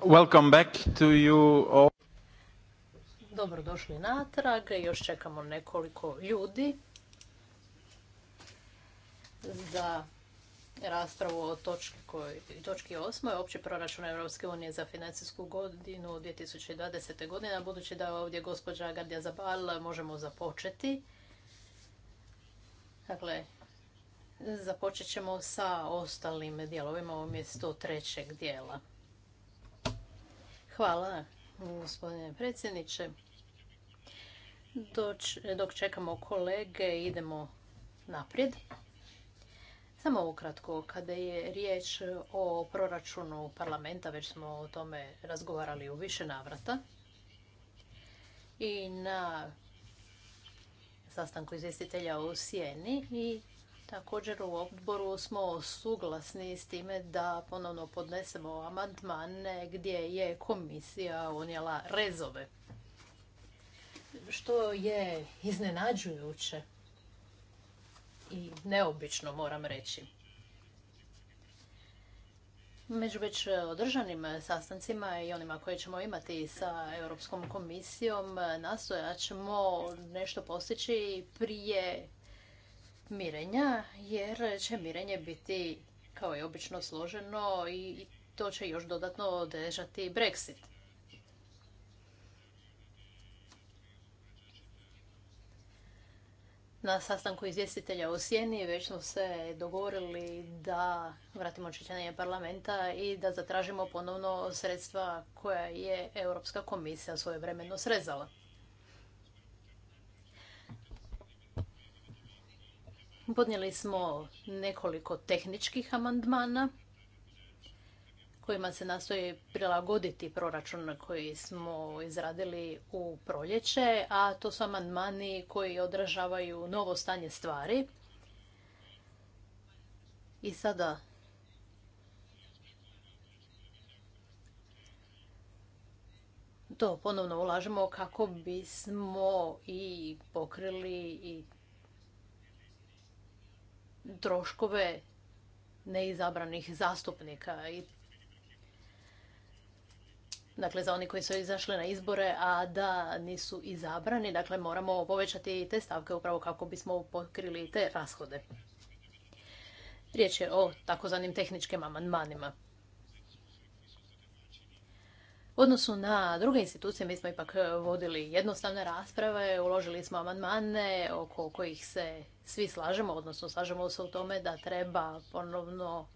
Welcome back to you Dobrodošli natrag, još čekamo nekoliko ljudi za raspravu o točki, točki opći proračun Europske unije za financijsku godinu 2020. godine. Budući da je ovdje gospođa Gardija Zabal, možemo započeti. Dakle, Započet ćemo sa ostalim dijelovima umjesto trećeg dijela. Hvala, gospodine predsjedniče. Dok čekamo kolege, idemo naprijed. Samo ukratko, kada je riječ o proračunu parlamenta, već smo o tome razgovarali u više navrata. I na sastanku izvjestitelja u Sijeni i Također u odboru smo suglasni s time da ponovno podnesemo amandmane gdje je komisija unijela rezove. Što je iznenađujuće i neobično moram reći. Među već održanim sastancima i onima koje ćemo imati sa Europskom komisijom nastojat ćemo nešto postići prije mirenja, jer će mirenje biti kao i obično složeno i to će još dodatno odežati Brexit. Na sastanku izvjestitelja u Sjeni već smo se dogovorili da vratimo čećanje parlamenta i da zatražimo ponovno sredstva koja je Europska komisija svojevremeno srezala. Podnijeli smo nekoliko tehničkih amandmana kojima se nastoji prilagoditi proračun koji smo izradili u proljeće, a to su amandmani koji odražavaju novo stanje stvari. I sada to ponovno ulažemo kako bismo i pokrili i troškove neizabranih zastupnika. I, dakle, za oni koji su izašli na izbore, a da nisu izabrani, dakle, moramo povećati i te stavke upravo kako bismo pokrili te rashode. Riječ je o takozvanim tehničkim amandmanima odnosu na druge institucije mi smo ipak e, vodili jednostavne rasprave, uložili smo amandmane oko kojih se svi slažemo, odnosno slažemo se u tome da treba ponovno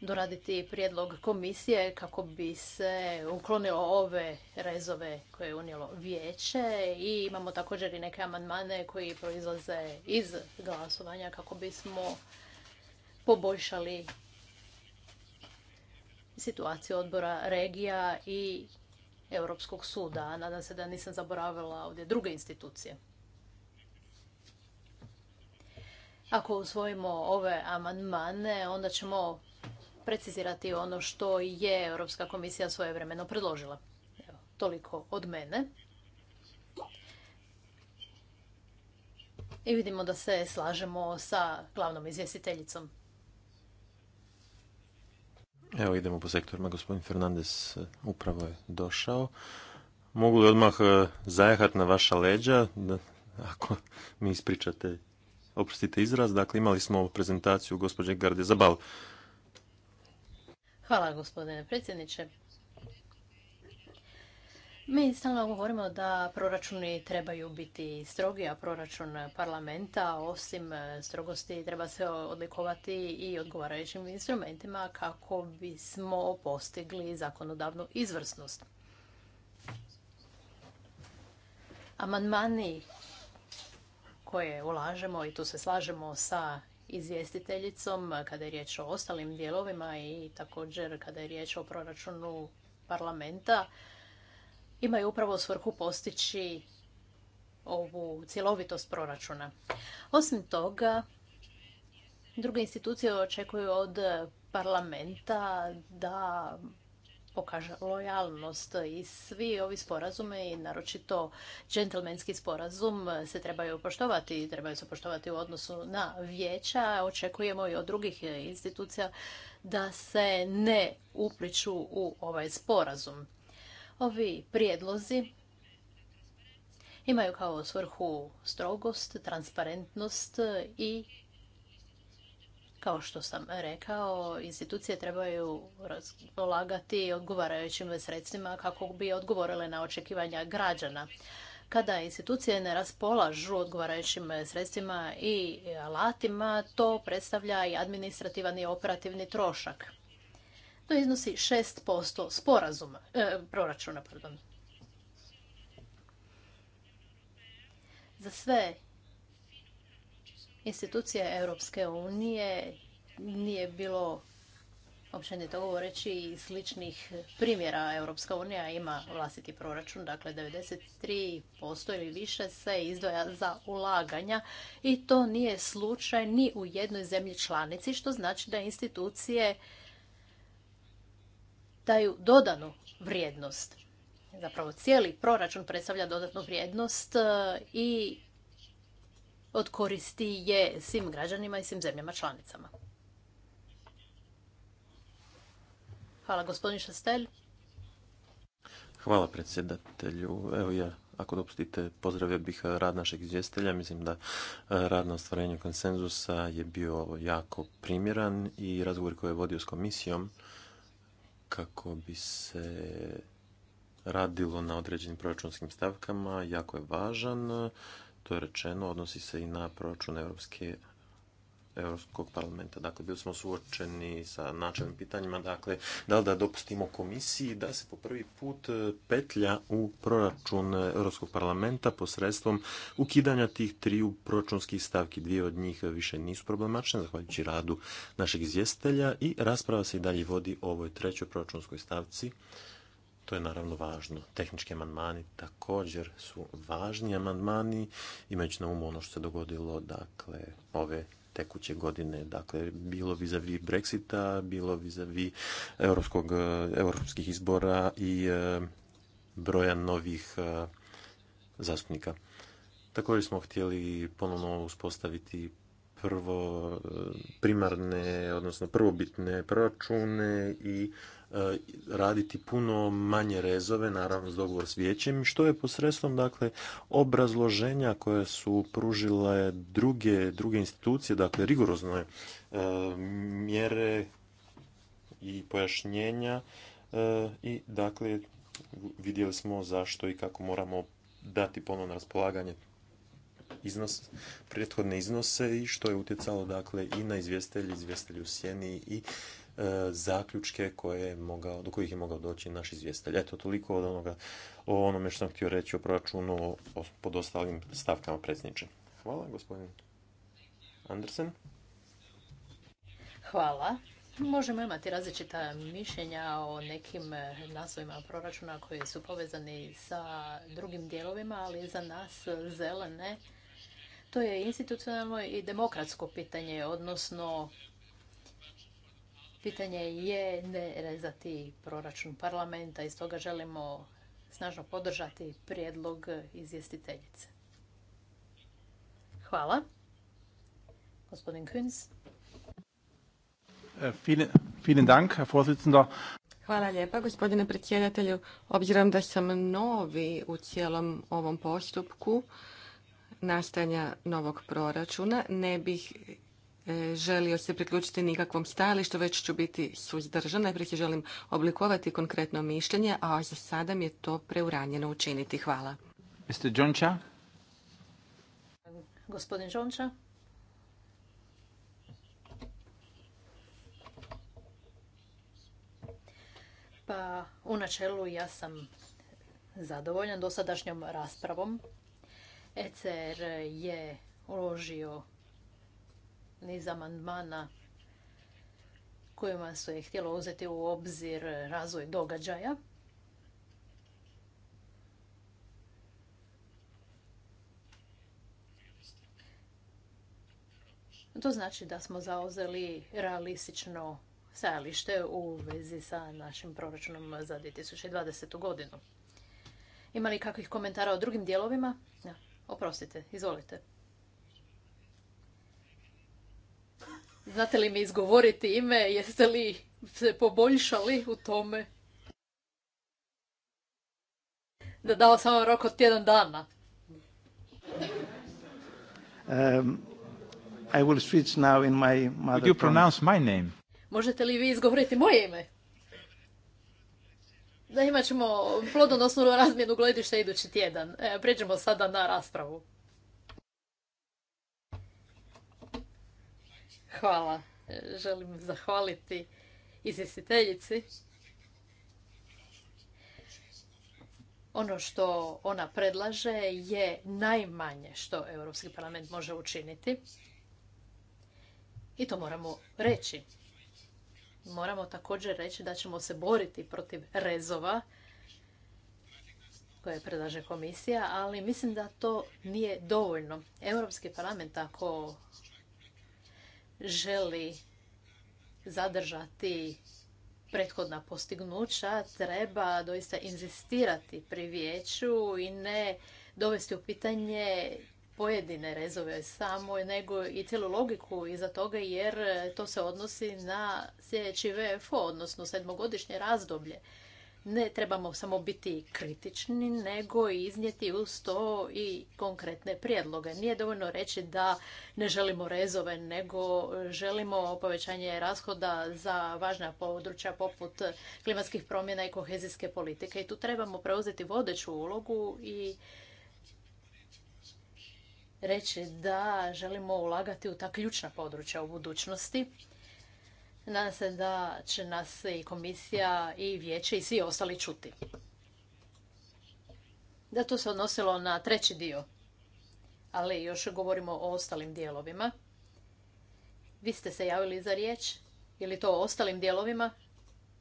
doraditi prijedlog komisije kako bi se uklonilo ove rezove koje je unijelo vijeće i imamo također i neke amandmane koji proizlaze iz glasovanja kako bismo poboljšali situaciju odbora regija i Europskog suda. Nadam se da nisam zaboravila ovdje druge institucije. Ako usvojimo ove amandmane, onda ćemo precizirati ono što je Europska komisija svojevremeno predložila. Evo, toliko od mene. I vidimo da se slažemo sa glavnom izvjestiteljicom. Evo idemo po sektorima. Gospodin Fernandez eh, upravo je došao. Mogu li odmah eh, zajahat na vaša leđa? ako mi ispričate, oprostite izraz. Dakle, imali smo prezentaciju gospođe Garde Zabal. Hvala gospodine predsjedniče. Mi stalno govorimo da proračuni trebaju biti strogi, a proračun parlamenta osim e, strogosti treba se odlikovati i odgovarajućim instrumentima kako bismo postigli zakonodavnu izvrsnost. Amandmani koje ulažemo i tu se slažemo sa izvjestiteljicom kada je riječ o ostalim dijelovima i također kada je riječ o proračunu parlamenta imaju upravo svrhu postići ovu cjelovitost proračuna. Osim toga, druge institucije očekuju od parlamenta da pokaže lojalnost i svi ovi sporazume i naročito gentlemenski sporazum se trebaju poštovati i trebaju se poštovati u odnosu na vijeća. Očekujemo i od drugih institucija da se ne upliču u ovaj sporazum. Ovi prijedlozi imaju kao svrhu strogost, transparentnost i kao što sam rekao, institucije trebaju raspolagati odgovarajućim sredstvima kako bi odgovorile na očekivanja građana. Kada institucije ne raspolažu odgovarajućim sredstvima i alatima, to predstavlja i administrativan i operativni trošak. To iznosi 6% sporazuma, e, proračuna. Pardon. Za sve institucije Europske unije nije bilo općenito govoreći i sličnih primjera. Europska unija ima vlastiti proračun, dakle 93% ili više se izdvaja za ulaganja i to nije slučaj ni u jednoj zemlji članici, što znači da institucije daju dodanu vrijednost. Zapravo cijeli proračun predstavlja dodatnu vrijednost e, i od koristi je svim građanima i svim zemljama članicama. Hvala gospodin Šastelj. Hvala predsjedatelju. Evo ja, ako dopustite, pozdravio bih rad našeg izvjestelja. Mislim da e, rad na ostvarenju konsenzusa je bio jako primjeran i razgovor koji je vodio s komisijom kako bi se radilo na određenim proračunskim stavkama jako je važan. To je rečeno, odnosi se i na proračun Europske Europskog parlamenta. Dakle, bili smo suočeni sa načelnim pitanjima, dakle, da li da dopustimo komisiji da se po prvi put e, petlja u proračun Europskog parlamenta posredstvom ukidanja tih triju proračunskih stavki. Dvije od njih više nisu problematične, zahvaljujući radu našeg izvjestitelja i rasprava se i dalje vodi o ovoj trećoj proračunskoj stavci. To je naravno važno. Tehnički amandmani također su važni amandmani, imajući na umu ono što se dogodilo, dakle, ove tekuće godine. Dakle, bilo vizavi Brexita, bilo vizavi europskog, e, europskih izbora i e, broja novih e, zastupnika. Također smo htjeli ponovno uspostaviti prvo primarne, odnosno prvobitne proračune i E, raditi puno manje rezove, naravno s dogovor s vijećem, što je posredstvom dakle obrazloženja koje su pružile druge, druge institucije, dakle rigorozne e, mjere i pojašnjenja e, i dakle vidjeli smo zašto i kako moramo dati ponovno na raspolaganje iznos, prethodne iznose i što je utjecalo dakle i na izvjestelji izvjestelji u sjeni i E, zaključke koje je mogao, do kojih je mogao doći naš izvjestelj. Eto, toliko od onoga, o onome što sam htio reći o proračunu o, pod ostalim stavkama predsjedniče. Hvala, gospodin Andersen. Hvala. Možemo imati različita mišljenja o nekim e, naslovima proračuna koji su povezani sa drugim dijelovima, ali za nas zelene to je institucionalno i demokratsko pitanje, odnosno Pitanje je ne rezati proračun parlamenta i stoga želimo snažno podržati prijedlog izvjestiteljice. Hvala. Gospodin Kunz. Eh, Hvala lijepa gospodine predsjedatelju. Obzirom da sam novi u cijelom ovom postupku nastajanja novog proračuna, ne bih E, želio se priključiti nikakvom stajalištu, već ću biti suzdržan. Najprije se želim oblikovati konkretno mišljenje, a za sada mi je to preuranjeno učiniti. Hvala. Mr. Gospodin Pa, u načelu ja sam zadovoljan dosadašnjom raspravom. ECR je uložio niz amandmana kojima se htjelo uzeti u obzir razvoj događaja. To znači da smo zauzeli realistično stajalište u vezi sa našim proračunom za 2020. godinu. Ima li kakvih komentara o drugim dijelovima? oprostite, izvolite. Znate li mi izgovoriti ime? Jeste li se poboljšali u tome? Da dao sam vam rok od tjedan dana. Um, I will switch now in my mother Možete li vi izgovoriti moje ime? Da imat ćemo plodonosnu razmjenu gledišta idući tjedan. pređemo sada na raspravu. Hvala. E, želim zahvaliti izvjestiteljici. Ono što ona predlaže je najmanje što Europski parlament može učiniti. I to moramo reći. Moramo također reći da ćemo se boriti protiv rezova koje predlaže komisija, ali mislim da to nije dovoljno. Europski parlament ako želi zadržati prethodna postignuća, treba doista inzistirati pri vijeću i ne dovesti u pitanje pojedine rezove samo, nego i cijelu logiku iza toga, jer to se odnosi na sljedeći VFO, odnosno sedmogodišnje razdoblje ne trebamo samo biti kritični, nego i iznijeti uz to i konkretne prijedloge. Nije dovoljno reći da ne želimo rezove, nego želimo povećanje rashoda za važna područja poput klimatskih promjena i kohezijske politike. I tu trebamo preuzeti vodeću ulogu i reći da želimo ulagati u ta ključna područja u budućnosti Nadam se da će nas i komisija i vijeće i svi ostali čuti. Da, to se odnosilo na treći dio, ali još govorimo o ostalim dijelovima. Vi ste se javili za riječ? Ili to o ostalim dijelovima?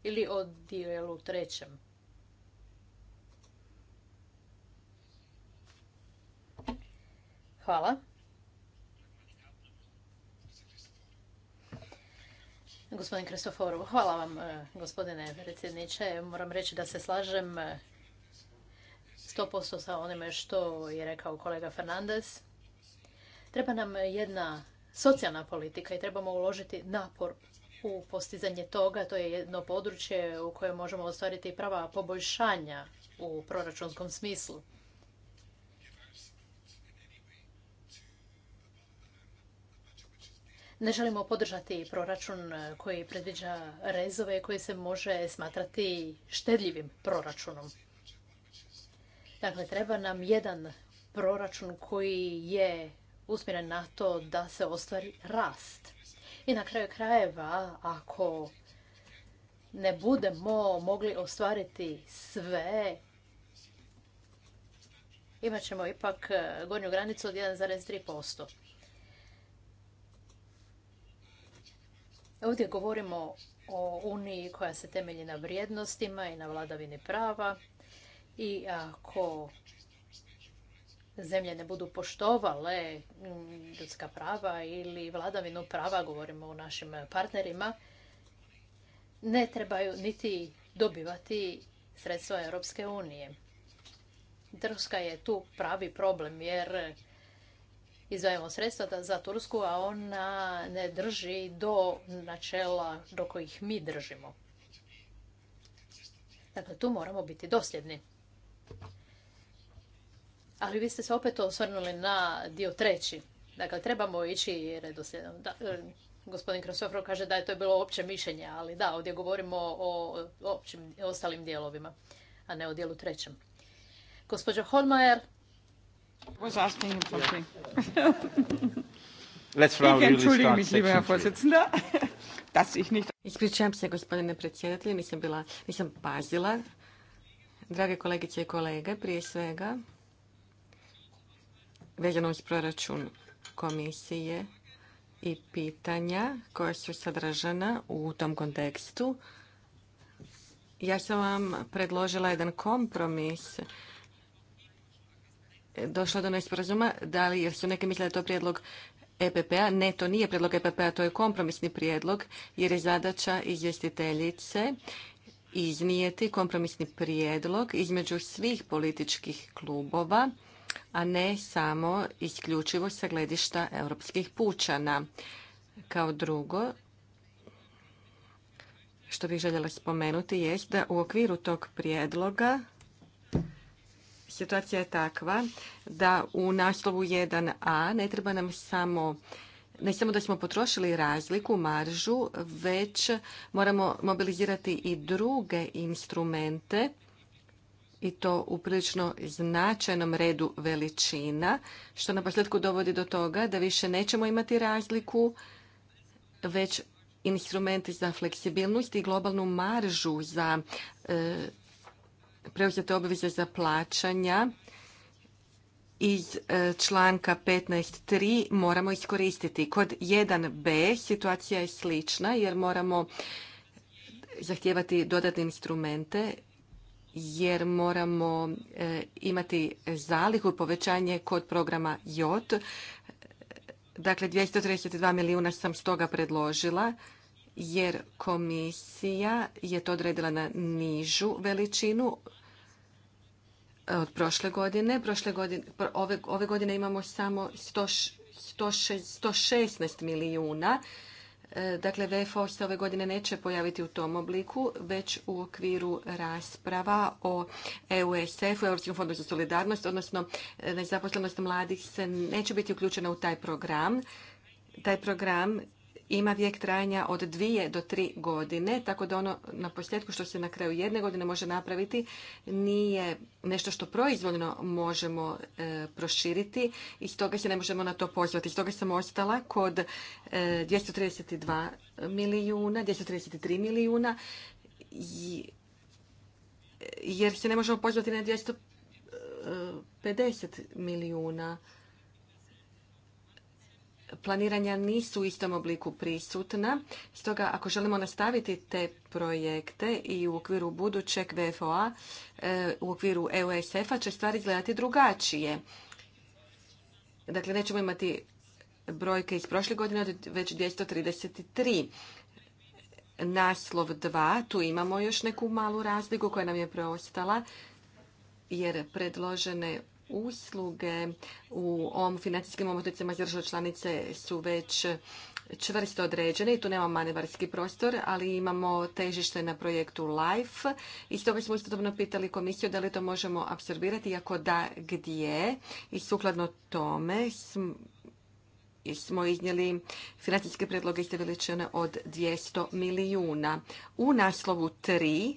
Ili o dijelu trećem? Hvala. Gospodin Kristoforov, hvala vam e, gospodine predsjedniče. Moram reći da se slažem 100% e, sa onime što je rekao kolega Fernandez. Treba nam jedna socijalna politika i trebamo uložiti napor u postizanje toga. To je jedno područje u kojem možemo ostvariti prava poboljšanja u proračunskom smislu. Ne želimo podržati proračun e, koji predviđa rezove koji se može smatrati štedljivim proračunom. Dakle, treba nam jedan proračun koji je usmjeren na to da se ostvari rast. I na kraju krajeva, ako ne budemo mogli ostvariti sve, imat ćemo ipak e, gornju granicu od 1,3%. Ovdje govorimo o Uniji koja se temelji na vrijednostima i na vladavini prava i ako zemlje ne budu poštovale mm, ljudska prava ili vladavinu prava, govorimo o našim partnerima, ne trebaju niti dobivati sredstva Europske unije. Drska je tu pravi problem jer izdvajamo sredstva za Tursku, a ona ne drži do načela do kojih mi držimo. Dakle, tu moramo biti dosljedni. Ali vi ste se opet osvrnuli na dio treći. Dakle, trebamo ići redosljedno. E, gospodin Krasofrov kaže da je to bilo opće mišljenje, ali da, ovdje govorimo o općim, ostalim dijelovima, a ne o dijelu trećem. Gospođo Holmajer, Ispričavam se, gospodine predsjedatelju, nisam, bila, nisam pazila. Drage kolegice i kolege, prije svega, vezano uz proračun komisije i pitanja koja su sadržana u tom kontekstu, ja sam vam predložila jedan kompromis došlo do nesporazuma, da li, jer su neki mislili da je to prijedlog EPP-a. Ne, to nije prijedlog EPP-a, to je kompromisni prijedlog, jer je zadaća izvjestiteljice iznijeti kompromisni prijedlog između svih političkih klubova, a ne samo isključivo sa gledišta europskih pučana. Kao drugo, što bih željela spomenuti, jest da u okviru tog prijedloga situacija je takva da u naslovu 1a ne treba nam samo ne samo da smo potrošili razliku, maržu, već moramo mobilizirati i druge instrumente i to u prilično značajnom redu veličina, što na posljedku dovodi do toga da više nećemo imati razliku, već instrumenti za fleksibilnost i globalnu maržu za e, preuzete obveze za plaćanja iz e, članka 15.3 moramo iskoristiti. Kod 1b situacija je slična jer moramo zahtijevati dodatne instrumente jer moramo e, imati zalihu povećanje kod programa JOT. Dakle, 232 milijuna sam stoga predložila jer komisija je to odredila na nižu veličinu od prošle godine. Prošle godine ove, ove godine imamo samo 100, 116 milijuna. E, dakle, VFO se ove godine neće pojaviti u tom obliku, već u okviru rasprava o EUSF-u, Europskom fondu za solidarnost, odnosno e, nezaposlenost mladih se neće biti uključena u taj program. Taj program ima vijek trajanja od dvije do tri godine, tako da ono na posljedku što se na kraju jedne godine može napraviti nije nešto što proizvoljno možemo e, proširiti i stoga se ne možemo na to pozvati. Stoga sam ostala kod e, 232 milijuna, 233 milijuna e, jer se ne možemo pozvati na 250 e, milijuna planiranja nisu u istom obliku prisutna. Stoga, ako želimo nastaviti te projekte i u okviru budućeg VFOA, e, u okviru EUSF-a će stvari izgledati drugačije. Dakle, nećemo imati brojke iz prošle godine, već 233 naslov 2. Tu imamo još neku malu razliku koja nam je preostala, jer predložene usluge u ovom financijskim omotnicama za države članice su već čvrsto određene i tu nema manevarski prostor, ali imamo težište na projektu LIFE i toga smo istodobno pitali komisiju da li to možemo apsorbirati, iako da gdje i sukladno tome smo iznijeli financijske predloge iste veličine od 200 milijuna. U naslovu 3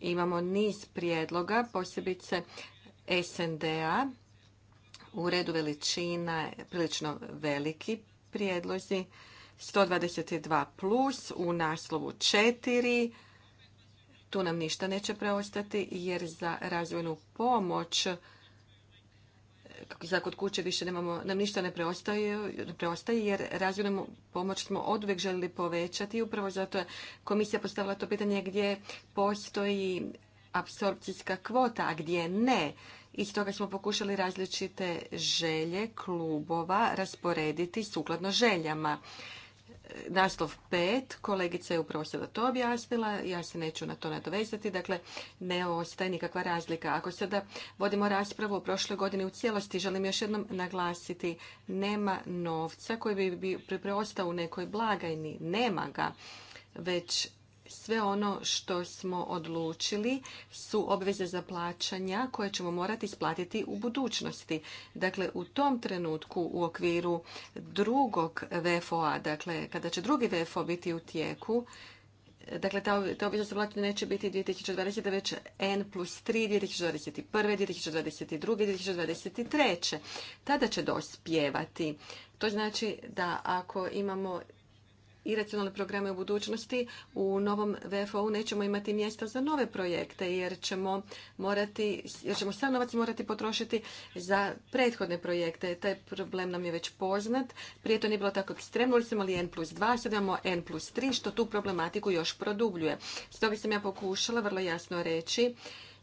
imamo niz prijedloga, posebice SND-a u redu veličina prilično veliki prijedlozi 122 plus u naslovu 4 tu nam ništa neće preostati jer za razvojnu pomoć za kod kuće više nemamo, nam ništa ne preostaje, ne preostaje jer razvojnu pomoć smo uvijek željeli povećati i upravo zato je komisija postavila to pitanje gdje postoji apsorpcijska kvota, a gdje ne i stoga smo pokušali različite želje klubova rasporediti sukladno željama. Naslov pet, kolegica je upravo sada to objasnila, ja se neću na to nadovezati, dakle ne ostaje nikakva razlika. Ako sada vodimo raspravu o prošloj godini u cijelosti, želim još jednom naglasiti, nema novca koji bi preostao u nekoj blagajni, nema ga, već sve ono što smo odlučili su obveze za plaćanja koje ćemo morati isplatiti u budućnosti. Dakle, u tom trenutku u okviru drugog VFO-a, dakle, kada će drugi VFO biti u tijeku, Dakle, ta, obveza za plaćanje neće biti 2020. već N plus 3, 2021. 2022. 2023. Tada će dospjevati. To znači da ako imamo racionalne programe u budućnosti, u novom VFO-u nećemo imati mjesta za nove projekte jer ćemo, morati, jer ćemo sam novac morati potrošiti za prethodne projekte. Taj problem nam je već poznat. Prije to nije bilo tako ekstremno, ali smo imali N plus 2, sad imamo N plus 3, što tu problematiku još produbljuje. Stoga sam ja pokušala vrlo jasno reći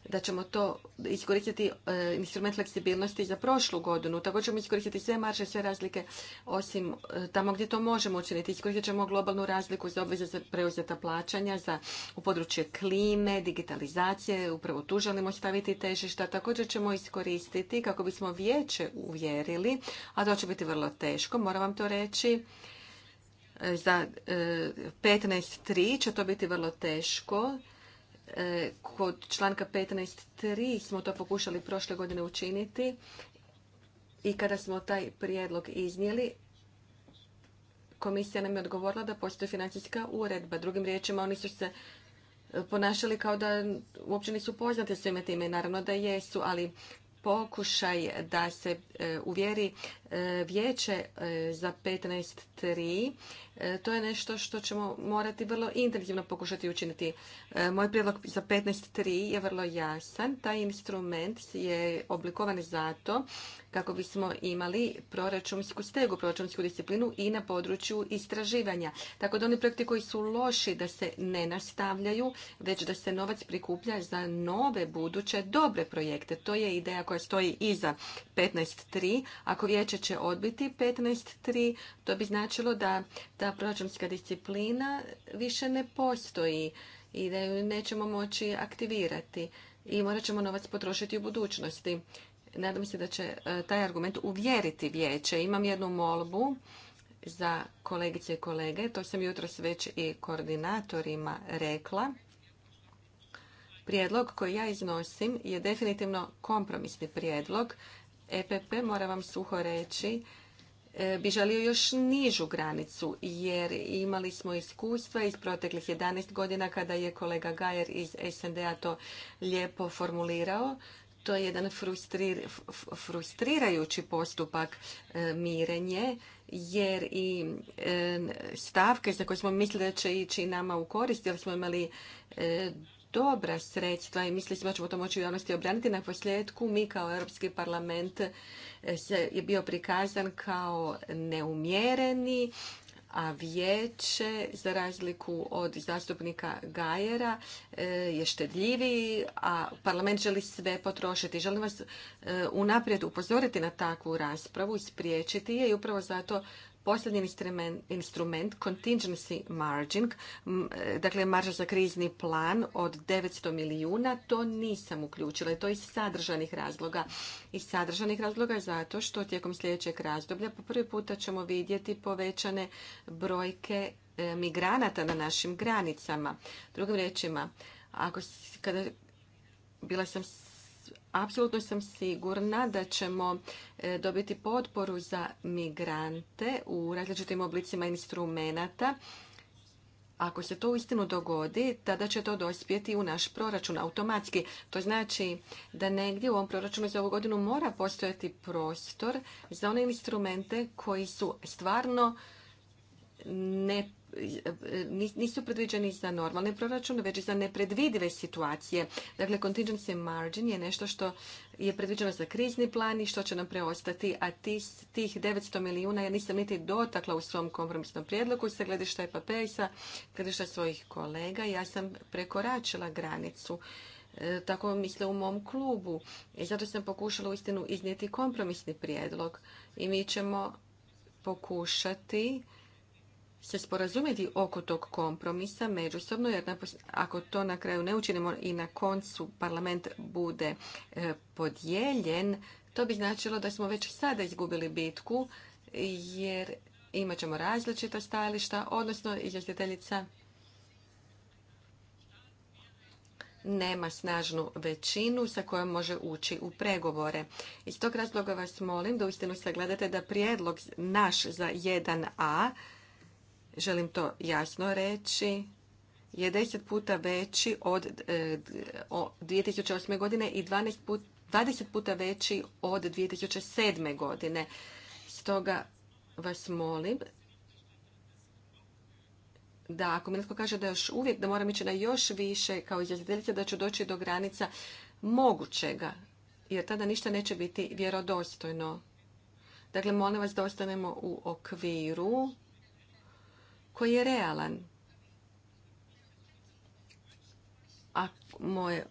da ćemo to iskoristiti e, instrument fleksibilnosti za prošlu godinu. Tako ćemo iskoristiti sve marže, sve razlike, osim e, tamo gdje to možemo učiniti. Iskoristit ćemo globalnu razliku za obveze za preuzeta plaćanja, za u područje klime, digitalizacije, upravo tu želimo staviti težišta. Također ćemo iskoristiti kako bismo vijeće uvjerili, a to će biti vrlo teško, moram vam to reći. E, za 15.3 će to biti vrlo teško E, kod članka 15.3 smo to pokušali prošle godine učiniti i kada smo taj prijedlog iznijeli, komisija nam je odgovorila da postoji financijska uredba. Drugim riječima, oni su se ponašali kao da uopće nisu poznati svime time. Naravno da jesu, ali pokušaj da se e, uvjeri vijeće e, za 15.3. E, to je nešto što ćemo morati vrlo intenzivno pokušati učiniti. E, moj prijedlog za 15.3 je vrlo jasan. Taj instrument je oblikovan zato kako bismo imali proračunsku stegu, proračunsku disciplinu i na području istraživanja. Tako da oni projekti koji su loši da se ne nastavljaju, već da se novac prikuplja za nove buduće dobre projekte. To je ideja koja stoji iza 15.3. Ako vijeće će odbiti 15.3. To bi značilo da ta proračunska disciplina više ne postoji i da ju nećemo moći aktivirati i morat ćemo novac potrošiti u budućnosti. Nadam se da će e, taj argument uvjeriti vijeće. Imam jednu molbu za kolegice i kolege. To sam jutros već i koordinatorima rekla. Prijedlog koji ja iznosim je definitivno kompromisni prijedlog EPP, moram vam suho reći, e, bi želio još nižu granicu, jer imali smo iskustva iz proteklih 11 godina kada je kolega Gajer iz SND-a to lijepo formulirao. To je jedan frustrirajući postupak e, mirenje, jer i e, stavke za koje smo mislili da će ići nama u korist, jer smo imali dobra sredstva i mislili smo da ćemo to moći u javnosti obraniti. Na posljedku mi kao Europski parlament e, se je bio prikazan kao neumjereni, a vijeće, za razliku od zastupnika Gajera, e, je štedljiviji, a parlament želi sve potrošiti. Želim vas e, unaprijed upozoriti na takvu raspravu, spriječiti je i upravo zato Posljednji instrument, contingency margin, e, dakle marža za krizni plan od 900 milijuna, to nisam uključila i to iz sadržanih razloga. Iz sadržanih razloga zato što tijekom sljedećeg razdoblja po prvi puta ćemo vidjeti povećane brojke e, migranata na našim granicama. Drugim rječima, ako, kada, bila sam apsolutno sam sigurna da ćemo e, dobiti potporu za migrante u različitim oblicima instrumenata. Ako se to istinu dogodi, tada će to dospjeti u naš proračun automatski. To znači da negdje u ovom proračunu za ovu godinu mora postojati prostor za one instrumente koji su stvarno ne nisu predviđeni za normalne proračune, već i za nepredvidive situacije. Dakle, contingency margin je nešto što je predviđeno za krizni plan i što će nam preostati, a tih 900 milijuna ja nisam niti dotakla u svom kompromisnom prijedlogu sa gledišta EPP i sa gledišta svojih kolega. Ja sam prekoračila granicu e, tako misle u mom klubu. I zato sam pokušala istinu iznijeti kompromisni prijedlog. I mi ćemo pokušati se sporazumjeti oko tog kompromisa međusobno, jer ako to na kraju ne učinimo i na koncu parlament bude e, podijeljen, to bi značilo da smo već sada izgubili bitku, jer imat ćemo različita stajališta, odnosno izvjestiteljica nema snažnu većinu sa kojom može ući u pregovore. Iz tog razloga vas molim da uistinu sagledate da prijedlog naš za 1a želim to jasno reći, je 10 puta veći od 2008. E, godine i 12 20 puta veći od 2007. godine. Stoga vas molim da ako mi netko kaže da još uvijek, da moram ići na još više kao izvjestiteljica, da ću doći do granica mogućega, jer tada ništa neće biti vjerodostojno. Dakle, molim vas da ostanemo u okviru koji je realan. A moje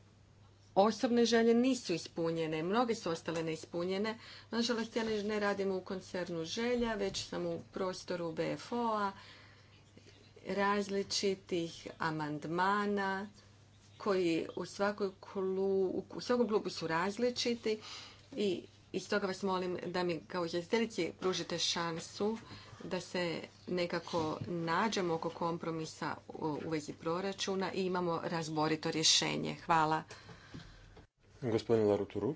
osobne želje nisu ispunjene, mnoge su ostale neispunjene. Nažalost, ja ne radim u koncernu želja, već sam u prostoru BFO-a, različitih amandmana koji u, svakoj u svakom klubu su različiti i iz toga vas molim da mi kao izvjestiteljici pružite šansu da se nekako nađemo oko kompromisa u vezi proračuna i imamo razborito rješenje. Hvala. Gospodin Laruturu.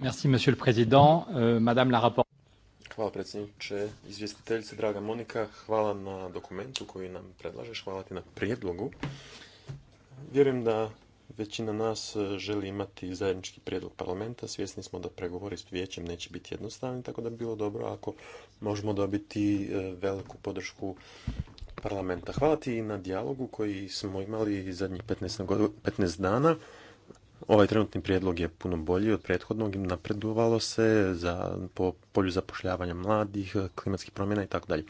Merci, monsieur le président. Euh, madame la rapport... Hvala predsjedniče, izvjestiteljice, draga Monika, hvala na dokumentu koji nam predlažeš, hvala ti na prijedlogu. Vjerujem da Većina nas e, želi imati zajednički prijedlog parlamenta. Svjesni smo da pregovori s vijećem neće biti jednostavni, tako da bi bilo dobro ako možemo dobiti e, veliku podršku parlamenta. Hvala ti na dijalogu koji smo imali zadnjih 15, dana. Ovaj trenutni prijedlog je puno bolji od prethodnog napredovalo se za, po polju zapošljavanja mladih, klimatskih promjena i tako dalje.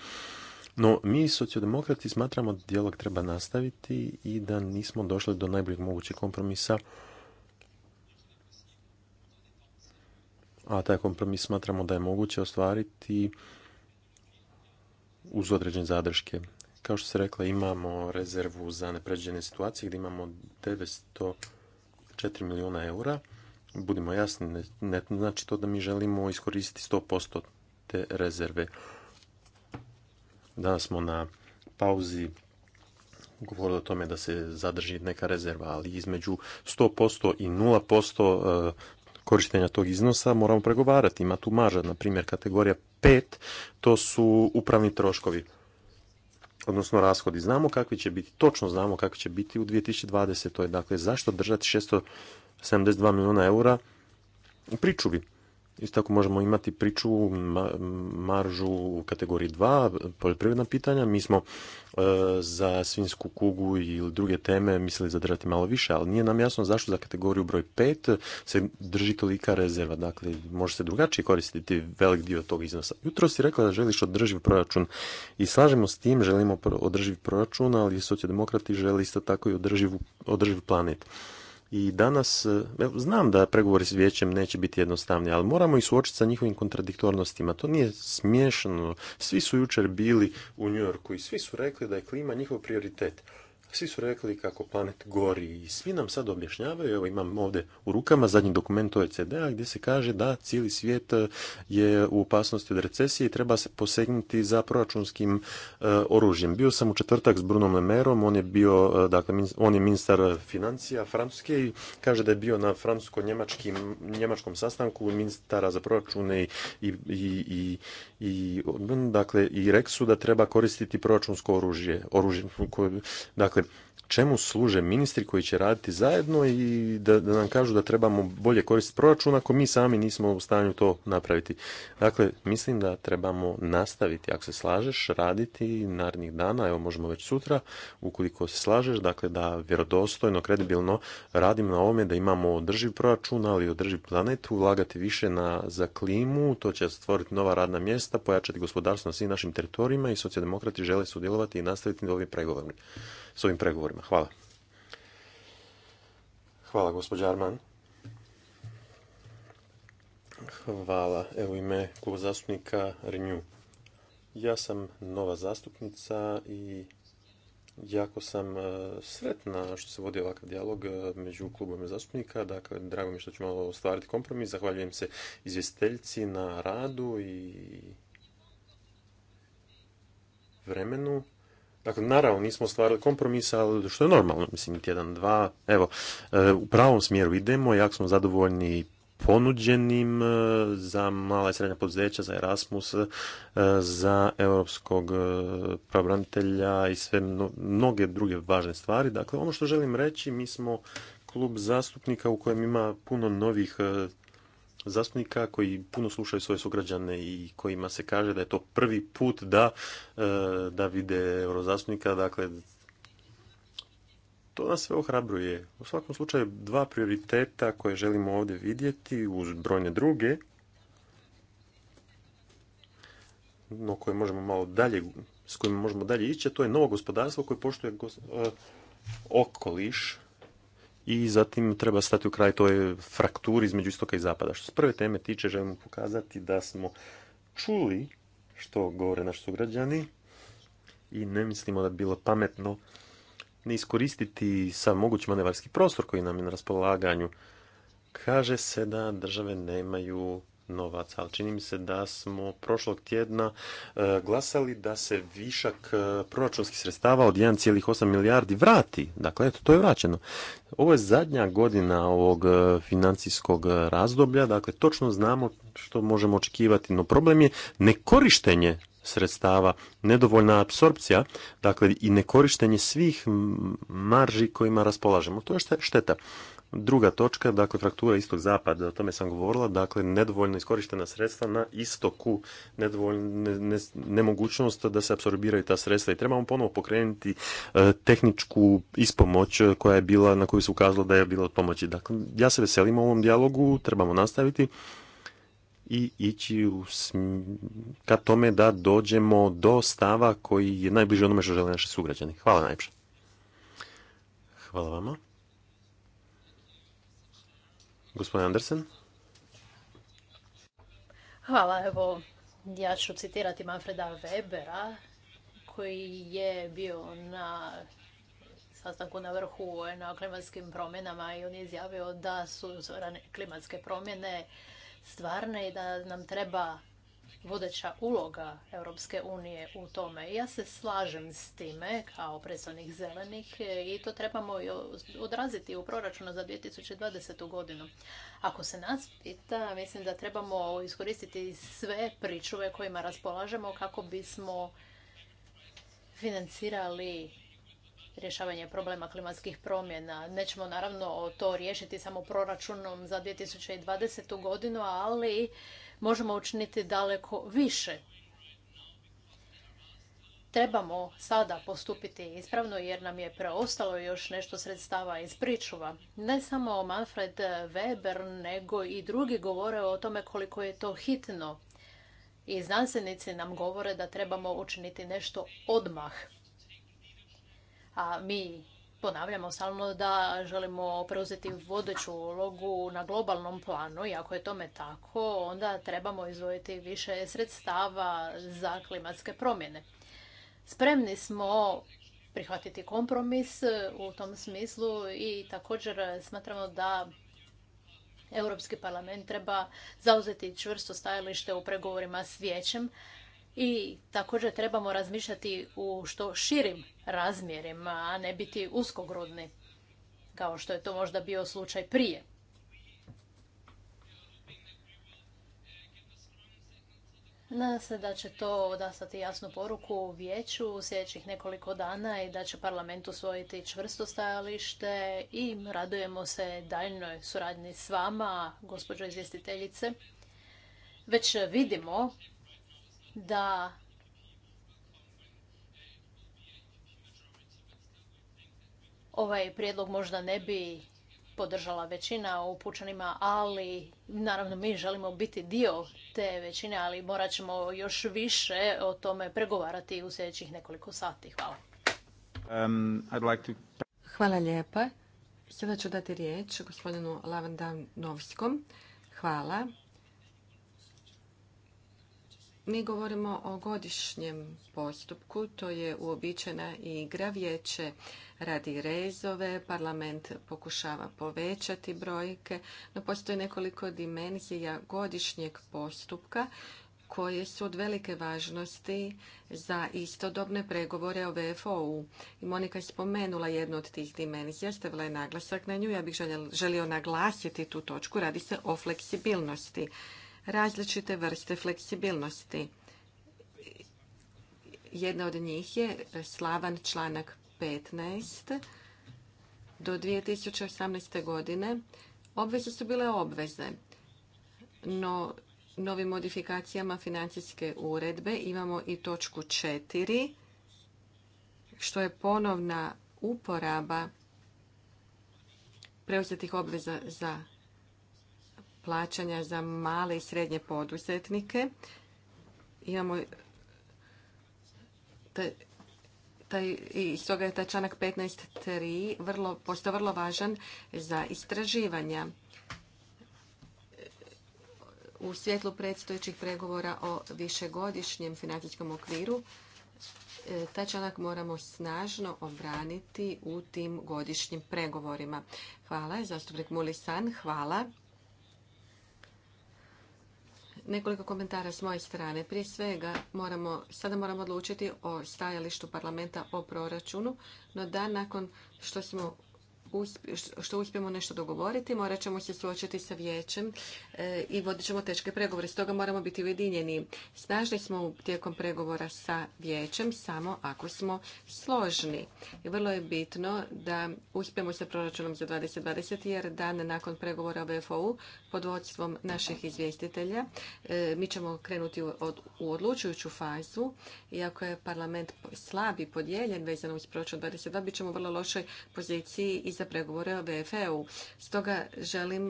No, mi sociodemokrati smatramo da dijalog treba nastaviti i da nismo došli do najboljeg mogućeg kompromisa. A taj kompromis smatramo da je moguće ostvariti uz određene zadrške. Kao što se rekla, imamo rezervu za nepređene situacije gdje imamo 904 milijuna eura. Budimo jasni, ne znači to da mi želimo iskoristiti 100% te rezerve. Danas smo na pauzi govorili o tome da se zadrži neka rezerva, ali između 100% i 0% e, korištenja tog iznosa moramo pregovarati. Ima tu maža, na primjer kategorija 5, to su upravni troškovi, odnosno rashodi. Znamo kakvi će biti, točno znamo kakvi će biti u 2020. dakle zašto držati 672 milijuna eura u pričuvi. Isto tako možemo imati priču maržu u kategoriji 2, poljoprivredna pitanja. Mi smo e, za svinsku kugu ili druge teme mislili zadržati malo više, ali nije nam jasno zašto za kategoriju broj 5 se drži tolika rezerva. Dakle, može se drugačije koristiti velik dio tog iznosa. Jutro si rekla da želiš održiv proračun i slažemo s tim, želimo održiv proračun, ali socijaldemokrati žele isto tako i održiv, održiv planet. I danas, e, znam da pregovori s vijećem neće biti jednostavni, ali moramo i suočiti sa njihovim kontradiktornostima. To nije smiješno. Svi su jučer bili u Njujorku i svi su rekli da je klima njihov prioritet svi su rekli kako planet gori i svi nam sad objašnjavaju, evo imam ovdje u rukama zadnji dokument OECD-a gdje se kaže da cijeli svijet e, je u opasnosti od recesije i treba se posegnuti za proračunskim e, oružjem. Bio sam u četvrtak s Brunom Lemerom, on je bio, e, dakle, on je ministar financija Francuske i kaže da je bio na francusko-njemačkom sastanku ministara za proračune i, dakle, i reksu da treba koristiti proračunsko oružje, oružje dakle, Dakle, čemu služe ministri koji će raditi zajedno i da, da nam kažu da trebamo bolje koristiti proračun ako mi sami nismo u stanju to napraviti. Dakle, mislim da trebamo nastaviti, ako se slažeš, raditi narednih dana, evo možemo već sutra, ukoliko se slažeš, dakle da vjerodostojno, kredibilno radimo na ovome, da imamo održiv proračun, ali održiv planetu, ulagati više na, za klimu, to će stvoriti nova radna mjesta, pojačati gospodarstvo na svim našim teritorijima i socijaldemokrati žele sudjelovati i nastaviti ovim pregovorima, s ovim pregovorima. Hvala. Hvala, gospođa Arman. Hvala. Evo ime kluba zastupnika Renew. Ja sam nova zastupnica i jako sam e, sretna što se vodi ovakav dijalog e, među klubom zastupnika. Dakle, drago mi je što malo ostvariti kompromis. Zahvaljujem se izvjestiteljci na radu i vremenu Dakle, naravno, nismo stvarali kompromisa, ali što je normalno, mislim, tjedan, dva, evo, e, u pravom smjeru idemo, jako smo zadovoljni ponuđenim e, za mala i srednja poduzeća, za Erasmus, e, za europskog pravobranitelja i sve mnoge druge važne stvari. Dakle, ono što želim reći, mi smo klub zastupnika u kojem ima puno novih zastupnika koji puno slušaju svoje sugrađane i kojima se kaže da je to prvi put da, e, da vide eurozastupnika, dakle to nas sve ohrabruje. U svakom slučaju dva prioriteta koje želimo ovdje vidjeti uz brojne druge, no koje možemo malo dalje, s kojima možemo dalje ići, to je novo gospodarstvo koje poštuje e, okoliš, i zatim treba stati u kraj toj frakturi između istoka i zapada. Što se prve teme tiče, želimo pokazati da smo čuli što govore naši sugrađani i ne mislimo da bi bilo pametno ne iskoristiti sav mogući manevarski prostor koji nam je na raspolaganju. Kaže se da države nemaju novaca, ali čini mi se da smo prošlog tjedna e, glasali da se višak e, proračunskih sredstava od 1,8 milijardi vrati. Dakle, eto, to je vraćeno. Ovo je zadnja godina ovog e, financijskog razdoblja, dakle, točno znamo što možemo očekivati, no problem je nekorištenje sredstava, nedovoljna apsorpcija, dakle i nekorištenje svih marži kojima raspolažemo. To je šteta. Druga točka, dakle fraktura istog zapada, o tome sam govorila, dakle nedovoljno iskorištena sredstva na istoku, nemogućnost da se apsorbiraju ta sredstva i trebamo ponovo pokrenuti e, tehničku ispomoć e, koja je bila, na koju se ukazalo da je bila od pomoći. Dakle, ja se veselim ovom dijalogu, trebamo nastaviti i ići ka tome da dođemo do stava koji je najbliži onome što žele naši sugrađani. Hvala najviše. Hvala vama. Gospodin Andersen. Hvala. Evo, ja ću citirati Manfreda Webera koji je bio na sastanku na vrhu na klimatskim promjenama i on je izjavio da su klimatske promjene stvarne i da nam treba vodeća uloga Europske unije u tome. Ja se slažem s time kao predstavnik zelenih e, i to trebamo odraziti u proračunu za 2020. godinu. Ako se nas pita, mislim da trebamo iskoristiti sve pričuve kojima raspolažemo kako bismo financirali rješavanje problema klimatskih promjena. Nećemo naravno to riješiti samo proračunom za 2020. godinu, ali možemo učiniti daleko više. Trebamo sada postupiti ispravno jer nam je preostalo još nešto sredstava iz pričuva. Ne samo Manfred Weber, nego i drugi govore o tome koliko je to hitno. I znanstvenici nam govore da trebamo učiniti nešto odmah. A mi ponavljamo stalno da želimo preuzeti vodeću ulogu na globalnom planu i ako je tome tako, onda trebamo izvojiti više sredstava za klimatske promjene. Spremni smo prihvatiti kompromis u tom smislu i također smatramo da Europski parlament treba zauzeti čvrsto stajalište u pregovorima s vijećem, i također trebamo razmišljati u što širim razmjerima, a ne biti uskogrudni, kao što je to možda bio slučaj prije. Nadam se da će to odastati jasnu poruku u vijeću u sljedećih nekoliko dana i da će parlament usvojiti čvrsto stajalište i radujemo se daljnoj suradnji s vama, gospođo izvjestiteljice. Već vidimo da ovaj prijedlog možda ne bi podržala većina u ali naravno mi želimo biti dio te većine, ali morat ćemo još više o tome pregovarati u sljedećih nekoliko sati. Hvala. Um, Hvala lijepa. Sada ću dati riječ gospodinu Lavandanovskom. Hvala. Mi govorimo o godišnjem postupku, to je uobičajena igra, vijeće radi rezove, parlament pokušava povećati brojke, no postoji nekoliko dimenzija godišnjeg postupka koje su od velike važnosti za istodobne pregovore o VFO-u. Monika je spomenula jednu od tih dimenzija, stavila je naglasak na nju. Ja bih želio naglasiti tu točku, radi se o fleksibilnosti različite vrste fleksibilnosti. Jedna od njih je slavan članak 15. Do 2018. godine obveze su bile obveze, no novim modifikacijama financijske uredbe imamo i točku 4, što je ponovna uporaba preuzetih obveza za plaćanja za male i srednje poduzetnike. Imamo taj, i stoga je taj članak 15.3 vrlo, posto vrlo važan za istraživanja u svjetlu predstojećih pregovora o višegodišnjem financijskom okviru e, taj članak moramo snažno obraniti u tim godišnjim pregovorima. Hvala, zastupnik Mulisan, hvala. Nekoliko komentara s moje strane. Prije svega, moramo, sada moramo odlučiti o stajalištu parlamenta o proračunu, no dan nakon što smo što uspijemo nešto dogovoriti, morat ćemo se suočiti sa vijećem e, i vodit ćemo teške pregovore. Stoga moramo biti ujedinjeni. Snažni smo tijekom pregovora sa vijećem samo ako smo složni. I vrlo je bitno da uspijemo sa proračunom za 2020 jer dan nakon pregovora o u pod vodstvom naših izvjestitelja e, mi ćemo krenuti u odlučujuću fazu. Iako je parlament slab i podijeljen vezano uz proračun 22, bit ćemo u vrlo lošoj poziciji iz za pregovore o BFE-u. Stoga želim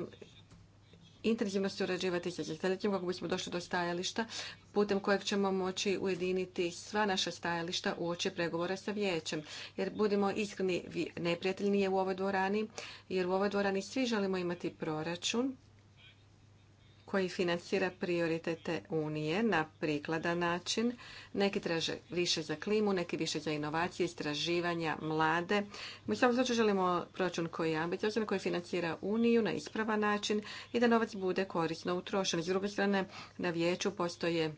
intenzivno surađivati sa sastavljanjem kako bismo došli do stajališta putem kojeg ćemo moći ujediniti sva naša stajališta u oči pregovora sa vijećem. Jer budimo iskreni, neprijatelj nije u ovoj dvorani, jer u ovoj dvorani svi želimo imati proračun koji financira prioritete Unije na prikladan način. Neki traže više za klimu, neki više za inovacije, istraživanja, mlade. Mi samo znači želimo proračun koji je ambiciozan, koji financira Uniju na ispravan način i da novac bude korisno utrošen. S druge strane, na vijeću postoje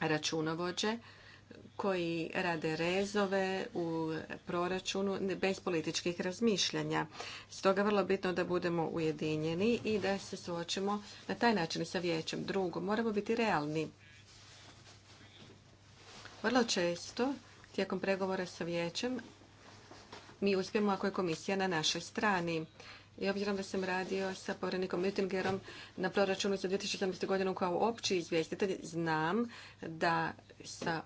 računovođe koji rade rezove u proračunu bez političkih razmišljanja. Stoga vrlo bitno da budemo ujedinjeni i da se suočimo na taj način sa vijećem. Drugo, moramo biti realni. Vrlo često tijekom pregovora sa vijećem mi uspijemo ako je komisija na našoj strani i obzirom da sam radio sa povjerenikom Müttingerom na proračunu za 2017. godinu kao opći izvjestitelj, znam da sa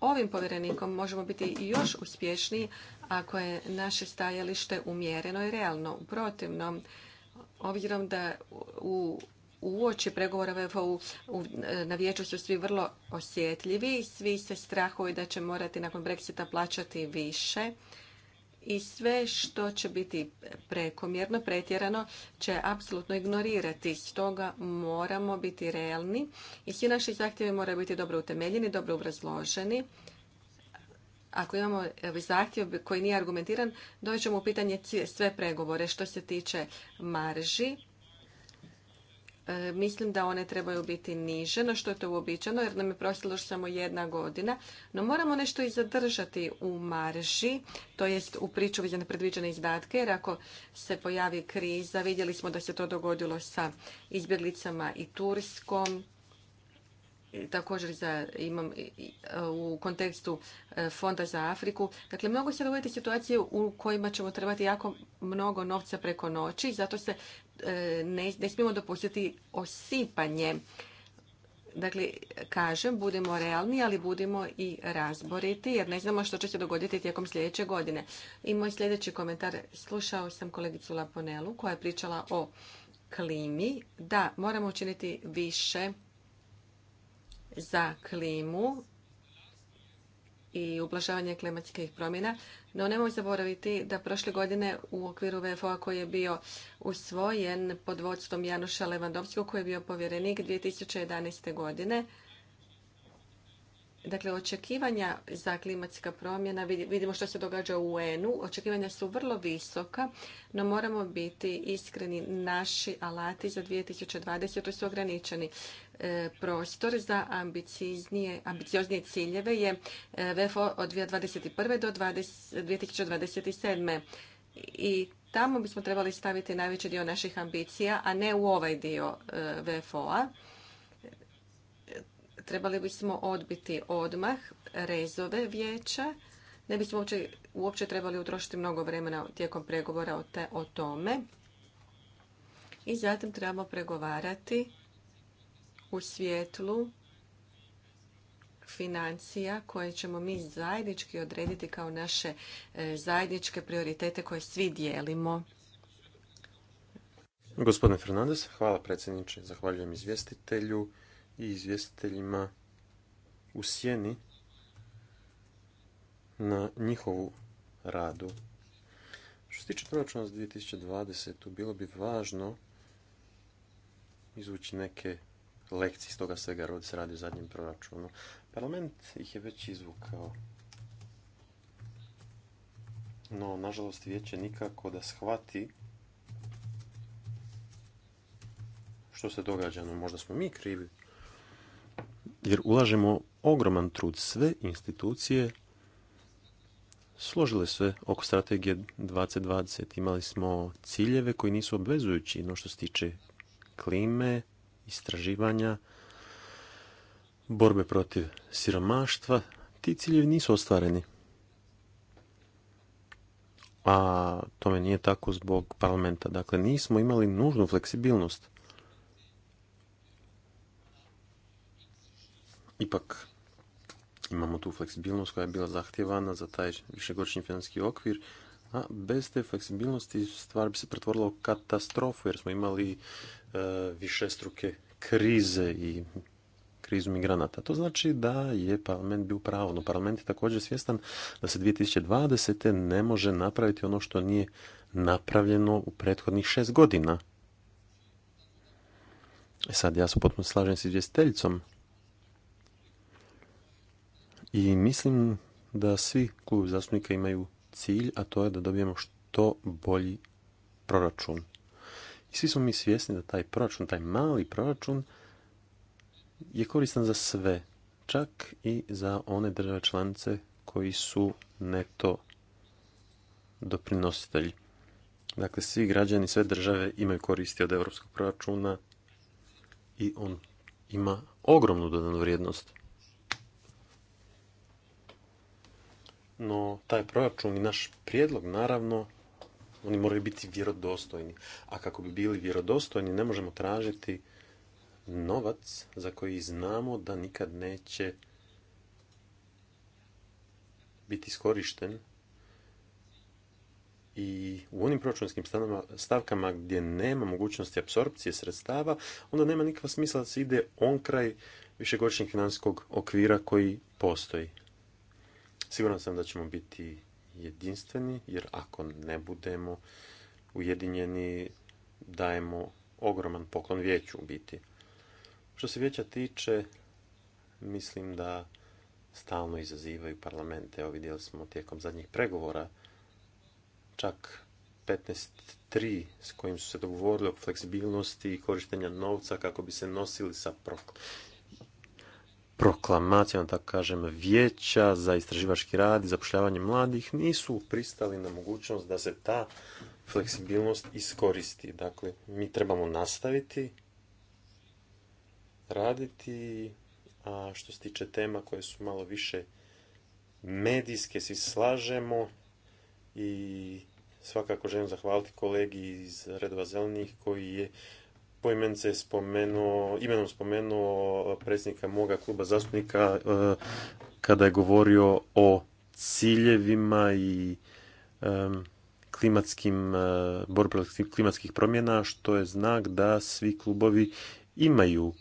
ovim povjerenikom možemo biti još uspješniji ako je naše stajalište umjereno i realno. U protivnom, obzirom da u uoči pregovora na vijeću su svi vrlo osjetljivi, svi se strahuju da će morati nakon Brexita plaćati više i sve što će biti prekomjerno, pretjerano, će apsolutno ignorirati. Stoga moramo biti realni i svi naši zahtjevi moraju biti dobro utemeljeni, dobro obrazloženi. Ako imamo zahtjev koji nije argumentiran, dođemo u pitanje sve pregovore što se tiče marži E, mislim da one trebaju biti niže, no što je to uobičajeno jer nam je prosilo samo jedna godina. No moramo nešto i zadržati u marži, to jest u pričuvi za nepredviđene izdatke, jer ako se pojavi kriza, vidjeli smo da se to dogodilo sa izbjeglicama i Turskom, također imam u kontekstu e, Fonda za Afriku. Dakle, mnogo se dogoditi situacije u kojima ćemo trebati jako mnogo novca preko noći, zato se E, ne, smijemo dopustiti osipanje. Dakle, kažem, budemo realni, ali budimo i razboriti, jer ne znamo što će se dogoditi tijekom sljedeće godine. I moj sljedeći komentar, slušao sam kolegicu Laponelu koja je pričala o klimi. Da, moramo učiniti više za klimu i ublažavanje klimatskih promjena. No nemoj zaboraviti da prošle godine u okviru VFO-a koji je bio usvojen pod vodstvom Januša Levandovskog koji je bio povjerenik 2011. godine Dakle, očekivanja za klimatska promjena, vidimo što se događa u UN-u, očekivanja su vrlo visoka, no moramo biti iskreni, naši alati za 2020. su ograničeni. E, prostor za ambicioznije ciljeve je e, VFO od 2021. do 2027. I tamo bismo trebali staviti najveći dio naših ambicija, a ne u ovaj dio e, VFO-a trebali bismo odbiti odmah rezove vijeća. Ne bismo uopće, uopće trebali utrošiti mnogo vremena tijekom pregovora o, te, o tome. I zatim trebamo pregovarati u svjetlu financija koje ćemo mi zajednički odrediti kao naše e, zajedničke prioritete koje svi dijelimo. Gospodine Fernandez, hvala predsjedniče, zahvaljujem izvjestitelju i izvjestiteljima u sjeni na njihovu radu. Što se tiče proračuna za 2020. bilo bi važno izvući neke lekcije iz toga svega rodi se radi o zadnjem proračunu. Parlament ih je već izvukao. No, nažalost, vijeće nikako da shvati što se događa. No, možda smo mi krivi jer ulažemo ogroman trud. Sve institucije složile sve oko strategije 2020. Imali smo ciljeve koji nisu obvezujući, no što se tiče klime, istraživanja, borbe protiv siromaštva, ti ciljevi nisu ostvareni. A tome nije tako zbog parlamenta. Dakle, nismo imali nužnu fleksibilnost. ipak imamo tu fleksibilnost koja je bila zahtjevana za taj višegodišnji financijski okvir, a bez te fleksibilnosti stvar bi se pretvorila u katastrofu jer smo imali e, višestruke krize i krizu migranata. To znači da je parlament bio pravo, no parlament je također svjestan da se 2020. ne može napraviti ono što nije napravljeno u prethodnih šest godina. E sad, ja se potpuno slažem s izvjestiteljicom i mislim da svi klubi zastupnika imaju cilj, a to je da dobijemo što bolji proračun. I svi smo mi svjesni da taj proračun, taj mali proračun je koristan za sve, čak i za one države članice koji su neto doprinositelji. Dakle, svi građani, sve države imaju koristi od europskog proračuna i on ima ogromnu dodanu vrijednost. no taj proračun i naš prijedlog naravno oni moraju biti vjerodostojni. A kako bi bili vjerodostojni ne možemo tražiti novac za koji znamo da nikad neće biti iskorišten i u onim proračunskim stavkama gdje nema mogućnosti apsorpcije sredstava, onda nema nikakva smisla da se ide on kraj višegodišnjeg financijskog okvira koji postoji. Siguran sam da ćemo biti jedinstveni, jer ako ne budemo ujedinjeni, dajemo ogroman poklon vijeću u biti. Što se vijeća tiče, mislim da stalno izazivaju parlamente. Evo vidjeli smo tijekom zadnjih pregovora čak 15.3 s kojim su se dogovorili o fleksibilnosti i korištenja novca kako bi se nosili sa proklamacijama, tako kažem, vijeća za istraživački rad i zapošljavanje mladih nisu pristali na mogućnost da se ta fleksibilnost iskoristi. Dakle, mi trebamo nastaviti raditi, a što se tiče tema koje su malo više medijske, svi slažemo i svakako želim zahvaliti kolegi iz Redova Zelenih koji je poimence spomenuo, imenom spomenuo predsjednika moga kluba zastupnika e, kada je govorio o ciljevima i e, klimatskim, e, borbi klimatskih promjena, što je znak da svi klubovi imaju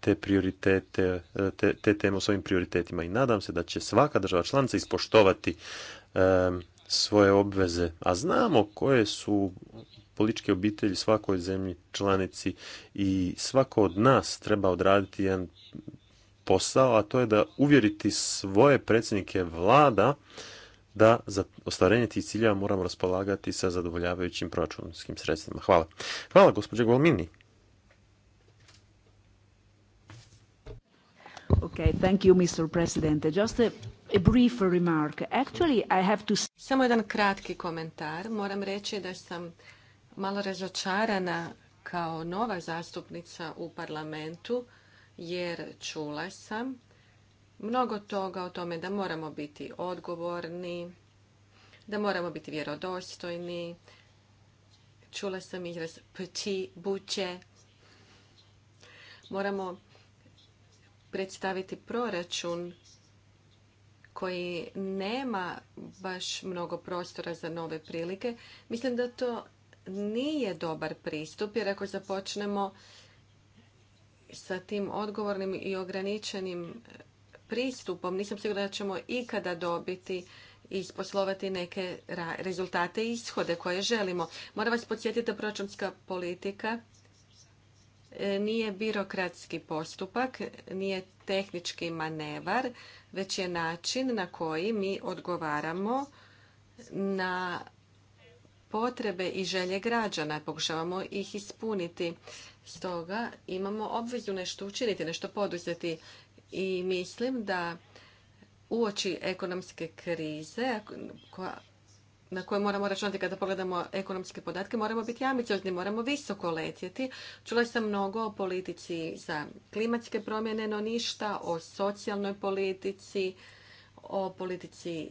te prioritete, te, te teme u svojim prioritetima i nadam se da će svaka država članica ispoštovati svoje obveze, a znamo koje su političke obitelji svakoj zemlji članici i svako od nas treba odraditi jedan posao, a to je da uvjeriti svoje predsjednike vlada da za ostvarenje tih ciljeva moramo raspolagati sa zadovoljavajućim proračunskim sredstvima. Hvala. Hvala, gospođo Golmini. Okay, thank you, Mr. President. Just a brief remark. Actually, I have to... Samo jedan kratki komentar. Moram reći da sam malo razočarana kao nova zastupnica u parlamentu jer čula sam mnogo toga o tome da moramo biti odgovorni, da moramo biti vjerodostojni. Čula sam izraz pći, buće. Moramo predstaviti proračun koji nema baš mnogo prostora za nove prilike. Mislim da to nije dobar pristup jer ako započnemo sa tim odgovornim i ograničenim pristupom, nisam sigurna da ćemo ikada dobiti isposlovati neke rezultate i ishode koje želimo. Moram vas podsjetiti da proračunska politika e, nije birokratski postupak, nije tehnički manevar, već je način na koji mi odgovaramo na potrebe i želje građana. Pokušavamo ih ispuniti. Stoga imamo obvezu nešto učiniti, nešto poduzeti. I mislim da uoči ekonomske krize, na koje moramo računati kada pogledamo ekonomske podatke, moramo biti ambiciozni, moramo visoko letjeti. Čula sam mnogo o politici za klimatske promjene, no ništa o socijalnoj politici, o politici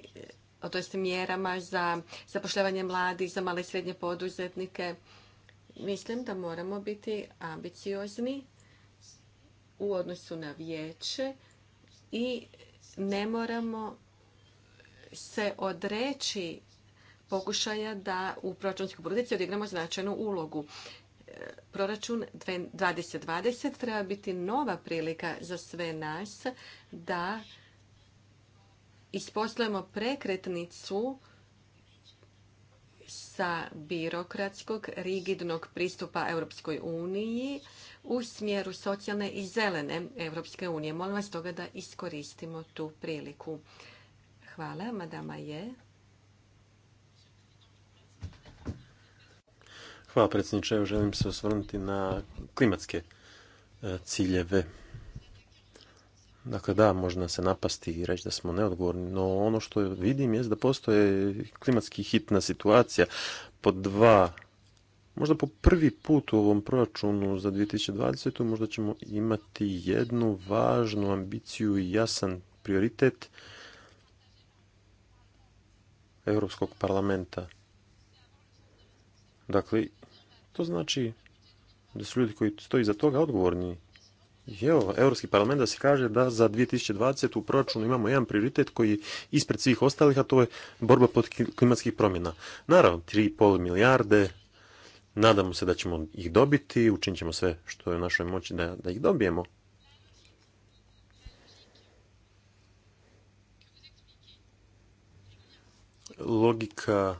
to jest mjerama za zapošljavanje mladih, za male i srednje poduzetnike. Mislim da moramo biti ambiciozni u odnosu na vijeće i ne moramo se odreći pokušaja da u proračunskoj politici odigramo značajnu ulogu. Proračun 2020 treba biti nova prilika za sve nas da isposlujemo prekretnicu sa birokratskog, rigidnog pristupa Europskoj uniji u smjeru socijalne i zelene Europske unije. Molim vas toga da iskoristimo tu priliku. Hvala, madama je. Hvala predsjedniče, želim se osvrnuti na klimatske e, ciljeve Dakle, da, možda se napasti i reći da smo neodgovorni, no ono što vidim je da postoje klimatski hitna situacija. Po dva, možda po prvi put u ovom proračunu za 2020. možda ćemo imati jednu važnu ambiciju i jasan prioritet Europskog parlamenta. Dakle, to znači da su ljudi koji stoji za toga odgovorni i evo, Europski parlament da se kaže da za 2020. u proračunu imamo jedan prioritet koji je ispred svih ostalih, a to je borba protiv klimatskih promjena. Naravno, 3,5 milijarde, nadamo se da ćemo ih dobiti, učinit ćemo sve što je u našoj moći da, ih dobijemo. Logika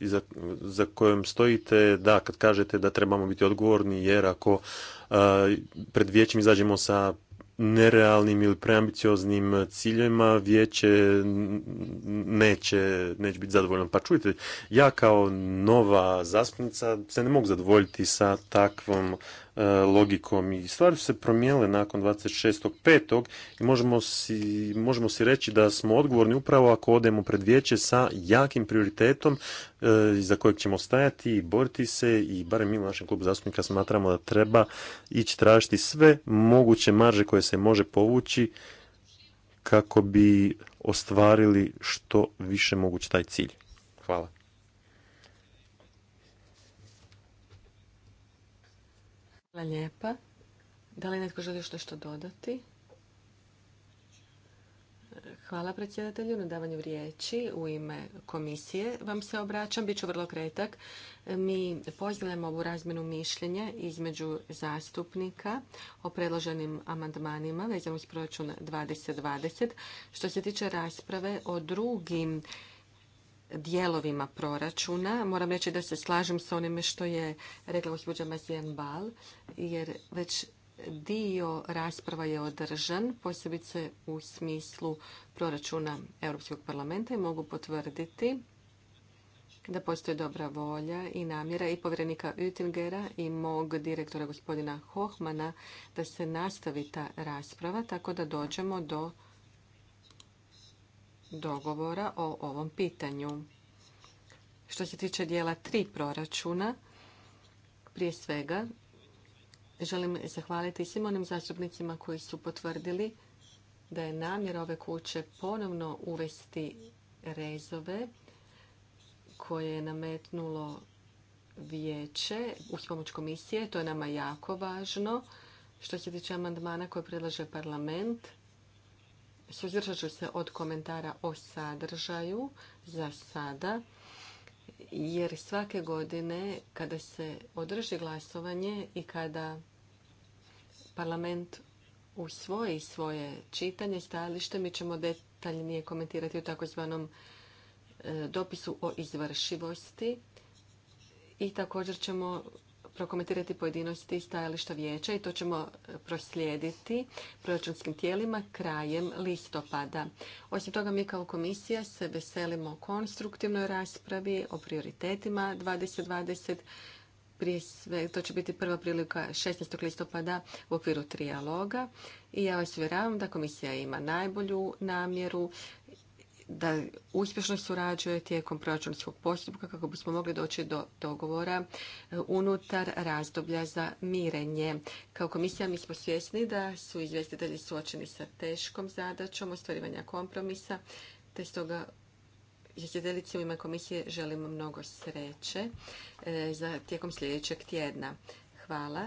za, za kojom stojite, da, kad kažete da trebamo biti odgovorni, jer ako E, pred vijećem izađemo sa nerealnim ili preambicioznim ciljevima vijeće neće, neće biti zadovoljno. Pa čujte, ja kao nova zastupnica se ne mogu zadovoljiti sa takvom E, logikom i stvari su se promijenile nakon 26.5. i možemo si, možemo si reći da smo odgovorni upravo ako odemo pred vijeće sa jakim prioritetom e, za kojeg ćemo stajati i boriti se i barem mi u našem klubu zastupnika smatramo da treba ići tražiti sve moguće marže koje se može povući kako bi ostvarili što više moguće taj cilj. Hvala. Hvala lijepa. Da li netko želi što što dodati? Hvala predsjedatelju na davanju riječi u ime komisije. Vam se obraćam, bit ću vrlo kretak. Mi pozdravljamo ovu razmjenu mišljenja između zastupnika o predloženim amandmanima vezanom uz proračun 2020. Što se tiče rasprave o drugim dijelovima proračuna. Moram reći da se slažem s onime što je rekla gospođa Mazijan Bal, jer već dio rasprava je održan, posebice u smislu proračuna Europskog parlamenta i mogu potvrditi da postoji dobra volja i namjera i povjerenika Utingera i mog direktora gospodina Hohmana da se nastavi ta rasprava tako da dođemo do dogovora o ovom pitanju. Što se tiče dijela tri proračuna, prije svega želim zahvaliti svim onim zastupnicima koji su potvrdili da je namjer ove kuće ponovno uvesti rezove koje je nametnulo vijeće u pomoć komisije. To je nama jako važno. Što se tiče amandmana koje predlaže parlament, Suzdržat ću se od komentara o sadržaju za sada, jer svake godine kada se održi glasovanje i kada parlament usvoji svoje čitanje, stajalište, mi ćemo detaljnije komentirati u takozvanom e, dopisu o izvršivosti i također ćemo prokomentirati pojedinosti i stajališta vijeća i to ćemo e, proslijediti proračunskim tijelima krajem listopada. Osim toga, mi kao komisija se veselimo konstruktivnoj raspravi o prioritetima 2020 prije sve, to će biti prva prilika 16. listopada u okviru trijaloga i ja vas uvjeravam da komisija ima najbolju namjeru da uspješno surađuje tijekom proračunskog postupka kako bismo mogli doći do dogovora e, unutar razdoblja za mirenje. Kao komisija mi smo svjesni da su izvjestitelji suočeni sa teškom zadaćom ostvarivanja kompromisa, te stoga izvjestiteljici u ime komisije želimo mnogo sreće e, za tijekom sljedećeg tjedna. Hvala.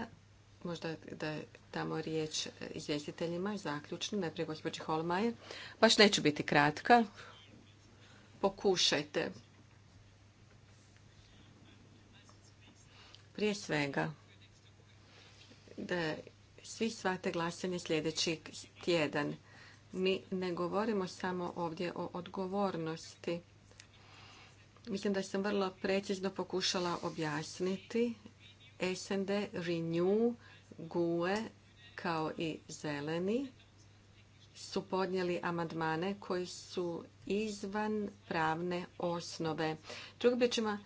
Možda da je tamo riječ izvjestiteljima, zaključno, najprije gospođi Holmajer. Baš neću biti kratka, pokušajte. Prije svega, da svi shvate glasanje sljedeći tjedan. Mi ne govorimo samo ovdje o odgovornosti. Mislim da sam vrlo precizno pokušala objasniti SND, Renew, GUE kao i zeleni su podnijeli amandmane koji su izvan pravne osnove. Drugim ćemo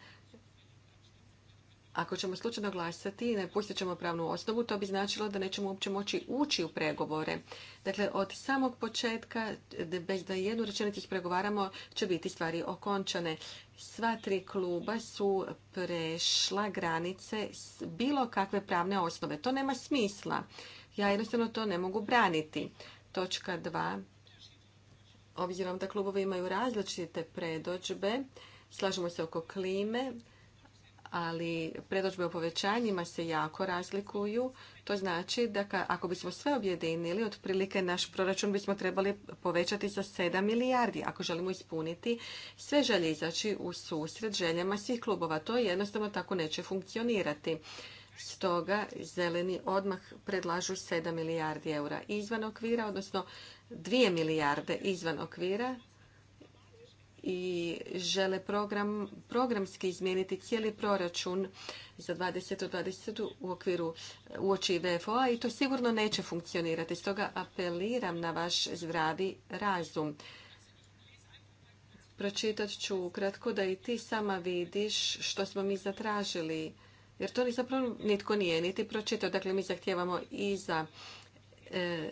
ako ćemo slučajno glasati i ne pustit ćemo pravnu osnovu, to bi značilo da nećemo uopće moći ući u pregovore. Dakle, od samog početka, bez da jednu rečenicu pregovaramo, će biti stvari okončane. Sva tri kluba su prešla granice bilo kakve pravne osnove. To nema smisla. Ja jednostavno to ne mogu braniti. Točka 2. Obzirom da klubovi imaju različite predođbe, slažemo se oko klime, ali predođbe o povećanjima se jako razlikuju. To znači da ako bismo sve objedinili, otprilike naš proračun bismo trebali povećati za 7 milijardi. Ako želimo ispuniti, sve želje izaći u susret željama svih klubova. To jednostavno tako neće funkcionirati. Stoga zeleni odmah predlažu 7 milijardi eura izvan okvira, odnosno 2 milijarde izvan okvira i žele program, programski izmijeniti cijeli proračun za 2020. u okviru uoči VFO-a i to sigurno neće funkcionirati. Stoga apeliram na vaš zdravi razum. Pročitat ću ukratko da i ti sama vidiš što smo mi zatražili jer to ni zapravo nitko nije niti pročitao. Dakle, mi zahtijevamo i za e,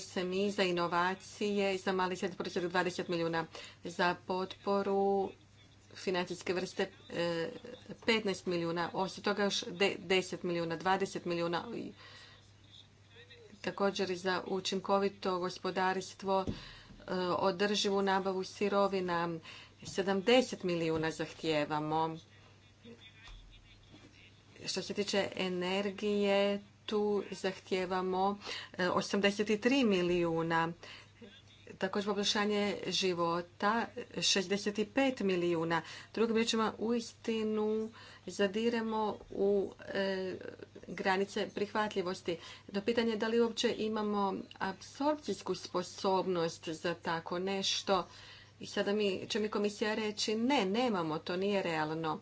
SMI, za inovacije, za mali sred 20 milijuna za potporu financijske vrste 15 e, milijuna, osim toga još 10 milijuna, 20 milijuna. Također i za učinkovito gospodarstvo, e, održivu nabavu sirovina, 70 milijuna zahtijevamo što se tiče energije, tu zahtijevamo 83 e, milijuna. Također poboljšanje života 65 milijuna. Drugim u istinu zadiremo u e, granice prihvatljivosti. Do pitanje je da li uopće imamo apsorpcijsku sposobnost za tako nešto. I sada mi, će mi komisija reći ne, nemamo, to nije realno.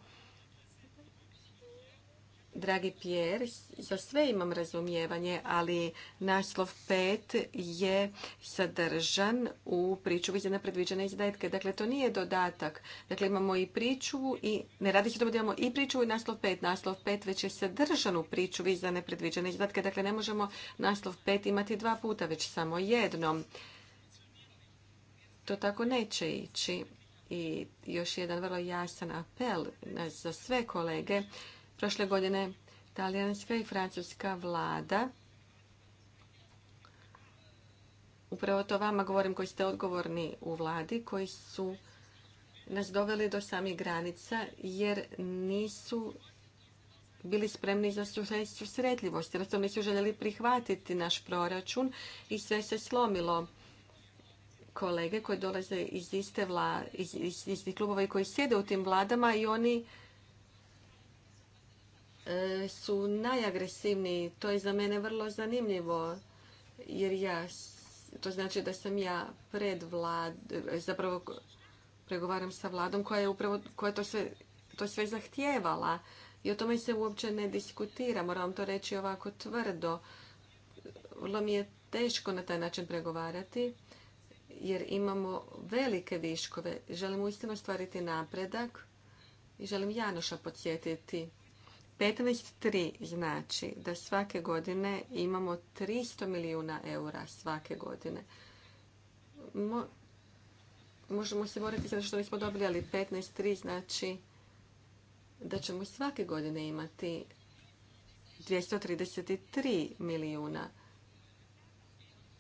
Dragi Pierre, za sve imam razumijevanje, ali naslov 5 je sadržan u pričuvi za nepredviđene izdatke. Dakle, to nije dodatak. Dakle, imamo i pričuvu i ne radi se da imamo i pričuvu i naslov 5. Naslov 5 već je sadržan u pričuvi za nepredviđene izdatke. Dakle, ne možemo naslov 5 imati dva puta, već samo jednom. To tako neće ići. I još jedan vrlo jasan apel za sve kolege Prošle godine talijanska i francuska vlada upravo to vama govorim koji ste odgovorni u vladi, koji su nas doveli do samih granica jer nisu bili spremni za susretljivost, jer to nisu željeli prihvatiti naš proračun i sve se slomilo. Kolege koji dolaze iz iste iz, klubova i koji sjede u tim vladama i oni su najagresivniji. To je za mene vrlo zanimljivo, jer ja, to znači da sam ja pred vlad, zapravo pregovaram sa vladom koja je upravo, koja to sve, to sve zahtijevala. I o tome se uopće ne diskutira, moram to reći ovako tvrdo. Vrlo mi je teško na taj način pregovarati, jer imamo velike viškove. Želim uistinu stvariti napredak i želim Janoša podsjetiti 15.3 znači da svake godine imamo 300 milijuna eura svake godine. možemo se boriti za što nismo dobili, ali 15.3 znači da ćemo svake godine imati 233 milijuna.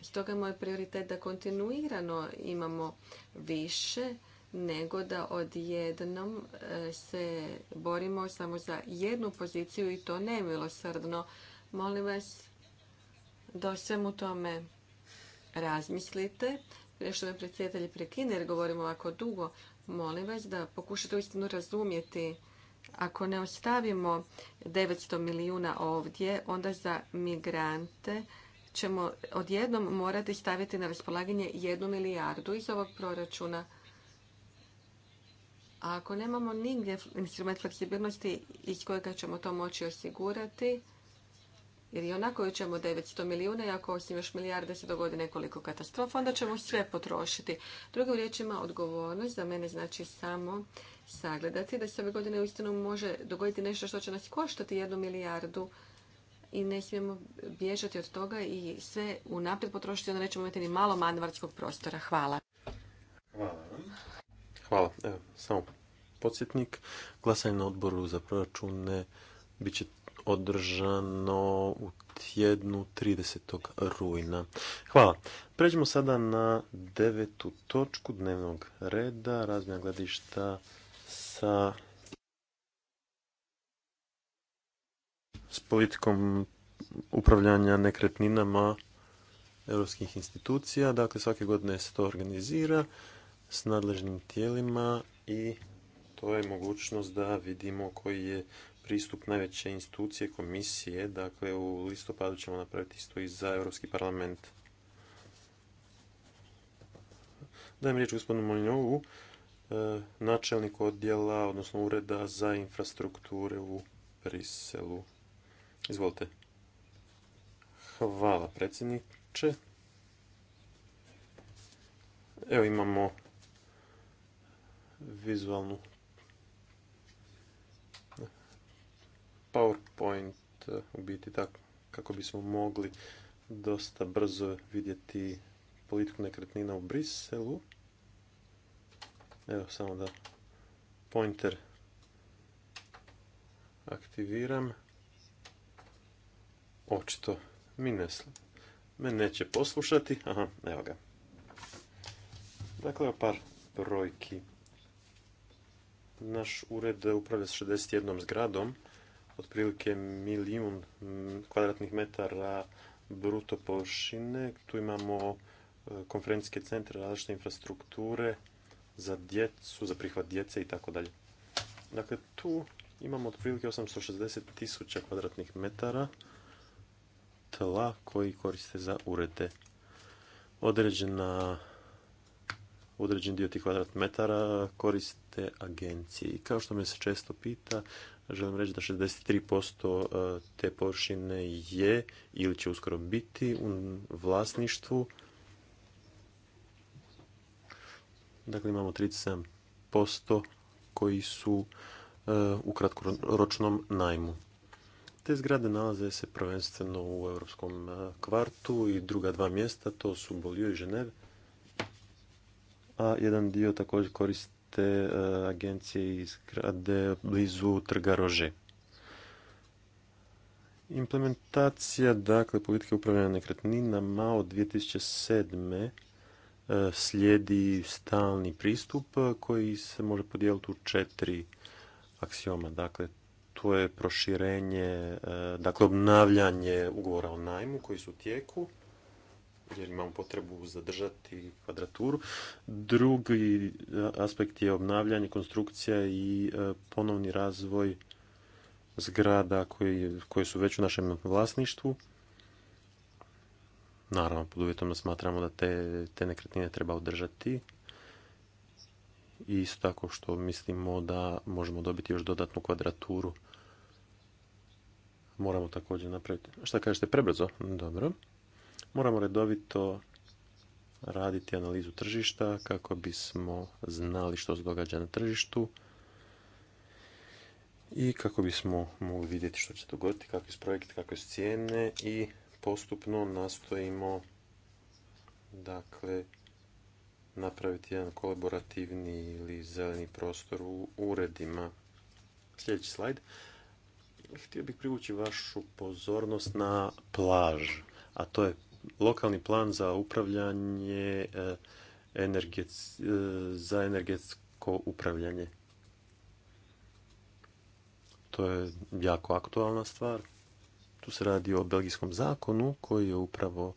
Stoga moj prioritet da kontinuirano imamo više nego da odjednom e, se borimo samo za jednu poziciju i to nemilosrdno. Molim vas da o svemu tome razmislite. Prije što me predsjedatelj prekine jer govorimo ovako dugo, molim vas da pokušate uistinu razumjeti ako ne ostavimo 900 milijuna ovdje, onda za migrante ćemo odjednom morati staviti na raspolaganje jednu milijardu iz ovog proračuna. A ako nemamo nigdje instrument fleksibilnosti iz kojega ćemo to moći osigurati, jer i onako ćemo 900 milijuna i ako osim još milijarde se dogodi nekoliko katastrofa, onda ćemo sve potrošiti. Drugim riječima, odgovornost za mene znači samo sagledati da se ove godine uistinu može dogoditi nešto što će nas koštati jednu milijardu i ne smijemo bježati od toga i sve unaprijed potrošiti, onda nećemo imati ni malo manvarskog prostora. Hvala. Hvala. Evo, samo podsjetnik. Glasanje na odboru za proračune bit će održano u tjednu 30. rujna. Hvala. Pređemo sada na devetu točku dnevnog reda, razmjena gledišta sa s politikom upravljanja nekretninama europskih institucija. Dakle, svake godine se to organizira s nadležnim tijelima i to je mogućnost da vidimo koji je pristup najveće institucije komisije. Dakle, u listopadu ćemo napraviti isto i za Europski parlament. Dajem riječ gospodinu Molinovu, e, načelnik odjela, odnosno ureda za infrastrukture u Priselu. Izvolite. Hvala predsjedniče. Evo imamo vizualnu PowerPoint u biti tako kako bismo mogli dosta brzo vidjeti politiku nekretnina u Briselu. Evo samo da pointer aktiviram. Očito mi ne me neće poslušati. Aha, evo ga. Dakle, par brojki. Naš ured upravlja s 61 zgradom, otprilike milijun kvadratnih metara bruto površine. Tu imamo e, konferencijske centre, različite infrastrukture za djecu, za prihvat djece i tako dalje. Dakle, tu imamo otprilike 860 tisuća kvadratnih metara tla koji koriste za urede. Određena određen dio tih kvadrat metara koriste agencije. I kao što me se često pita, želim reći da 63% e, te površine je ili će uskoro biti u vlasništvu. Dakle, imamo 37% koji su e, u kratkoročnom najmu. Te zgrade nalaze se prvenstveno u europskom e, kvartu i druga dva mjesta, to su Bolio i Ženev a jedan dio također koriste e, agencije iz grade blizu trga Rože. Implementacija dakle, politike upravljanja nekretninama od 2007 e, slijedi stalni pristup koji se može podijeliti u četiri aksioma. Dakle, to je proširenje, e, dakle obnavljanje ugovora o najmu koji su u tijeku, jer imamo potrebu zadržati kvadraturu. Drugi e, aspekt je obnavljanje konstrukcija i e, ponovni razvoj zgrada koje, su već u našem vlasništvu. Naravno, pod uvjetom da smatramo da te, te nekretnine treba održati. I isto tako što mislimo da možemo dobiti još dodatnu kvadraturu. Moramo također napraviti... Šta kažete, prebrzo? Dobro. Moramo redovito raditi analizu tržišta kako bismo znali što se događa na tržištu i kako bismo mogli vidjeti što će dogoditi, kakvi su projekti, kakve su cijene i postupno nastojimo dakle napraviti jedan kolaborativni ili zeleni prostor u uredima. Sljedeći slajd. Htio bih privući vašu pozornost na plaž, a to je lokalni plan za upravljanje eh, eh, za energetsko upravljanje. To je jako aktualna stvar. Tu se radi o belgijskom zakonu koji je upravo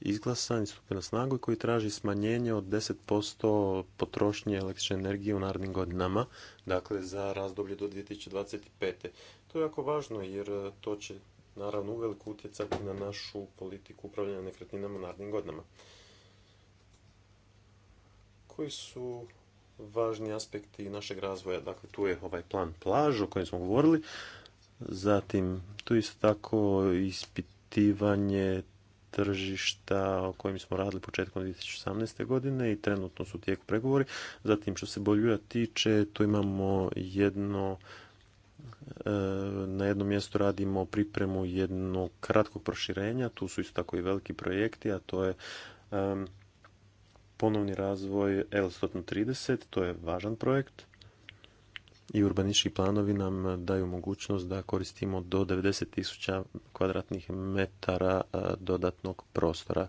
izglasan i stupio na snagu i koji traži smanjenje od 10% potrošnje električne energije u narednim godinama, dakle za razdoblje do 2025. To je jako važno jer eh, to će naravno uveliko utjecati na našu politiku upravljanja nekretninama u narednim godinama. Koji su važni aspekti našeg razvoja? Dakle, tu je ovaj plan plaž o kojem smo govorili. Zatim, tu isto tako ispitivanje tržišta o kojem smo radili početkom 2018. godine i trenutno su tijek tijeku pregovori. Zatim, što se Boljuja tiče, tu imamo jedno E, na jednom mjestu radimo pripremu jednog kratkog proširenja, tu su isto tako i veliki projekti, a to je ponovni razvoj L130, to je važan projekt i urbanički planovi nam daju mogućnost da koristimo do 90.000 kvadratnih metara e, dodatnog prostora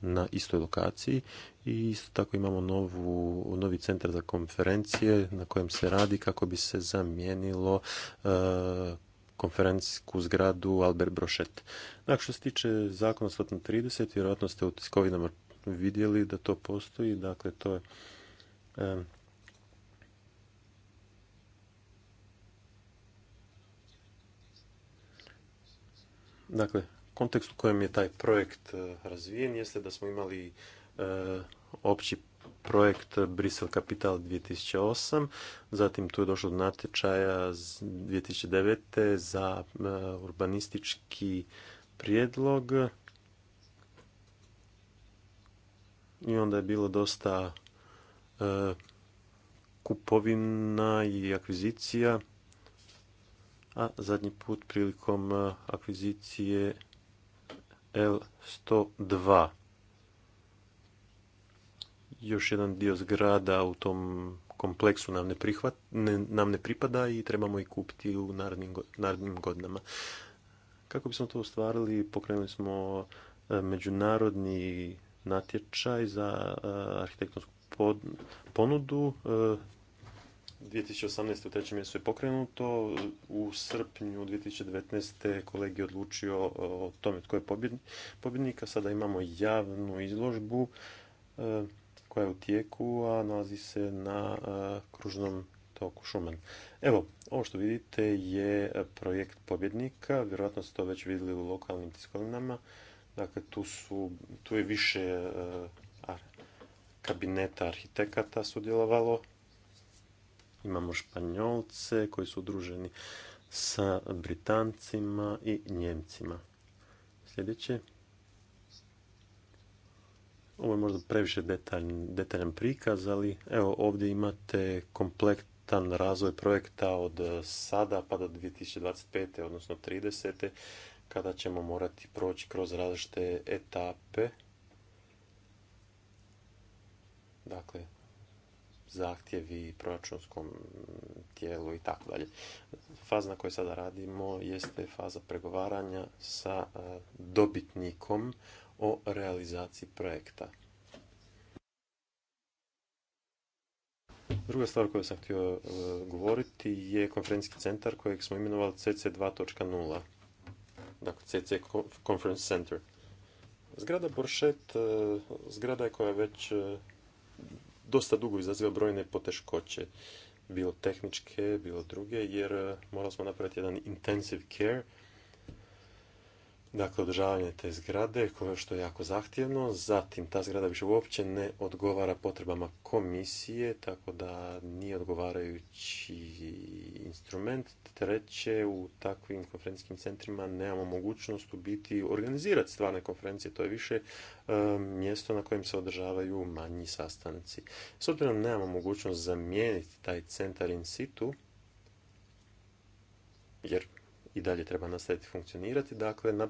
na istoj lokaciji i isto tako imamo novu, novi centar za konferencije na kojem se radi kako bi se zamijenilo e, konferencijsku zgradu Albert Brošet. Dakle, što se tiče zakona 130, vjerojatno ste u tiskovinama vidjeli da to postoji, dakle to je e, Dakle, kontekst u kojem je taj projekt e, razvijen jeste da smo imali e, opći projekt Brisel Capital 2008, zatim tu je došlo do natječaja 2009. za e, urbanistički prijedlog i onda je bilo dosta kupovina i akvizicija, a zadnji put prilikom akvizicije L102. Još jedan dio zgrada u tom kompleksu nam ne, prihvat, ne, nam ne pripada i trebamo ih kupiti u narednim, narednim godinama. Kako bismo to ostvarili, pokrenuli smo e, međunarodni natječaj za e, arhitektonsku ponudu e, 2018. u trećem mjesecu je pokrenuto, u srpnju 2019. kolegi odlučio o tome tko je pobjednik, a sada imamo javnu izložbu e, koja je u tijeku, a nalazi se na e, kružnom toku Šuman. Evo, ovo što vidite je projekt pobjednika, vjerojatno ste to već vidjeli u lokalnim tiskovinama, dakle tu, tu je više e, kabineta arhitekata sudjelovalo, Imamo Španjolce koji su udruženi sa Britancima i Njemcima. Sljedeće. Ovo je možda previše detaljan, prikaz, ali evo ovdje imate komplektan razvoj projekta od sada pa do 2025. odnosno 30. kada ćemo morati proći kroz različite etape. Dakle, zahtjevi proračunskom tijelu i tako dalje. Faza na kojoj sada radimo jeste faza pregovaranja sa e, dobitnikom o realizaciji projekta. Druga stvar koju sam htio e, govoriti je konferencijski centar kojeg smo imenovali CC2.0. Dakle, CC Conference Center. Zgrada Boršet, e, zgrada je koja je već dosta dugo izaziva brojne poteškoće, bilo tehničke, bilo druge, jer eh, morali smo napraviti jedan intensive care, dakle održavanje te zgrade što je jako zahtjevno. Zatim ta zgrada više uopće ne odgovara potrebama komisije, tako da nije odgovarajući instrument. Treće, u takvim konferencijskim centrima nemamo mogućnost u biti organizirati stvarne konferencije, to je više e, mjesto na kojem se održavaju manji sastanci. S obzirom nemamo mogućnost zamijeniti taj centar in situ, jer i dalje treba nastaviti funkcionirati. Dakle,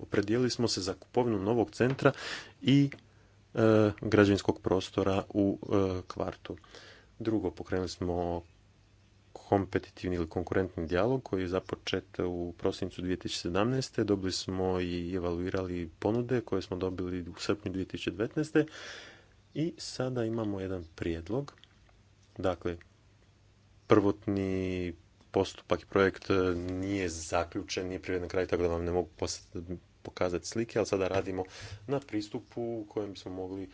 opredijelili smo se za kupovinu novog centra i e, građevinskog prostora u e, kvartu. Drugo, pokrenuli smo kompetitivni ili konkurentni dijalog koji je započet u prosincu 2017. Dobili smo i evaluirali ponude koje smo dobili u srpnju 2019. I sada imamo jedan prijedlog. Dakle, prvotni postupak i projekt e, nije zaključen, nije priveden kraj, tako da vam ne mogu pokazati slike, ali sada radimo na pristupu u kojem bismo mogli e,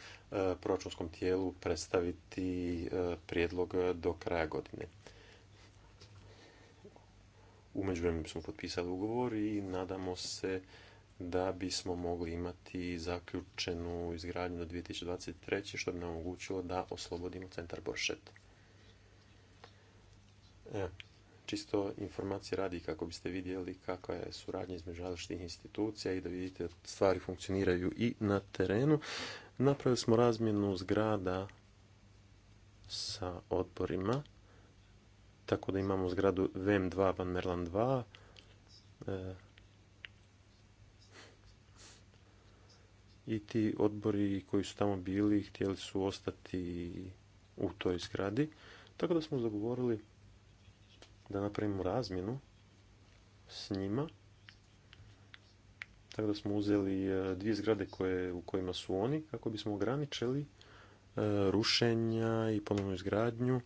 proračunskom tijelu predstaviti e, prijedlog do kraja godine. Umeđu međuvremenu smo potpisali ugovor i nadamo se da bismo mogli imati zaključenu izgradnju do 2023. što bi nam omogućilo da oslobodimo centar Boršet čisto informacije radi kako biste vidjeli kakva je suradnja između različitih institucija i da vidite da stvari funkcioniraju i na terenu. Napravili smo razmjenu zgrada sa odborima, tako da imamo zgradu VM2 Van Merlan 2, e, i ti odbori koji su tamo bili htjeli su ostati u toj zgradi. Tako da smo zagovorili da napravimo razmjenu s njima. Tako da smo uzeli e, dvije zgrade koje, u kojima su oni, kako bismo ograničili e, rušenja i ponovnu izgradnju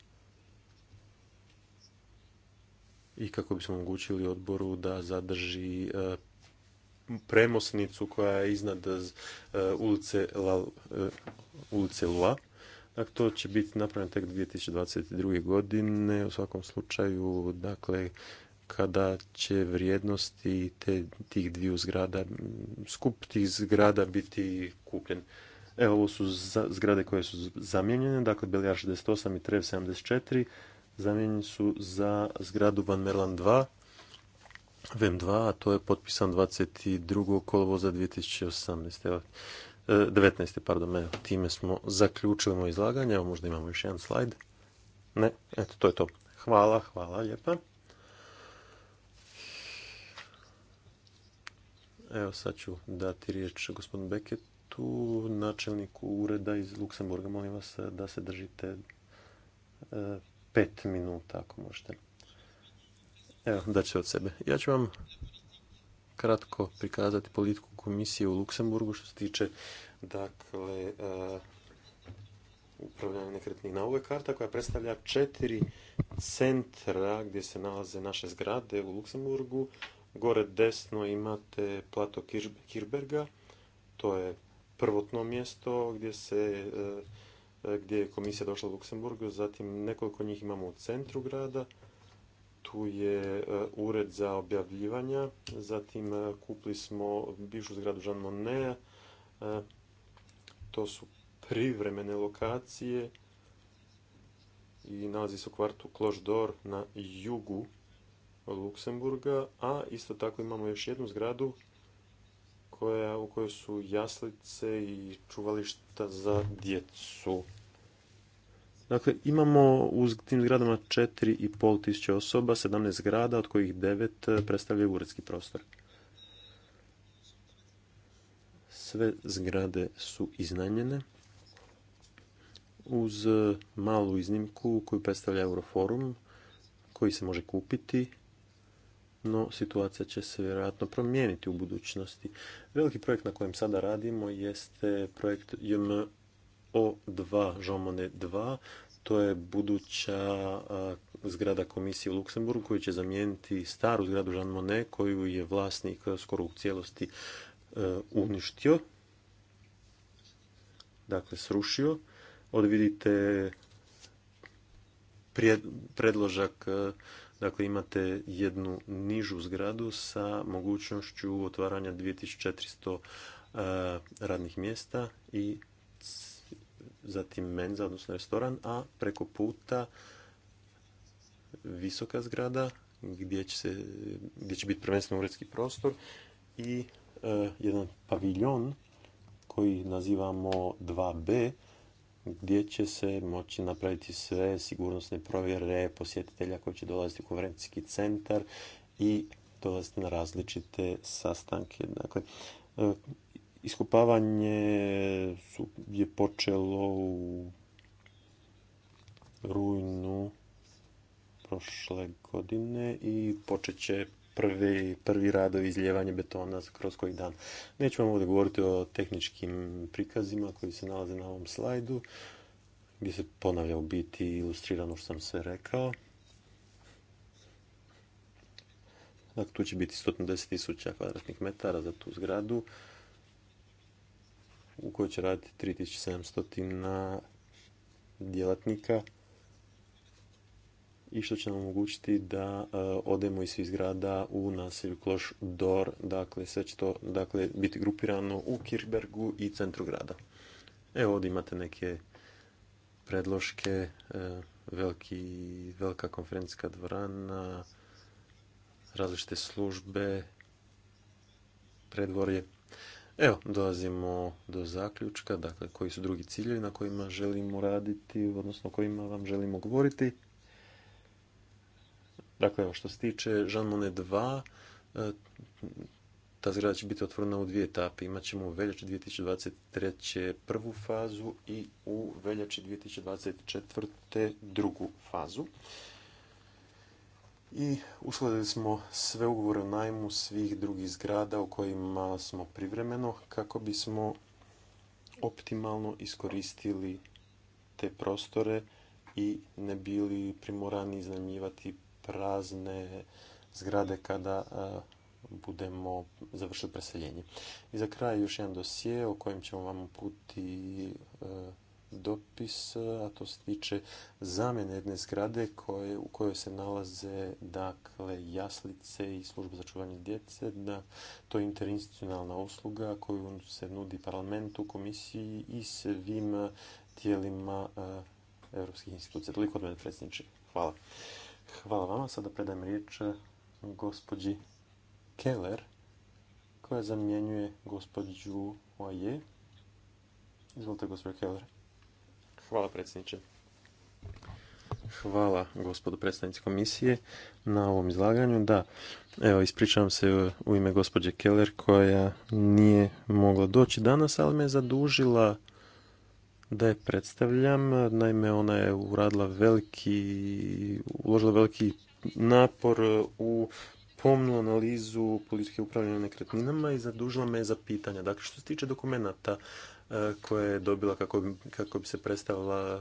i kako bismo omogućili odboru da zadrži e, premosnicu koja je iznad ulice La, ulice Lua. Dakle, to će biti napravljeno tek 2022. godine. U svakom slučaju, dakle, kada će vrijednosti te, tih dviju zgrada, skup tih zgrada biti kupljen. Evo, ovo su zgrade koje su zamijenjene, dakle, Belijar 68 i Trev 74 zamijenjeni su za zgradu Van Merlan 2, vm 2, a to je potpisan 22. kolovoza 2018. 19. pardon, evo, time smo zaključili moje izlaganje. Evo, možda imamo još jedan slajd. Ne, eto, to je to. Hvala, hvala, lijepa. Evo, sad ću dati riječ gospodinu Beketu, načelniku ureda iz Luksemburga. Molim vas e, da se držite e, pet minuta, ako možete. Evo, daću od sebe. Ja ću vam kratko prikazati politiku komisije u Luksemburgu što se tiče dakle e, upravljanja nekretnina. Ovo je karta koja predstavlja četiri centra gdje se nalaze naše zgrade u Luksemburgu. Gore desno imate plato Kirberga, to je prvotno mjesto gdje se e, gdje je komisija došla u Luksemburgu, zatim nekoliko njih imamo u centru grada, tu je e, ured za objavljivanja, zatim e, kupili smo bivšu zgradu Jean Monnet, e, to su privremene lokacije i nalazi se u kvartu Cloche na jugu Luksemburga, a isto tako imamo još jednu zgradu koja, u kojoj su jaslice i čuvališta za djecu. Dakle, imamo u tim zgradama 4,5 tisuće osoba, 17 zgrada, od kojih 9 eh, predstavljaju uredski prostor. Sve zgrade su iznajmljene uz eh, malu iznimku koju predstavlja Euroforum koji se može kupiti, no situacija će se vjerojatno promijeniti u budućnosti. Veliki projekt na kojem sada radimo jeste projekt JM o2, Jean 2, to je buduća zgrada komisije u Luksemburgu koja će zamijeniti staru zgradu Jean Monnet koju je vlasnik skoro u cijelosti e, uništio, dakle srušio. Ovdje vidite predložak, e, dakle imate jednu nižu zgradu sa mogućnošću otvaranja 2400 e, radnih mjesta i zatim menza, odnosno restoran, a preko puta visoka zgrada gdje će, biti prvenstveno uredski prostor i e, jedan paviljon koji nazivamo 2B gdje će se moći napraviti sve sigurnosne provjere posjetitelja koji će dolaziti u konferencijski centar i dolaziti na različite sastanke. Dakle, e, Iskopavanje je počelo u rujnu prošle godine i počet će prvi, prvi radovi izljevanje betona kroz koji dan. Neću vam ovdje govoriti o tehničkim prikazima koji se nalaze na ovom slajdu, gdje se ponavlja biti ilustrirano što sam sve rekao. Dakle, tu će biti 110.000 kvadratnih metara za tu zgradu u kojoj će raditi 3700 djelatnika i što će nam omogućiti da e, odemo iz svih zgrada u naselju Kloš Dor, dakle sve će to dakle, biti grupirano u Kirbergu i centru grada. Evo ovdje imate neke predloške, e, veliki, velika konferencijska dvorana, različite službe, predvorje. Evo, dolazimo do zaključka, dakle, koji su drugi ciljevi na kojima želimo raditi, odnosno kojima vam želimo govoriti. Dakle, evo, što se tiče Jean Monnet 2, e, ta zgrada će biti otvorena u dvije etape. Imaćemo u veljači 2023. prvu fazu i u veljači 2024. drugu fazu i uskladili smo sve ugovore o najmu svih drugih zgrada u kojima smo privremeno kako bismo optimalno iskoristili te prostore i ne bili primorani iznajmljivati prazne zgrade kada budemo završili preseljenje. I za kraj još jedan dosije o kojem ćemo vam uputiti dopis, a to se tiče zamjene jedne zgrade koje, u kojoj se nalaze dakle jaslice i služba za čuvanje djece, da to je interinstitucionalna usluga koju se nudi parlamentu, komisiji i svim eh, tijelima eh, europskih institucija. Toliko od mene predsjedniče. Hvala. Hvala vama. Sada predajem riječ eh, gospođi Keller koja zamjenjuje gospođu Oje. Izvolite, gospodine Keller. Hvala predsjedniče. Hvala gospodu predstavnici komisije na ovom izlaganju. Da, evo ispričavam se u ime gospođe Keller koja nije mogla doći danas, ali me je zadužila da je predstavljam. Naime, ona je uradila veliki, uložila veliki napor u pomnu analizu politike upravljanja nekretninama i zadužila me za pitanja. Dakle, što se tiče dokumenata, koje je dobila kako bi, kako bi se predstavila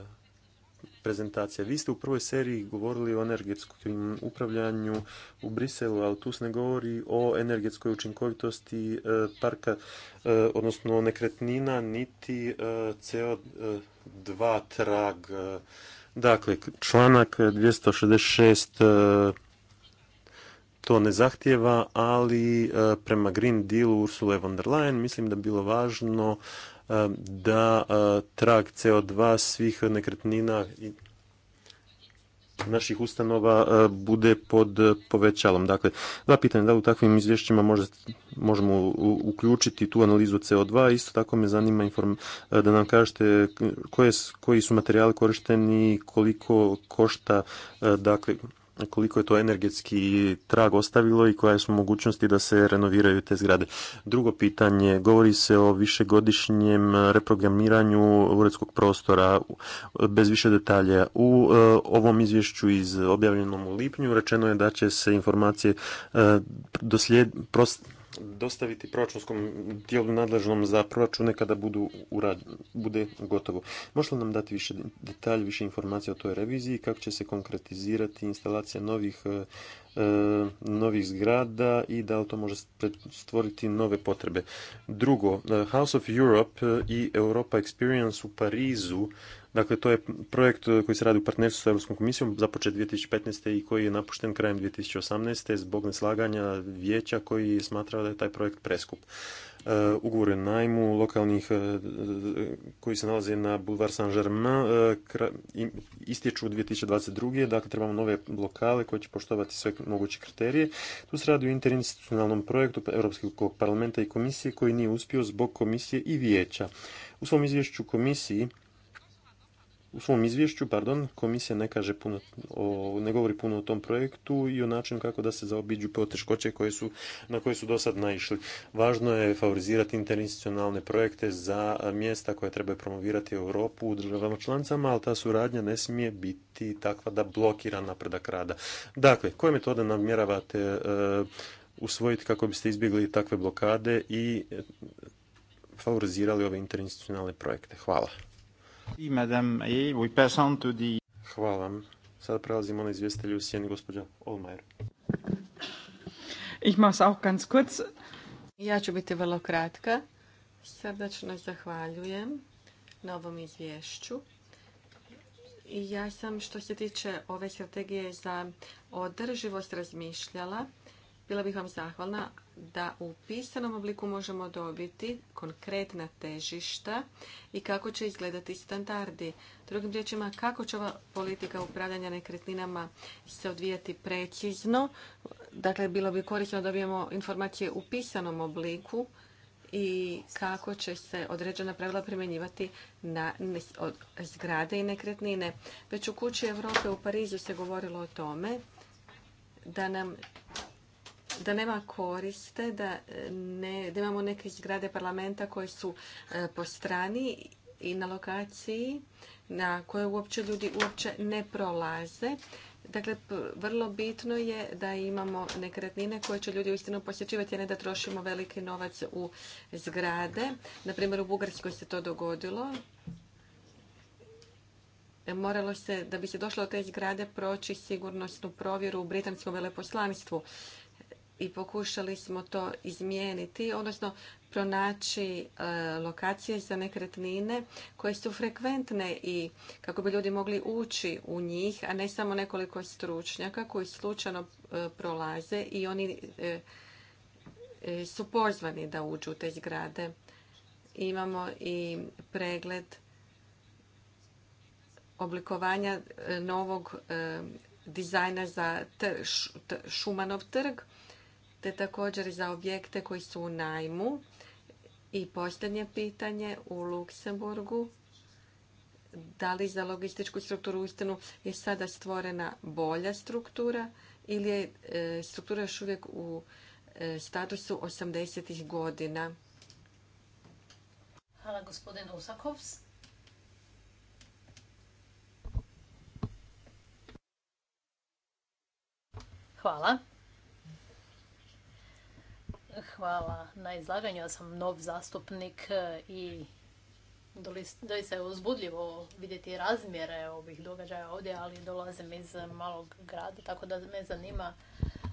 prezentacija. Vi ste u prvoj seriji govorili o energetskom upravljanju u Briselu, ali tu se ne govori o energetskoj učinkovitosti e, parka, e, odnosno nekretnina, niti e, CO2 trag. Dakle, članak 266 to ne zahtjeva, ali prema Green Dealu Ursula von der Leyen mislim da bilo važno Um, da uh, trag CO2 svih nekretnina i naših ustanova uh, bude pod povećalom. Dakle, dva pitanja, da u takvim izvješćima možemo uključiti tu analizu CO2, isto tako me zanima uh, da nam kažete koji su materijali korišteni, koliko košta, dakle, koliko je to energetski trag ostavilo i koje su mogućnosti da se renoviraju te zgrade. Drugo pitanje, govori se o višegodišnjem reprogramiranju uredskog prostora bez više detalja. U e, ovom izvješću iz objavljenom u lipnju rečeno je da će se informacije e, doslijed, dostaviti proračunskom tijelu nadležnom za proračune kada budu bude gotovo. Možete li nam dati više detalj, više informacija o toj reviziji, kako će se konkretizirati instalacija novih, e, e, novih zgrada i da li to može stvoriti nove potrebe? Drugo, e, House of Europe i Europa Experience u Parizu Dakle, to je projekt eh, koji se radi u partnerstvu s Europskom komisijom, započet 2015. i koji je napušten krajem 2018. zbog neslaganja vijeća koji je smatrao da je taj projekt preskup. Eh, ugovor najmu lokalnih eh, koji se nalaze na Boulevard Saint-Germain istječu u 2022. Dakle, trebamo nove lokale koje će poštovati sve moguće kriterije. Tu se radi o interinstitucionalnom projektu Europskog parlamenta i komisije koji nije uspio zbog komisije i vijeća. U svom izvješću komisiji u svom izvješću, pardon, komisija ne kaže puno, ne govori puno o tom projektu i o načinu kako da se zaobiđu poteškoće koje su, na koje su do sad naišli. Važno je favorizirati interinstitucionalne projekte za mjesta koje trebaju promovirati Europu u državama članicama, ali ta suradnja ne smije biti takva da blokira napredak rada. Dakle, koje metode namjeravate e, usvojiti kako biste izbjegli takve blokade i favorizirali ove interinstitucionalne projekte? Hvala. Hvala Sada prelazimo na izvjestelju sjeni gospođa Olmajer. Ich mach's auch Ja ću biti vrlo kratka. Srdačno zahvaljujem na ovom izvješću. Ja sam što se tiče ove strategije za održivost razmišljala bila bih vam zahvalna da u pisanom obliku možemo dobiti konkretna težišta i kako će izgledati standardi. Drugim riječima, kako će ova politika upravljanja nekretninama se odvijati precizno. Dakle, bilo bi korisno da dobijemo informacije u pisanom obliku i kako će se određena pravila primjenjivati na zgrade i nekretnine. Već u kući Europe u Parizu se govorilo o tome da nam da nema koriste, da, e, ne, da imamo neke zgrade parlamenta koje su e, po strani i na lokaciji na koje uopće ljudi uopće ne prolaze. Dakle, vrlo bitno je da imamo nekretnine koje će ljudi uistinu posjećivati, a ne da trošimo veliki novac u zgrade. Naprimjer, u Bugarskoj se to dogodilo. E, moralo se, da bi se došlo do te zgrade, proći sigurnosnu provjeru u britanskom veleposlanstvu i pokušali smo to izmijeniti, odnosno pronaći e, lokacije za nekretnine koje su frekventne i kako bi ljudi mogli ući u njih, a ne samo nekoliko stručnjaka koji slučajno e, prolaze i oni e, su pozvani da uđu u te zgrade. Imamo i pregled oblikovanja novog dizajna za šumanov trg te također za objekte koji su u najmu. I posljednje pitanje u Luksemburgu. Da li za logističku strukturu ustanu je sada stvorena bolja struktura ili je e, struktura još uvijek u e, statusu 80-ih godina? Hvala gospodin Usakovs. Hvala. Hvala na izlaganju. Ja sam nov zastupnik e, i doista je uzbudljivo vidjeti razmjere ovih događaja ovdje, ali dolazim iz malog grada, tako da me zanima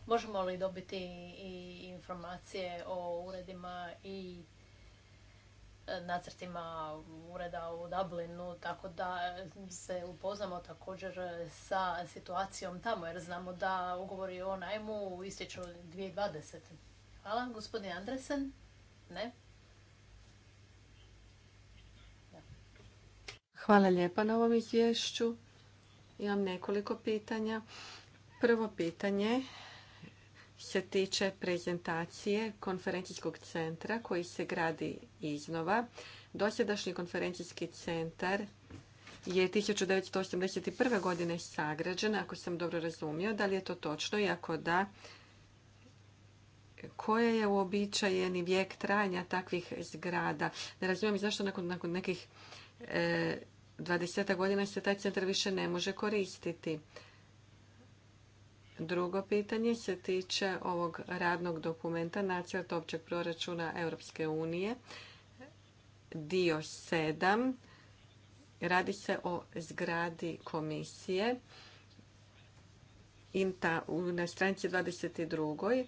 možemo li dobiti i informacije o uredima i e, nacrtima ureda u Dublinu, tako da se upoznamo također sa situacijom tamo, jer znamo da ugovori o najmu ističu 2020. Hvala, gospodin Andresen. Ne? Hvala lijepa na ovom izvješću. Imam nekoliko pitanja. Prvo pitanje se tiče prezentacije konferencijskog centra koji se gradi iznova. Dosadašnji konferencijski centar je 1981. godine sagrađen, ako sam dobro razumio. Da li je to točno i ako da, koje je uobičajeni vijek trajanja takvih zgrada. Ne razumijem zašto nakon, nakon nekih 20 e, godina se taj centar više ne može koristiti. Drugo pitanje se tiče ovog radnog dokumenta nacrta općeg proračuna Europske unije. Dio 7. Radi se o zgradi komisije. Inta, na stranici 22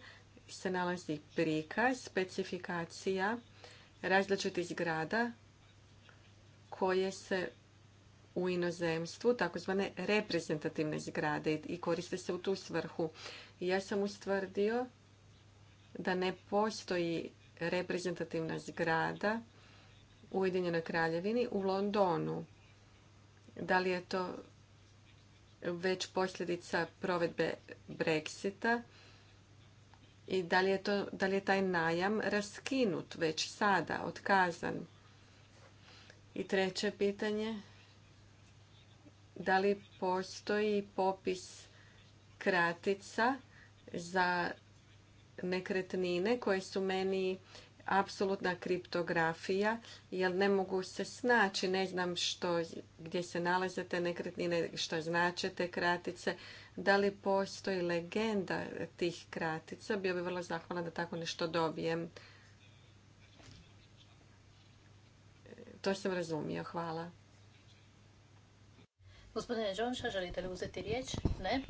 se nalazi prikaz specifikacija različitih zgrada koje se u inozemstvu, takozvane reprezentativne zgrade i koriste se u tu svrhu. ja sam ustvrdio da ne postoji reprezentativna zgrada u Ujedinjenoj kraljevini u Londonu. Da li je to već posljedica provedbe Brexita i da li je, to, da li taj najam raskinut već sada, otkazan. I treće pitanje, da li postoji popis kratica za nekretnine koje su meni apsolutna kriptografija, jer ne mogu se snaći, ne znam što, gdje se nalaze te nekretnine, što znače te kratice, da li postoji legenda tih kratica. Bio bi vrlo zahvalan da tako nešto dobijem. To sam razumio. Hvala. Gospodine Đonša, želite li uzeti riječ? Ne.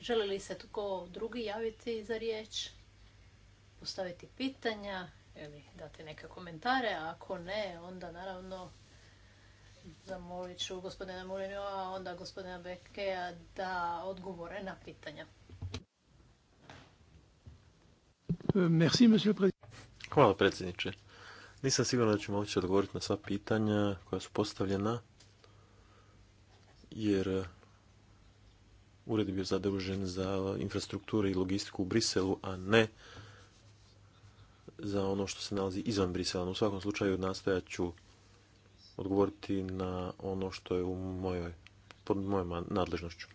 Želi li se tko drugi javiti za riječ? Postaviti pitanja ili dati neke komentare? ako ne, onda naravno Zamolit ću gospodina a onda gospodina Bekea da odgovore na pitanja. Merci, monsieur Hvala predsjedniče. Nisam siguran da ću moći odgovoriti na sva pitanja koja su postavljena, jer eh, ured je bio zadužen za infrastrukturu i logistiku u Briselu, a ne za ono što se nalazi izvan Brisela. U svakom slučaju nastojat ću odgovoriti na ono što je u mojoj, pod mojom nadležnošću.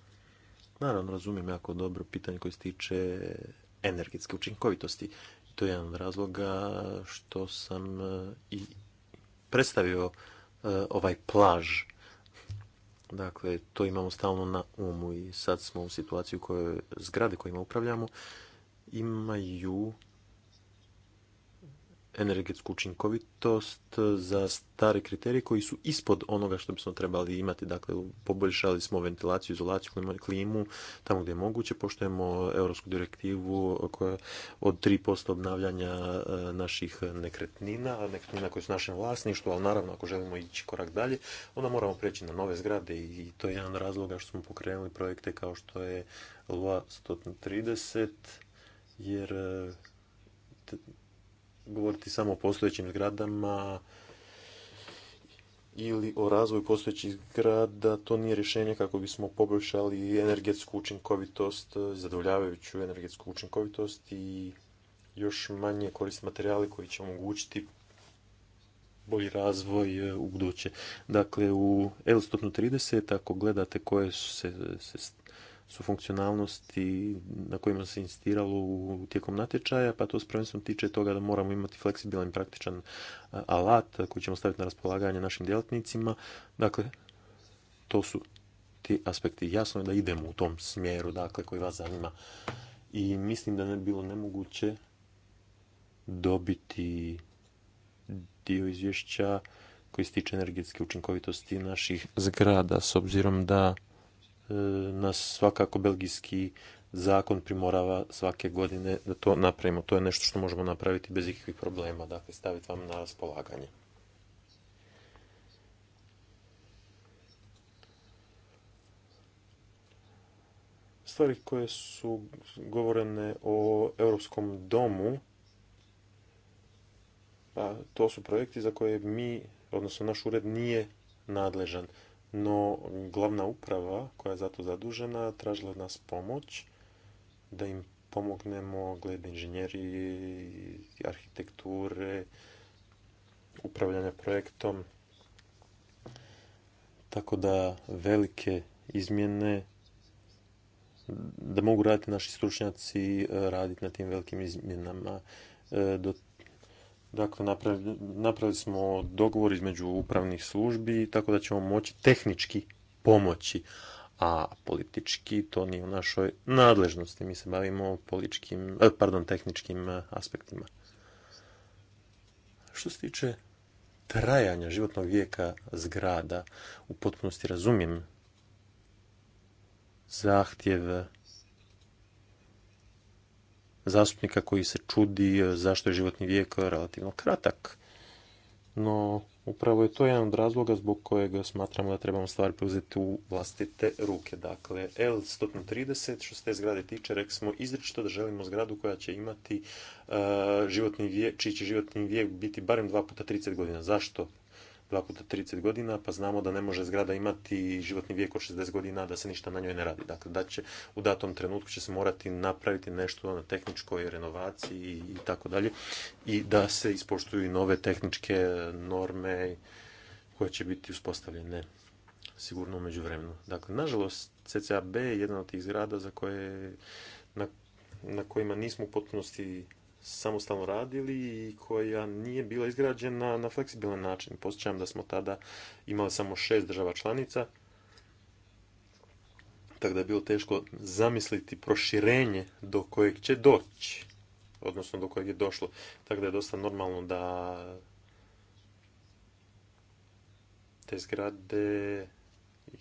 Naravno, razumijem jako dobro pitanje koje se tiče energetske učinkovitosti. To je jedan od razloga što sam eh, i predstavio eh, ovaj plaž. Dakle, to imamo stalno na umu i sad smo u situaciji u kojoj zgrade kojima upravljamo imaju energetsku učinkovitost e, za stare kriterije koji su ispod onoga što bismo trebali imati. Dakle, poboljšali smo ventilaciju, izolaciju, klimu tamo gdje je moguće. Poštujemo europsku direktivu koja od 3% obnavljanja e, naših nekretnina, nekretnina koje su našem vlasništvu, ali naravno ako želimo ići korak dalje, onda moramo preći na nove zgrade i to je jedan razloga što smo pokrenuli projekte kao što je LUA 130, jer e, govoriti samo o postojećim zgradama ili o razvoju postojećih zgrada, to nije rješenje kako bismo poboljšali energetsku učinkovitost, zadovoljavajuću energetsku učinkovitost i još manje koristiti materijali koji će omogućiti bolji razvoj e, u buduće. Dakle, u L130, ako gledate koje se, se su funkcionalnosti na kojima se insistiralo u tijekom natječaja, pa to s tiče toga da moramo imati fleksibilan i praktičan e, alat koji ćemo staviti na raspolaganje našim djelatnicima. Dakle, to su ti aspekti. Jasno je da idemo u tom smjeru dakle, koji vas zanima. I mislim da ne bi bilo nemoguće dobiti dio izvješća koji se tiče energetske učinkovitosti naših zgrada, s obzirom da E, nas svakako belgijski zakon primorava svake godine da to napravimo. To je nešto što možemo napraviti bez ikakvih problema, dakle staviti vam na raspolaganje. Stvari koje su govorene o Europskom domu, pa to su projekti za koje mi, odnosno naš ured, nije nadležan no glavna uprava koja je za to zadužena tražila od nas pomoć da im pomognemo glede inženjeri, arhitekture, upravljanja projektom. Tako da velike izmjene da mogu raditi naši stručnjaci eh, raditi na tim velikim izmjenama. Eh, do Dakle, napravili, smo dogovor između upravnih službi, tako da ćemo moći tehnički pomoći, a politički to nije u našoj nadležnosti. Mi se bavimo političkim, e, pardon, tehničkim e, aspektima. Što se tiče trajanja životnog vijeka zgrada, u potpunosti razumijem zahtjev zastupnika koji se čudi e, zašto je životni vijek relativno kratak. No, upravo je to jedan od razloga zbog kojeg smatramo da trebamo stvari preuzeti u vlastite ruke. Dakle, L130, što se te zgrade tiče, rekli smo izričito da želimo zgradu koja će imati e, životni vijek, čiji će životni vijek biti barem dva puta 30 godina. Zašto? dva puta 30 godina, pa znamo da ne može zgrada imati životni vijek od 60 godina, da se ništa na njoj ne radi. Dakle, da će u datom trenutku će se morati napraviti nešto na tehničkoj renovaciji i tako dalje i da se ispoštuju i nove tehničke norme koje će biti uspostavljene sigurno umeđu vremenu. Dakle, nažalost, CCAB je jedna od tih zgrada za koje, na, na kojima nismo u potpunosti samostalno radili i koja nije bila izgrađena na fleksibilan način. Posjećam da smo tada imali samo šest država članica, tako da je bilo teško zamisliti proširenje do kojeg će doći, odnosno do kojeg je došlo. Tako da je dosta normalno da te zgrade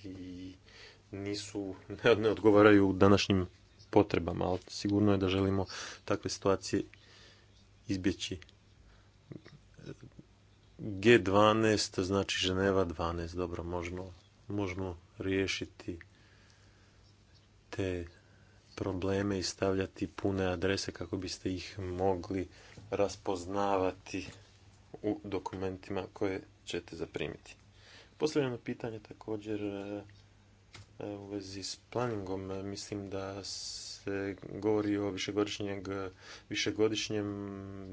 i nisu, ne odgovaraju današnjim potrebama, ali sigurno je da želimo takve situacije izbjeći. G12 znači Ženeva 12, dobro, možemo, riješiti te probleme i stavljati pune adrese kako biste ih mogli raspoznavati u dokumentima koje ćete zaprimiti. Posljedno pitanje također e, e, u vezi s planingom. Mislim da se govori o višegodišnjeg, višegodišnjem,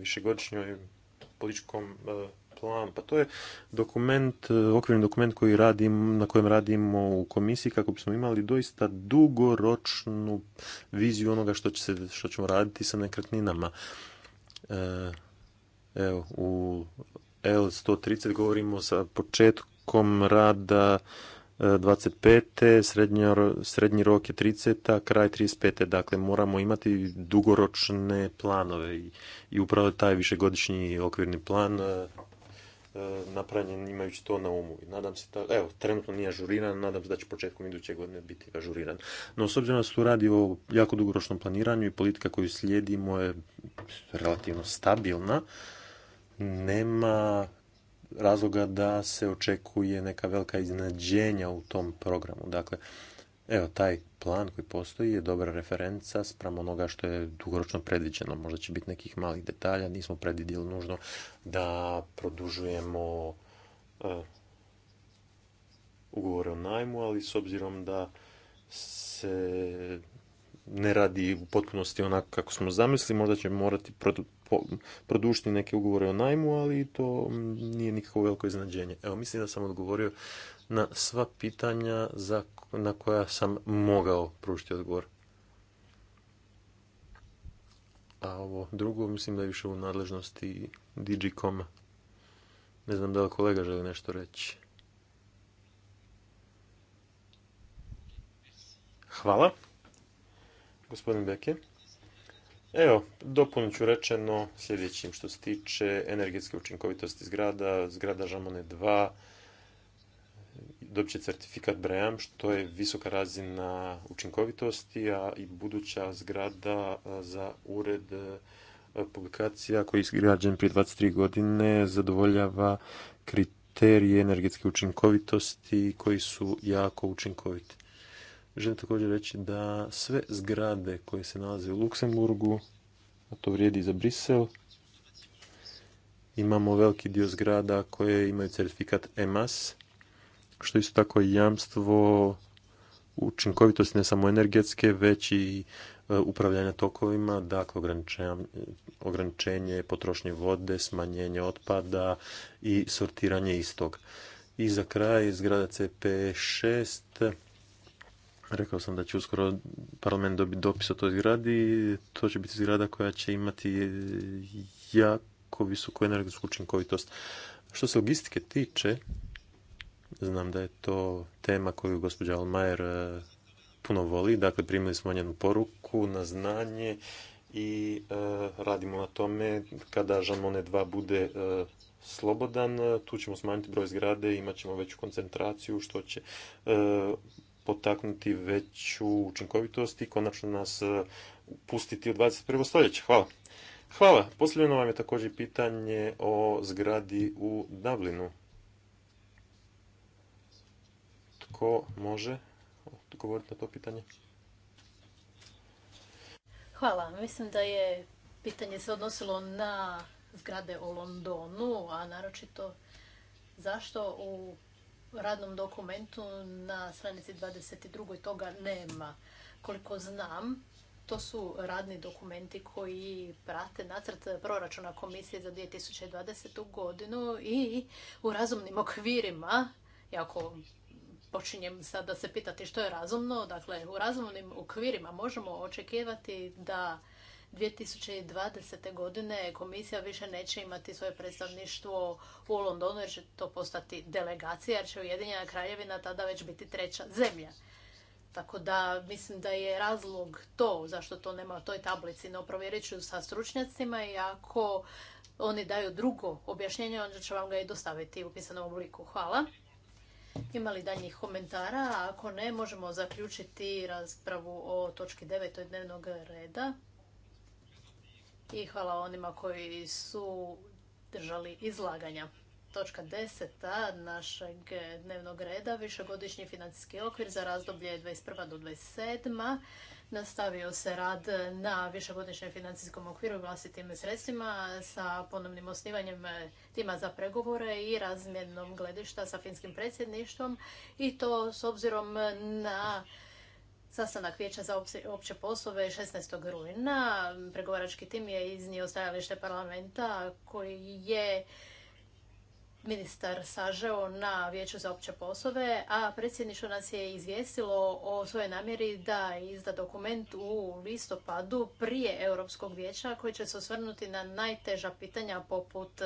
višegodišnjoj političkom e, planu. Pa to je dokument, e, okvirni dokument koji radim, na kojem radimo u komisiji kako bismo imali doista dugoročnu viziju onoga što, se, što ćemo raditi sa nekretninama. E, evo, u L130 govorimo sa početkom rada 25. srednji rok je 30. kraj 35. Dakle, moramo imati dugoročne planove i, upravo taj višegodišnji okvirni plan e, e, napravljen imajući to na umu. I nadam se da, evo, trenutno nije ažuriran, nadam se da će početkom iduće godine biti ažuriran. No, s obzirom da se tu radi o jako dugoročnom planiranju i politika koju slijedimo je relativno stabilna, nema razloga da se očekuje neka velika iznadženja u tom programu. Dakle, evo, taj plan koji postoji je dobra referenca spram onoga što je dugoročno predviđeno. Možda će biti nekih malih detalja, nismo predvidjeli nužno da produžujemo e, ugovore o najmu, ali s obzirom da se ne radi u potpunosti onako kako smo zamislili, možda će morati produšiti neke ugovore o najmu, ali to mm, nije nikako veliko iznadženje. Evo, mislim da sam odgovorio na sva pitanja na koja sam mogao pružiti odgovor. A ovo drugo mislim da je više u nadležnosti Digicom. Ne znam da li kolega želi nešto reći. Hvala. Gospodin Beke. Evo, dopunit ću rečeno sljedećim što se tiče energetske učinkovitosti zgrada, zgrada Žamone 2, dobit će certifikat BREAM što je visoka razina učinkovitosti, a i buduća zgrada za ured publikacija koji je izgrađen prije 23 godine zadovoljava kriterije energetske učinkovitosti koji su jako učinkoviti. Želim također reći da sve zgrade koje se nalaze u Luksemburgu, a to vrijedi i za Brisel, imamo veliki dio zgrada koje imaju certifikat EMAS, što isto tako jamstvo učinkovitosti ne samo energetske, već i e, upravljanja tokovima, dakle ograničenje potrošnje vode, smanjenje otpada i sortiranje istog. I za kraj zgrada CP6 Rekao sam da će uskoro parlament dobiti dopis o toj zgradi. To će biti zgrada koja će imati jako visoku energetsku učinkovitost. Što se logistike tiče, znam da je to tema koju gospođa Almajer e, puno voli. Dakle, primili smo njenu poruku na znanje i e, radimo na tome kada Žanmone 2 bude e, slobodan, tu ćemo smanjiti broj zgrade, imat ćemo veću koncentraciju, što će potaknuti veću učinkovitost i konačno nas e, pustiti u 21. stoljeće. Hvala. Hvala. Posljedno vam je također pitanje o zgradi u Dublinu. Tko može odgovoriti na to pitanje? Hvala. Mislim da je pitanje se odnosilo na zgrade u Londonu, a naročito zašto u radnom dokumentu na stranici 22. toga nema. Koliko znam, to su radni dokumenti koji prate nacrt proračuna komisije za 2020. godinu i u razumnim okvirima, jako počinjem sada se pitati što je razumno, dakle u razumnim okvirima možemo očekivati da 2020. godine komisija više neće imati svoje predstavništvo u Londonu jer će to postati delegacija jer će Ujedinjena kraljevina tada već biti treća zemlja. Tako da mislim da je razlog to zašto to nema u toj tablici. No provjerit ću sa stručnjacima i ako oni daju drugo objašnjenje, onda ću vam ga i dostaviti u pisanom obliku. Hvala. Ima li daljnjih komentara? ako ne, možemo zaključiti raspravu o točki 9. dnevnog reda i hvala onima koji su držali izlaganja. Točka 10. našeg dnevnog reda, višegodišnji financijski okvir za razdoblje 21. do 27. Nastavio se rad na višegodišnjem financijskom okviru vlastitim sredstvima sa ponovnim osnivanjem tima za pregovore i razmjenom gledišta sa finskim predsjedništvom i to s obzirom na sastanak vijeća za opće poslove 16. rujna. Pregovarački tim je iznio stajalište parlamenta koji je ministar sažeo na vijeću za opće poslove, a predsjedništvo nas je izvijestilo o svojoj namjeri da izda dokument u listopadu prije Europskog vijeća koji će se osvrnuti na najteža pitanja poput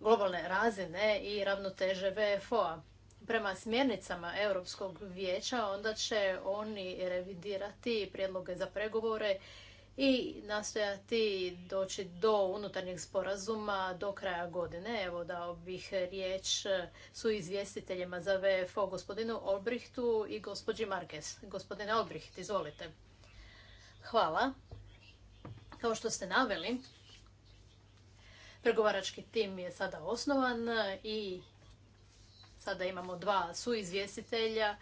globalne razine i ravnoteže VFO-a prema smjernicama Europskog vijeća, onda će oni revidirati prijedloge za pregovore i nastojati doći do unutarnjeg sporazuma do kraja godine. Evo dao bih riječ su izvjestiteljima za VFO gospodinu Olbrichtu i gospođi Marquez. Gospodine Olbricht, izvolite. Hvala. Kao što ste naveli, pregovarački tim je sada osnovan i Sada imamo dva izvjestitelja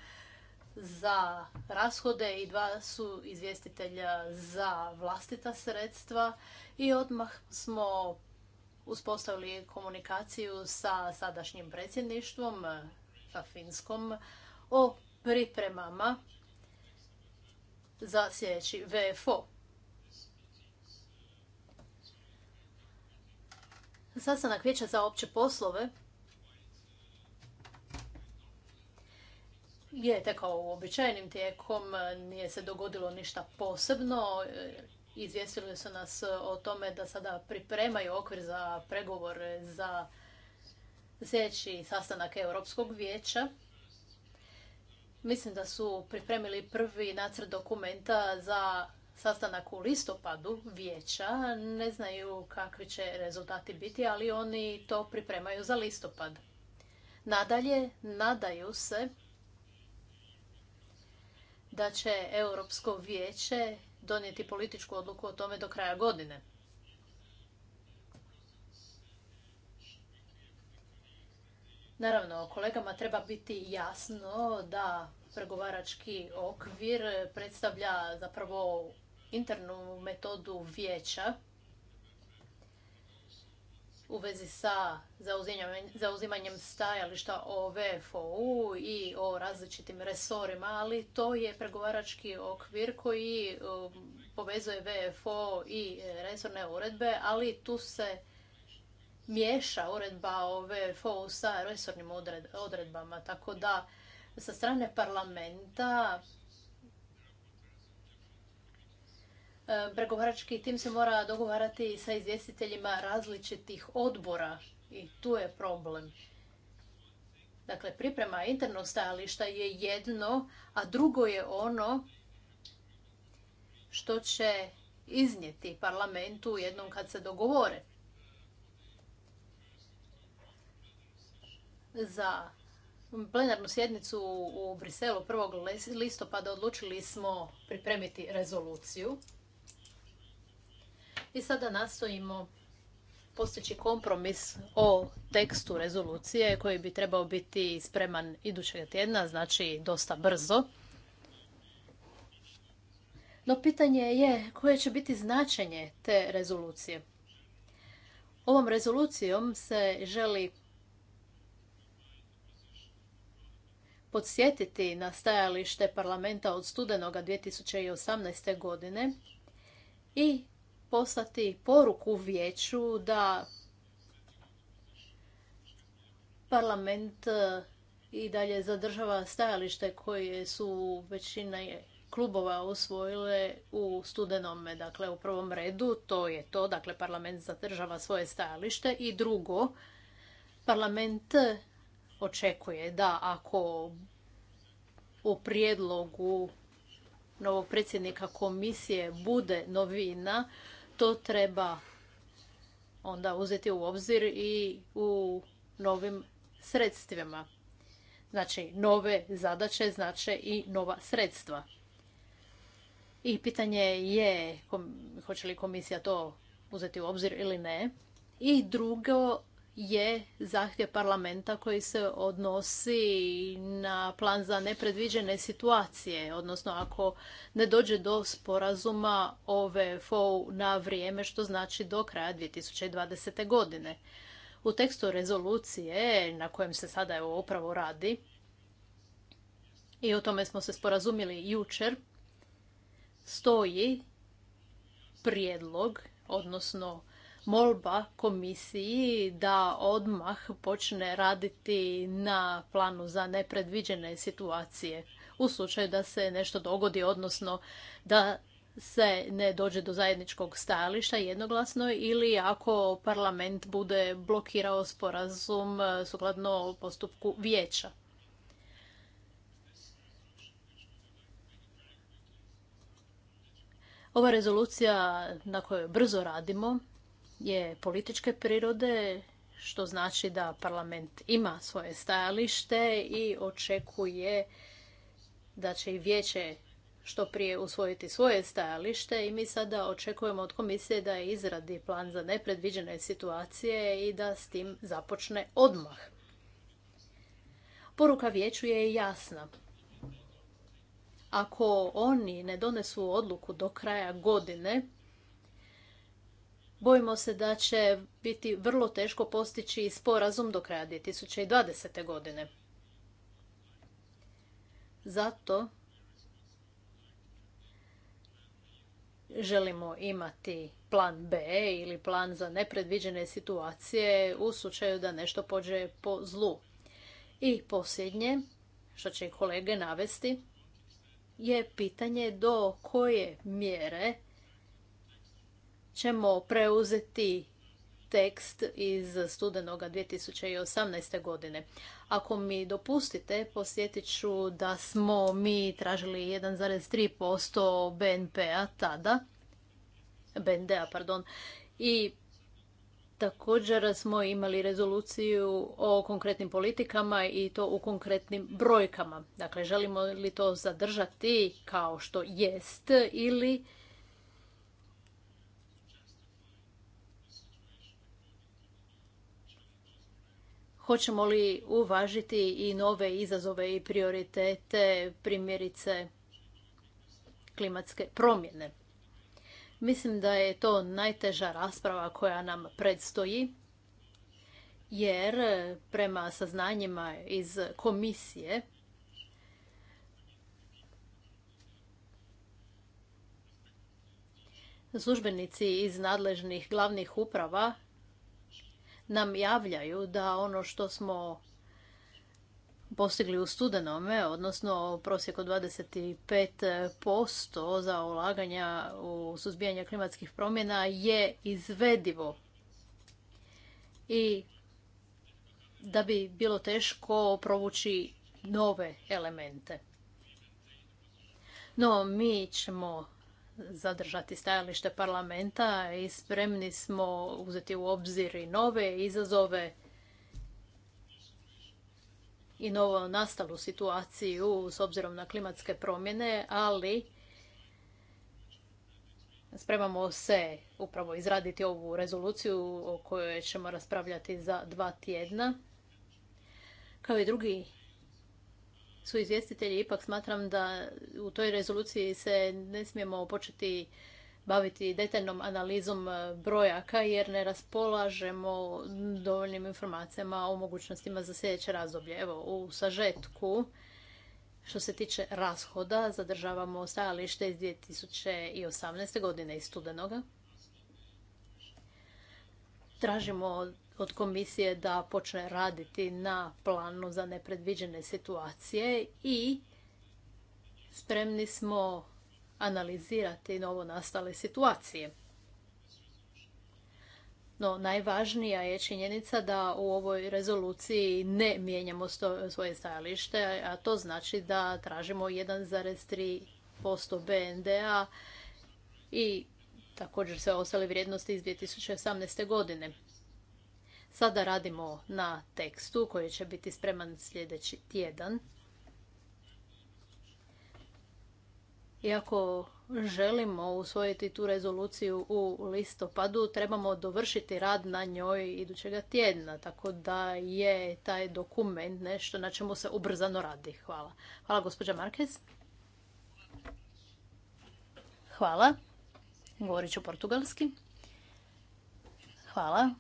za rashode i dva su izvjestitelja za vlastita sredstva i odmah smo uspostavili komunikaciju sa sadašnjim predsjedništvom, sa Finskom, o pripremama za sljedeći VFO. Sastanak vijeća za opće poslove je tekao uobičajenim tijekom, e, nije se dogodilo ništa posebno. E, izvijestili su nas e, o tome da sada pripremaju okvir za pregovor za sljedeći sastanak Europskog vijeća. Mislim da su pripremili prvi nacrt dokumenta za sastanak u listopadu vijeća. Ne znaju kakvi će rezultati biti, ali oni to pripremaju za listopad. Nadalje, nadaju se da će Europsko vijeće donijeti političku odluku o tome do kraja godine. Naravno, kolegama treba biti jasno da pregovarački okvir predstavlja zapravo internu metodu vijeća u vezi sa zauzimanjem stajališta o vfo i o različitim resorima, ali to je pregovarački okvir koji um, povezuje VFO i resorne uredbe, ali tu se miješa uredba o VFO-u sa resornim odredbama, tako da sa strane parlamenta E, pregovarački tim se mora dogovarati sa izvjestiteljima različitih odbora i tu je problem. Dakle, priprema internog stajališta je jedno, a drugo je ono što će iznijeti parlamentu jednom kad se dogovore. Za plenarnu sjednicu u Briselu 1. listopada odlučili smo pripremiti rezoluciju i sada nastojimo postići kompromis o tekstu rezolucije koji bi trebao biti spreman idućeg tjedna, znači dosta brzo. No pitanje je koje će biti značenje te rezolucije. Ovom rezolucijom se želi podsjetiti na stajalište parlamenta od studenoga 2018. godine i poslati poruku vijeću da parlament eh, i dalje zadržava stajalište koje su većina klubova usvojile u studenome, dakle u prvom redu, to je to, dakle parlament zadržava svoje stajalište i drugo, parlament eh, očekuje da ako u prijedlogu novog predsjednika komisije bude novina to treba onda uzeti u obzir i u novim sredstvima. Znači, nove zadaće znače i nova sredstva. I pitanje je hoće li komisija to uzeti u obzir ili ne. I drugo, je zahtjev parlamenta koji se odnosi na plan za nepredviđene situacije, odnosno ako ne dođe do sporazuma o na vrijeme, što znači do kraja 2020. godine. U tekstu rezolucije, na kojem se sada evo upravo radi, i o tome smo se sporazumili jučer, stoji prijedlog, odnosno molba komisiji da odmah počne raditi na planu za nepredviđene situacije u slučaju da se nešto dogodi, odnosno da se ne dođe do zajedničkog stajališta jednoglasno ili ako parlament bude blokirao sporazum e, sukladno postupku vijeća. Ova rezolucija na kojoj brzo radimo je političke prirode, što znači da parlament ima svoje stajalište i očekuje da će i vijeće što prije usvojiti svoje stajalište i mi sada očekujemo od komisije da izradi plan za nepredviđene situacije i da s tim započne odmah. Poruka vijeću je jasna. Ako oni ne donesu odluku do kraja godine, Bojimo se da će biti vrlo teško postići sporazum do kraja 2020. godine. Zato želimo imati plan B ili plan za nepredviđene situacije u slučaju da nešto pođe po zlu. I posljednje, što će kolege navesti, je pitanje do koje mjere ćemo preuzeti tekst iz studenoga 2018. godine. Ako mi dopustite, posjetit ću da smo mi tražili 1,3% BNP-a tada, BND-a, pardon, i također smo imali rezoluciju o konkretnim politikama i to u konkretnim brojkama. Dakle, želimo li to zadržati kao što jest ili Hoćemo li uvažiti i nove izazove i prioritete, primjerice klimatske promjene? Mislim da je to najteža rasprava koja nam predstoji, jer prema saznanjima iz komisije, službenici iz nadležnih glavnih uprava nam javljaju da ono što smo postigli u studenome, odnosno prosjek od 25% za ulaganja u suzbijanje klimatskih promjena je izvedivo. I da bi bilo teško provući nove elemente. No, mi ćemo zadržati stajalište parlamenta i spremni smo uzeti u obzir i nove izazove i novo nastalu situaciju s obzirom na klimatske promjene, ali spremamo se upravo izraditi ovu rezoluciju o kojoj ćemo raspravljati za dva tjedna. Kao i drugi su izvjestitelji, ipak smatram da u toj rezoluciji se ne smijemo početi baviti detaljnom analizom e, brojaka jer ne raspolažemo dovoljnim informacijama o mogućnostima za sljedeće razdoblje. Evo, u sažetku što se tiče rashoda zadržavamo stajalište iz 2018. godine iz studenoga. Tražimo od komisije da počne raditi na planu za nepredviđene situacije i spremni smo analizirati novo nastale situacije. No, najvažnija je činjenica da u ovoj rezoluciji ne mijenjamo svoje stajalište, a to znači da tražimo 1,3% BND-a i također sve ostale vrijednosti iz 2018. godine. Sada radimo na tekstu koji će biti spreman sljedeći tjedan. Iako želimo usvojiti tu rezoluciju u listopadu, trebamo dovršiti rad na njoj idućega tjedna, tako da je taj dokument nešto na čemu se ubrzano radi. Hvala. Hvala, gospođa Marquez. Hvala. Govorit ću portugalski. Hvala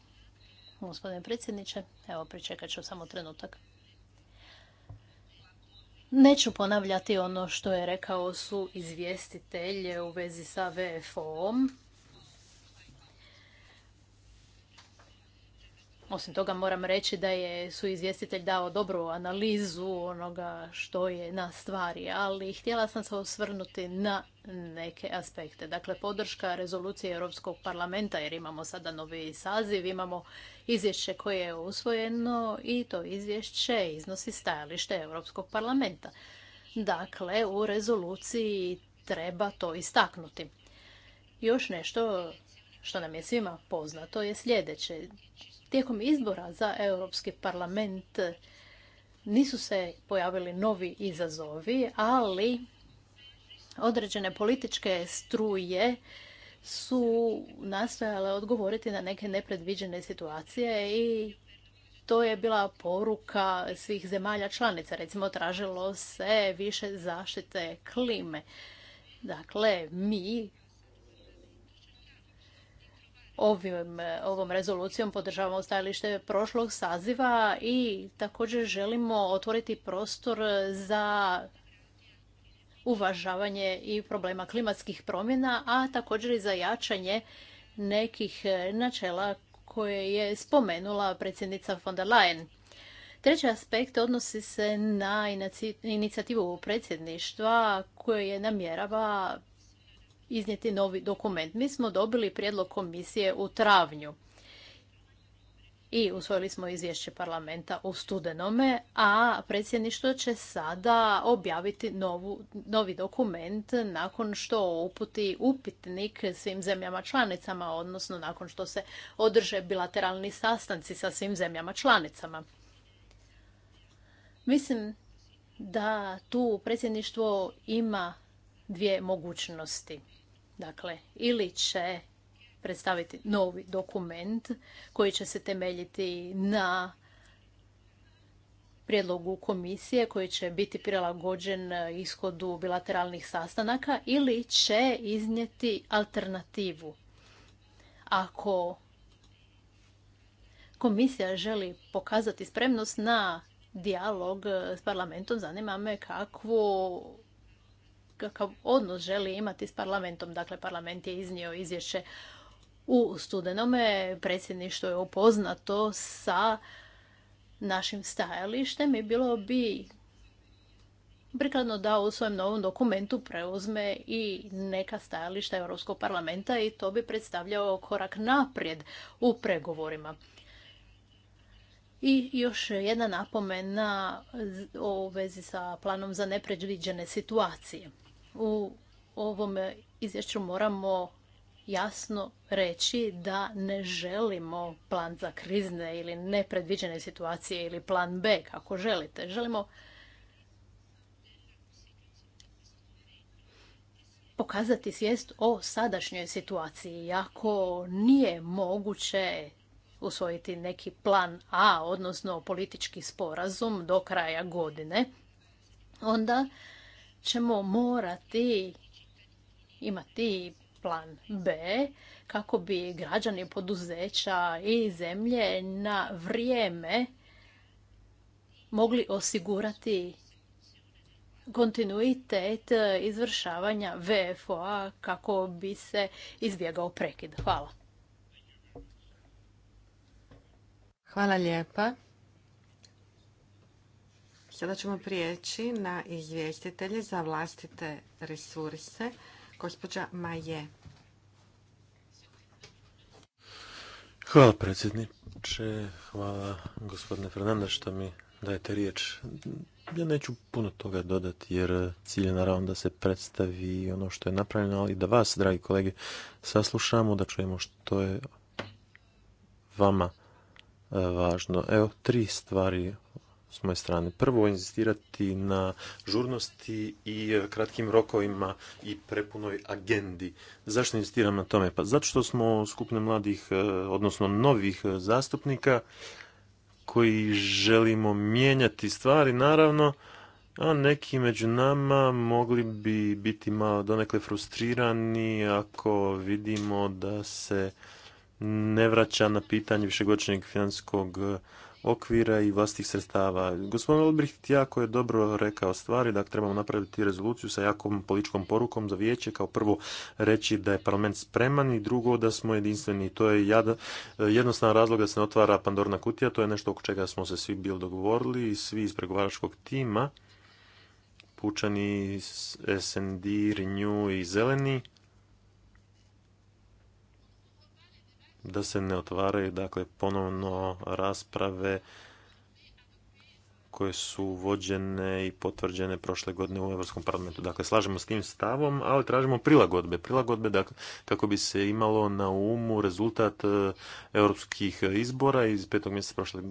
gospodine predsjedniče. Evo, pričekat ću samo trenutak. Neću ponavljati ono što je rekao su izvjestitelje u vezi sa VFO-om. Osim toga moram reći da je su izvjestitelj dao dobru analizu onoga što je na stvari, ali htjela sam se osvrnuti na neke aspekte. Dakle, podrška rezolucije Europskog parlamenta, jer imamo sada novi saziv, imamo izvješće koje je usvojeno i to izvješće iznosi stajalište Europskog parlamenta. Dakle, u rezoluciji treba to istaknuti. Još nešto što nam je svima poznato je sljedeće tijekom izbora za Europski parlament nisu se pojavili novi izazovi, ali određene političke struje su nastojale odgovoriti na neke nepredviđene situacije i to je bila poruka svih zemalja članica. Recimo, tražilo se više zaštite klime. Dakle, mi Ovim, e, ovom rezolucijom podržavamo stajalište prošlog saziva i također želimo otvoriti prostor za uvažavanje i problema klimatskih promjena, a također i za jačanje nekih e, načela koje je spomenula predsjednica von der Leyen. Treći aspekt odnosi se na inicijativu predsjedništva koje namjerava iznijeti novi dokument. Mi smo dobili prijedlog komisije u travnju i usvojili smo izvješće parlamenta u studenome, a predsjedništvo će sada objaviti novu, novi dokument nakon što uputi upitnik svim zemljama članicama, odnosno nakon što se održe bilateralni sastanci sa svim zemljama članicama. Mislim da tu predsjedništvo ima dvije mogućnosti. Dakle, ili će predstaviti novi dokument koji će se temeljiti na prijedlogu komisije koji će biti prilagođen ishodu bilateralnih sastanaka ili će iznijeti alternativu. Ako komisija želi pokazati spremnost na dijalog s parlamentom, zanima me kakvu kakav odnos želi imati s parlamentom. Dakle, parlament je iznio izvješće u studenome. Predsjedništvo je upoznato sa našim stajalištem i bilo bi prikladno da u svojem novom dokumentu preuzme i neka stajališta Europskog parlamenta i to bi predstavljao korak naprijed u pregovorima. I još jedna napomena u vezi sa planom za nepredviđene situacije u ovom izvješću moramo jasno reći da ne želimo plan za krizne ili nepredviđene situacije ili plan B, kako želite. Želimo pokazati svijest o sadašnjoj situaciji. Ako nije moguće usvojiti neki plan A, odnosno politički sporazum do kraja godine, onda ćemo morati imati plan B kako bi građani poduzeća i zemlje na vrijeme mogli osigurati kontinuitet izvršavanja VFO-a kako bi se izbjegao prekid. Hvala. Hvala lijepa. Sada ćemo prijeći na izvjestitelje za vlastite resurse. Gospođa Maje. Hvala predsjedniče, hvala gospodine Fernanda što mi dajete riječ. Ja neću puno toga dodati jer cilj je naravno da se predstavi ono što je napravljeno, ali da vas, dragi kolege, saslušamo, da čujemo što je vama e, važno. Evo, tri stvari s moje strane. Prvo, inzistirati na žurnosti i e, kratkim rokovima i prepunoj agendi. Zašto inzistiram na tome? Pa zato što smo skupne mladih, e, odnosno novih zastupnika, koji želimo mijenjati stvari, naravno, a neki među nama mogli bi biti malo donekle frustrirani ako vidimo da se ne vraća na pitanje višegodišnjeg financijskog okvira i vlastitih sredstava. Gospodin Olbricht jako je dobro rekao stvari, da dakle, trebamo napraviti rezoluciju sa jakom političkom porukom za vijeće, kao prvo reći da je parlament spreman i drugo da smo jedinstveni. To je jednostavan razlog da se ne otvara Pandorna kutija, to je nešto oko čega smo se svi bili dogovorili i svi iz pregovaračkog tima, pučani, SND, Renew i Zeleni da se ne otvaraju dakle ponovno rasprave koje su vođene i potvrđene prošle godine u Europskom parlamentu. Dakle, slažemo s tim stavom, ali tražimo prilagodbe. Prilagodbe dakle, kako bi se imalo na umu rezultat e, europskih izbora iz petog mjeseca prošle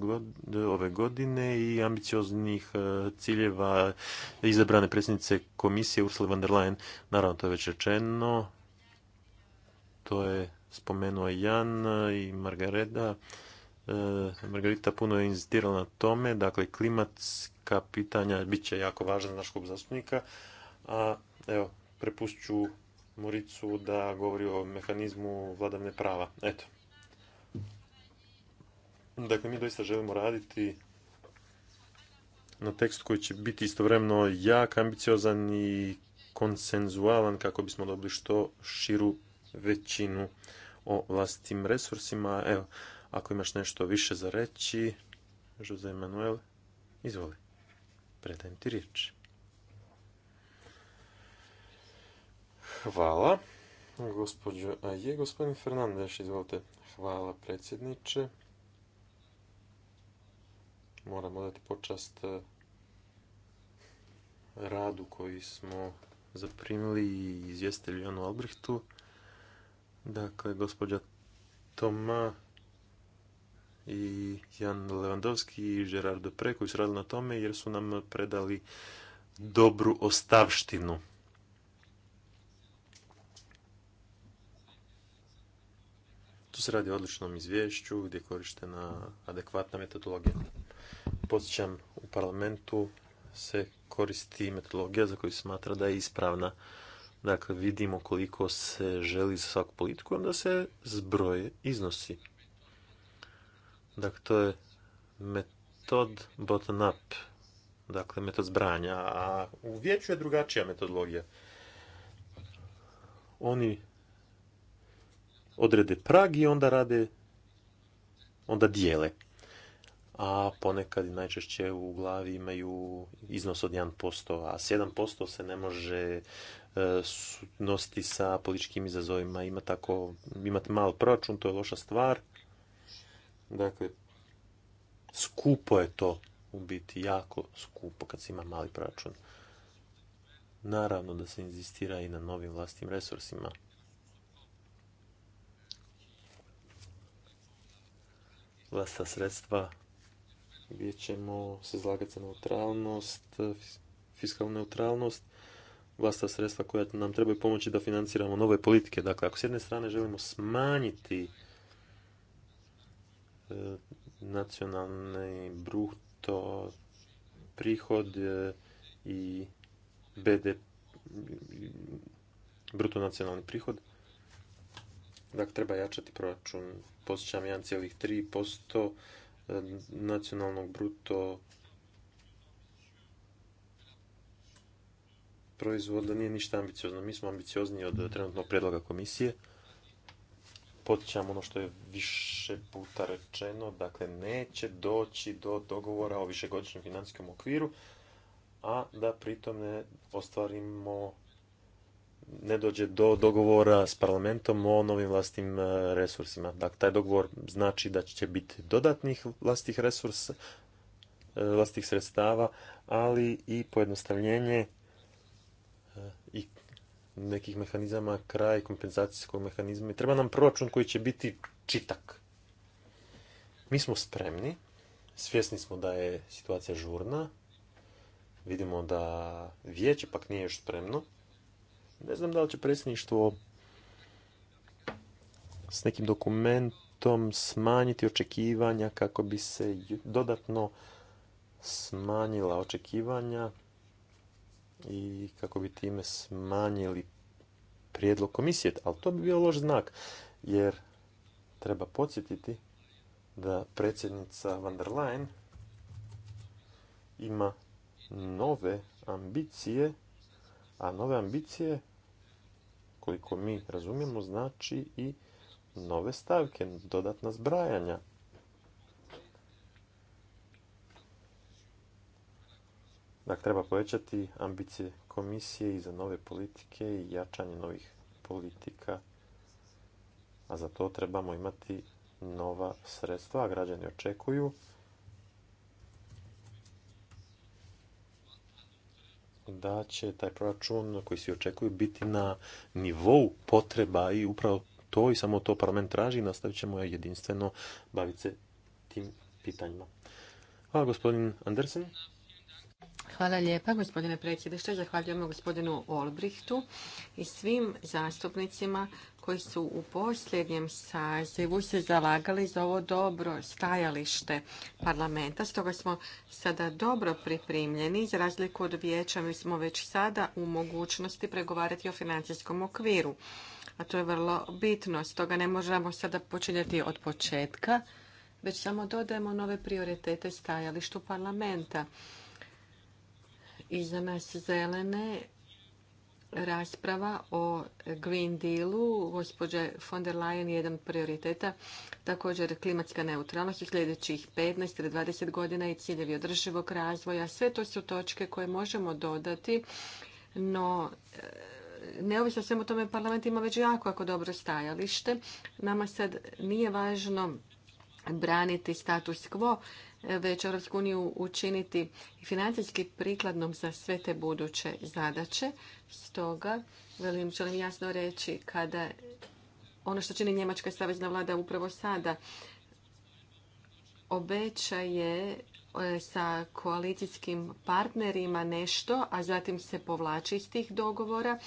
ove godine i ambicioznih e, ciljeva izabrane predsjednice komisije Ursula von der Leyen. Naravno, to je već rečeno. To je spomenuo Jan i Margareta. E, Margarita puno je inzistirala na tome, dakle klimatska pitanja bit će jako važna za našeg zastupnika, a evo, prepustit Moricu da govori o mehanizmu vladavne prava. Eto. Dakle, mi doista želimo raditi na tekstu koji će biti istovremeno jak, ambiciozan i konsenzualan kako bismo dobili što širu većinu o vlastitim resursima. Evo, ako imaš nešto više za reći, Jose Manuel, izvoli. Predajem ti riječ. Hvala. a je gospodin Fernandeš, izvolite. Hvala predsjedniče. Moramo dati počast e, radu koji smo zaprimili i izvijestili Janu Albrehtu. Dakle, gospođa Toma i Jan Levandovski i Gerardo Pre, koji su radili na tome jer su nam predali dobru ostavštinu. Tu se radi o odličnom izvješću gdje je korištena adekvatna metodologija. Podsjećam, u parlamentu se koristi metodologija za koju se smatra da je ispravna. Dakle, vidimo koliko se želi za svaku politiku, onda se zbroje iznosi. Dakle, to je metod bottom-up, dakle, metod zbranja, a u vijeću je drugačija metodologija. Oni odrede prag i onda rade, onda dijele. A ponekad i najčešće u glavi imaju iznos od 1%, a 7% se ne može nositi sa političkim izazovima. Ima tako, imati mal proračun, to je loša stvar. Dakle, skupo je to u biti, jako skupo kad se ima mali proračun. Naravno da se inzistira i na novim vlastnim resursima. Vlasta sredstva gdje ćemo se zlagati za neutralnost, fiskalnu neutralnost Vasta sredstva koja nam trebaju pomoći da financiramo nove politike. Dakle, ako s jedne strane želimo smanjiti e, nacionalni bruto prihod e, i BD, bruto nacionalni prihod, dakle, treba jačati proračun. Posjećam 1,3% e, nacionalnog bruto da nije ništa ambiciozno. Mi smo ambiciozniji od eh, trenutnog predloga komisije. Potičamo ono što je više puta rečeno, dakle neće doći do dogovora o višegodišnjem financijskom okviru, a da pritom ne ostvarimo ne dođe do dogovora s parlamentom o novim vlastnim eh, resursima. Dakle, taj dogovor znači da će biti dodatnih vlastih resursa, eh, vlastih sredstava, ali i pojednostavljenje nekih mehanizama, kraj kompenzacijskog mehanizma i treba nam proračun koji će biti čitak. Mi smo spremni, svjesni smo da je situacija žurna, vidimo da vijeće pak nije još spremno. Ne znam da li će predsjedništvo s nekim dokumentom smanjiti očekivanja kako bi se dodatno smanjila očekivanja i kako bi time smanjili prijedlog komisije, ali to bi bio loš znak, jer treba podsjetiti da predsjednica van der Leyen ima nove ambicije, a nove ambicije, koliko mi razumijemo, znači i nove stavke, dodatna zbrajanja, Dakle, treba povećati ambicije komisije i za nove politike i jačanje novih politika, a za to trebamo imati nova sredstva, a građani očekuju da će taj proračun koji svi očekuju biti na nivou potreba i upravo to i samo to parlament traži i nastavit ćemo jedinstveno baviti se tim pitanjima. Hvala gospodin Andersen. Hvala lijepa gospodine predsjedniče. Zahvaljujemo gospodinu Olbrihtu i svim zastupnicima koji su u posljednjem sazivu se zalagali za ovo dobro stajalište parlamenta. Stoga smo sada dobro pripremljeni. Za razliku od vijeća mi smo već sada u mogućnosti pregovarati o financijskom okviru. A to je vrlo bitno. Stoga ne možemo sada počinjati od početka, već samo dodajemo nove prioritete stajalištu parlamenta iza nas zelene rasprava o Green Dealu. Gospođe von der Leyen jedan prioriteta. Također klimatska neutralnost u sljedećih 15 ili 20 godina i ciljevi održivog razvoja. Sve to su točke koje možemo dodati, no e, neovisno svemu tome parlament ima već jako, jako dobro stajalište. Nama sad nije važno braniti status quo, već Europsku uniju učiniti financijski prikladnom za sve te buduće zadaće. Stoga, velim, želim jasno reći kada ono što čini Njemačka savezna vlada upravo sada obeća je e, sa koalicijskim partnerima nešto, a zatim se povlači iz tih dogovora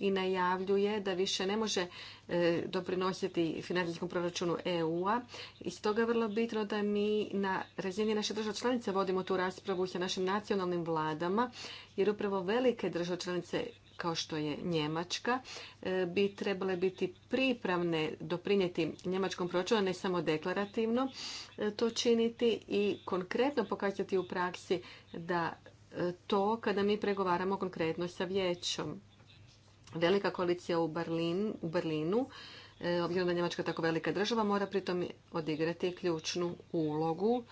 i najavljuje da više ne može e, doprinositi financijskom proračunu EU-a. I stoga je vrlo bitno da mi na razini naše države članice vodimo tu raspravu sa našim nacionalnim vladama, jer upravo velike države članice kao što je Njemačka, e, bi trebale biti pripravne doprinijeti njemačkom proračunu, ne samo deklarativno e, to činiti i konkretno pokazati u praksi da to kada mi pregovaramo konkretno sa vijećom. Velika koalicija u, Berlin, u Berlinu, e, obzirom da Njemačka tako velika država, mora pritom odigrati ključnu ulogu.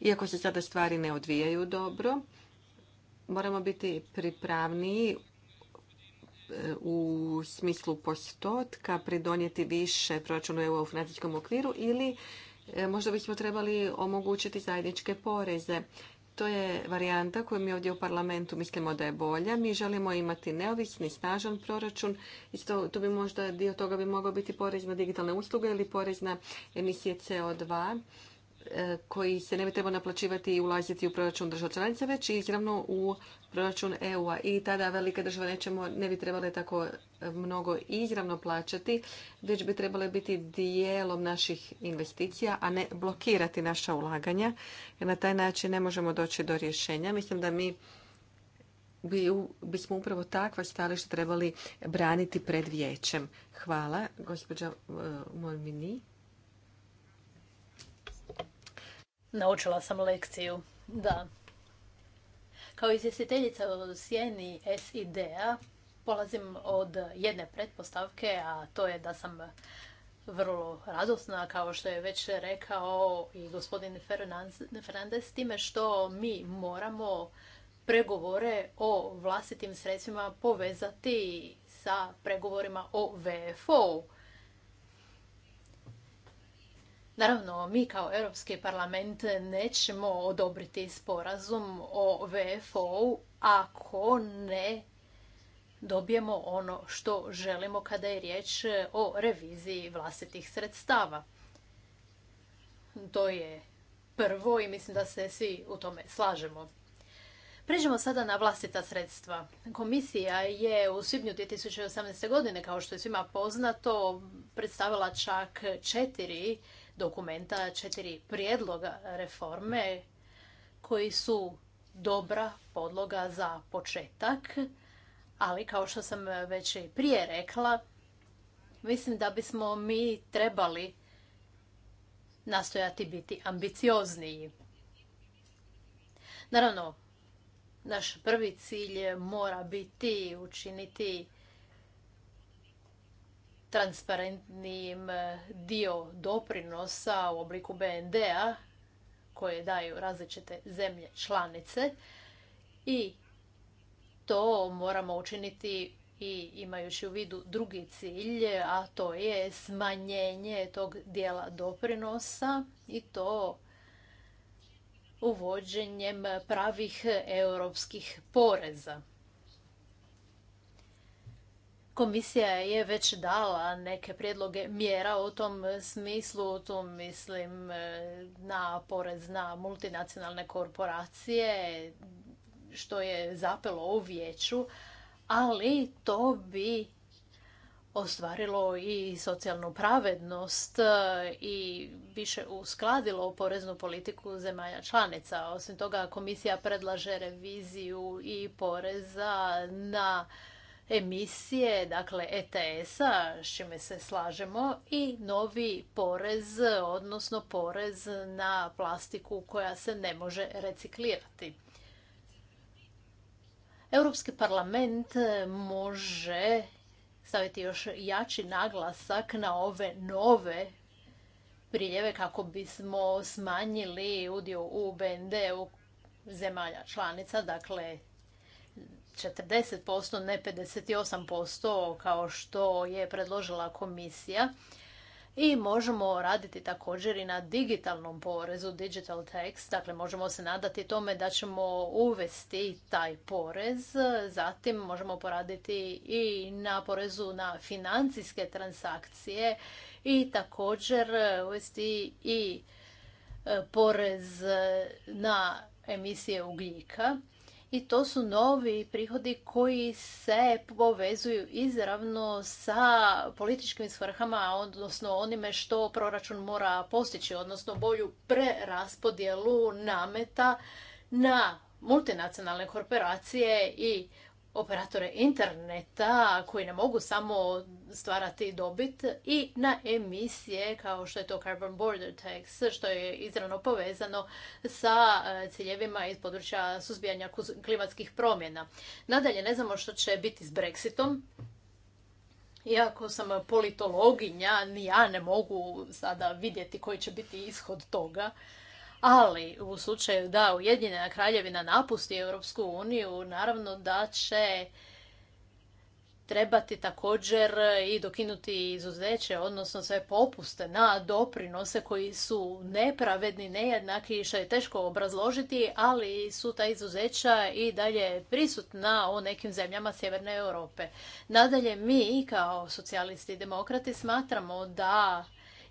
Iako se sada stvari ne odvijaju dobro, moramo biti pripravniji e, u smislu postotka pridonijeti više proračunu EU u financijskom okviru ili e, možda bismo trebali omogućiti zajedničke poreze. To je varijanta koju mi ovdje u parlamentu mislimo da je bolja. Mi želimo imati neovisni, snažan proračun i to, to bi možda dio toga bi mogao biti porez na digitalne usluge ili porez na emisije CO2 E, koji se ne bi trebao naplaćivati i ulaziti u proračun država članica, već izravno u proračun EU-a. I tada velike države nećemo, ne bi trebale tako e, mnogo izravno plaćati, već bi trebale biti dijelom naših investicija, a ne blokirati naša ulaganja. Jer na taj način ne možemo doći do rješenja. Mislim da mi bi, bismo upravo takva stališta trebali braniti pred vijećem. Hvala, gospođa e, Mormini. Naučila sam lekciju, da. Kao izvjestiteljica u sjeni SID-a polazim od jedne pretpostavke, a to je da sam vrlo radosna, kao što je već rekao i gospodin Fernandez, time što mi moramo pregovore o vlastitim sredstvima povezati sa pregovorima o VFO-u. Naravno, mi kao Europski parlament nećemo odobriti sporazum o VFO-u ako ne dobijemo ono što želimo kada je riječ o reviziji vlastitih sredstava. To je prvo i mislim da se svi u tome slažemo. Pređemo sada na vlastita sredstva. Komisija je u svibnju 2018. godine, kao što je svima poznato, predstavila čak četiri dokumenta četiri prijedloga reforme koji su dobra podloga za početak, ali kao što sam već i prije rekla, mislim da bismo mi trebali nastojati biti ambiciozniji. Naravno, naš prvi cilj mora biti učiniti transparentnijim e, dio doprinosa u obliku BND-a koje daju različite zemlje članice i to moramo učiniti i imajući u vidu drugi cilj, a to je smanjenje tog dijela doprinosa i to uvođenjem pravih europskih poreza. Komisija je već dala neke prijedloge mjera u tom smislu, tu mislim e, na porez na multinacionalne korporacije, što je zapelo u vijeću, ali to bi ostvarilo i socijalnu pravednost e, i više uskladilo poreznu politiku zemalja članica. Osim toga, komisija predlaže reviziju i poreza na emisije, dakle ETS-a, s čime se slažemo, i novi porez, odnosno porez na plastiku koja se ne može reciklirati. Europski parlament može staviti još jači naglasak na ove nove priljeve kako bismo smanjili udio u BND-u zemalja članica, dakle 40%, ne 58% kao što je predložila komisija. I možemo raditi također i na digitalnom porezu, digital tax, dakle možemo se nadati tome da ćemo uvesti taj porez, zatim možemo poraditi i na porezu na financijske transakcije i također uvesti i e, porez na emisije ugljika i to su novi prihodi koji se povezuju izravno sa političkim svrhama, odnosno onime što proračun mora postići, odnosno bolju preraspodjelu nameta na multinacionalne korporacije i operatore interneta koji ne mogu samo stvarati dobit i na emisije kao što je to Carbon Border Tax što je izravno povezano sa e, ciljevima iz područja suzbijanja klimatskih promjena. Nadalje ne znamo što će biti s Brexitom. Iako sam politologinja, ni ja ne mogu sada vidjeti koji će biti ishod toga. Ali u slučaju da Ujedinjena kraljevina napusti Europsku uniju, naravno da će trebati također i dokinuti izuzeće, odnosno sve popuste na doprinose koji su nepravedni, nejednaki, što je teško obrazložiti, ali su ta izuzeća i dalje prisutna u nekim zemljama Sjeverne Europe. Nadalje, mi kao socijalisti i demokrati smatramo da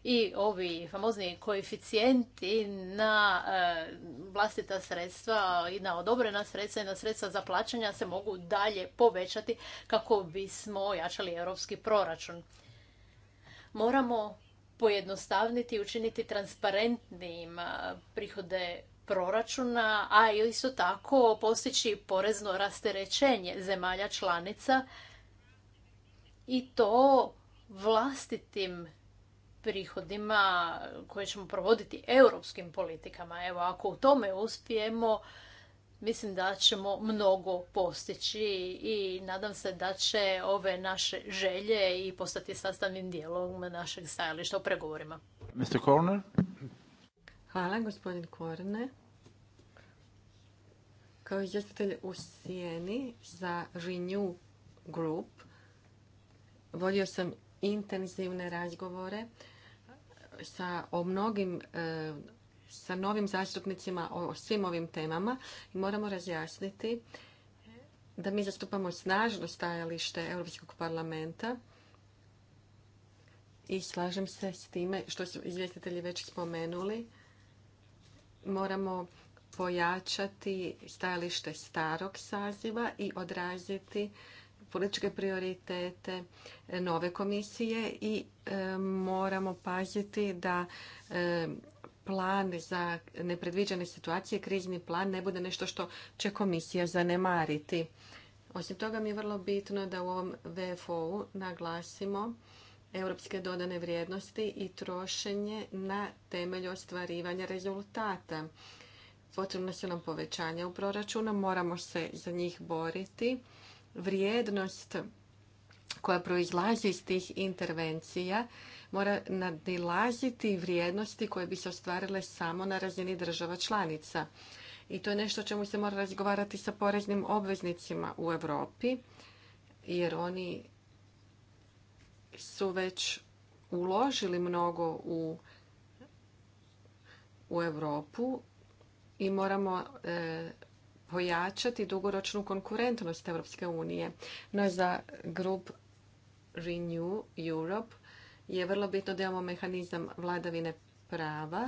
i ovi famozni koeficijenti na e, vlastita sredstva i na odobrena sredstva i na sredstva za plaćanja se mogu dalje povećati kako bismo ojačali europski proračun. Moramo pojednostavniti i učiniti transparentnim e, prihode proračuna, a isto tako postići porezno rasterećenje zemalja članica i to vlastitim prihodima koje ćemo provoditi europskim politikama. Evo, ako u tome uspijemo, mislim da ćemo mnogo postići i nadam se da će ove naše želje i postati sastavnim dijelom našeg stajališta u pregovorima. Mr. Korner. Hvala, gospodin Korne. Kao izvjestitelj u Sijeni za Renew Group vodio sam intenzivne razgovore sa o mnogim e, sa novim zastupnicima o svim ovim temama i moramo razjasniti da mi zastupamo snažno stajalište Europskog parlamenta i slažem se s time što su izvjestitelji već spomenuli. Moramo pojačati stajalište starog saziva i odraziti političke prioritete e, nove komisije i e, moramo paziti da e, plan za nepredviđene situacije, krizni plan ne bude nešto što će komisija zanemariti. Osim toga mi je vrlo bitno da u ovom VFO-u naglasimo europske dodane vrijednosti i trošenje na temelju ostvarivanja rezultata. Potrebno su nam povećanja u proračunu, moramo se za njih boriti vrijednost koja proizlazi iz tih intervencija mora nadilaziti vrijednosti koje bi se ostvarile samo na razini država članica. I to je nešto o čemu se mora razgovarati sa poreznim obveznicima u Europi, jer oni su već uložili mnogo u, u Europu i moramo e, pojačati dugoročnu konkurentnost Europske unije. No za grup Renew Europe je vrlo bitno da imamo mehanizam vladavine prava.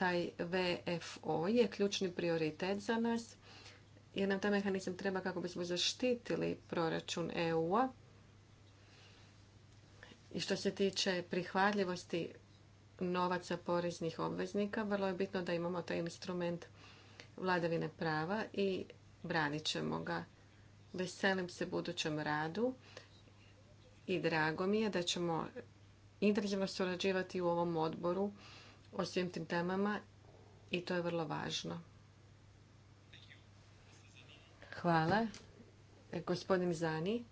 Taj VFO je ključni prioritet za nas jer nam taj mehanizam treba kako bismo zaštitili proračun EU-a. I što se tiče prihvatljivosti novaca poreznih obveznika, vrlo je bitno da imamo taj instrument vladavine prava i branit ćemo ga. Veselim se budućem radu i drago mi je da ćemo intenzivno surađivati u ovom odboru o svim tim temama i to je vrlo važno. Hvala. Gospodin Zani.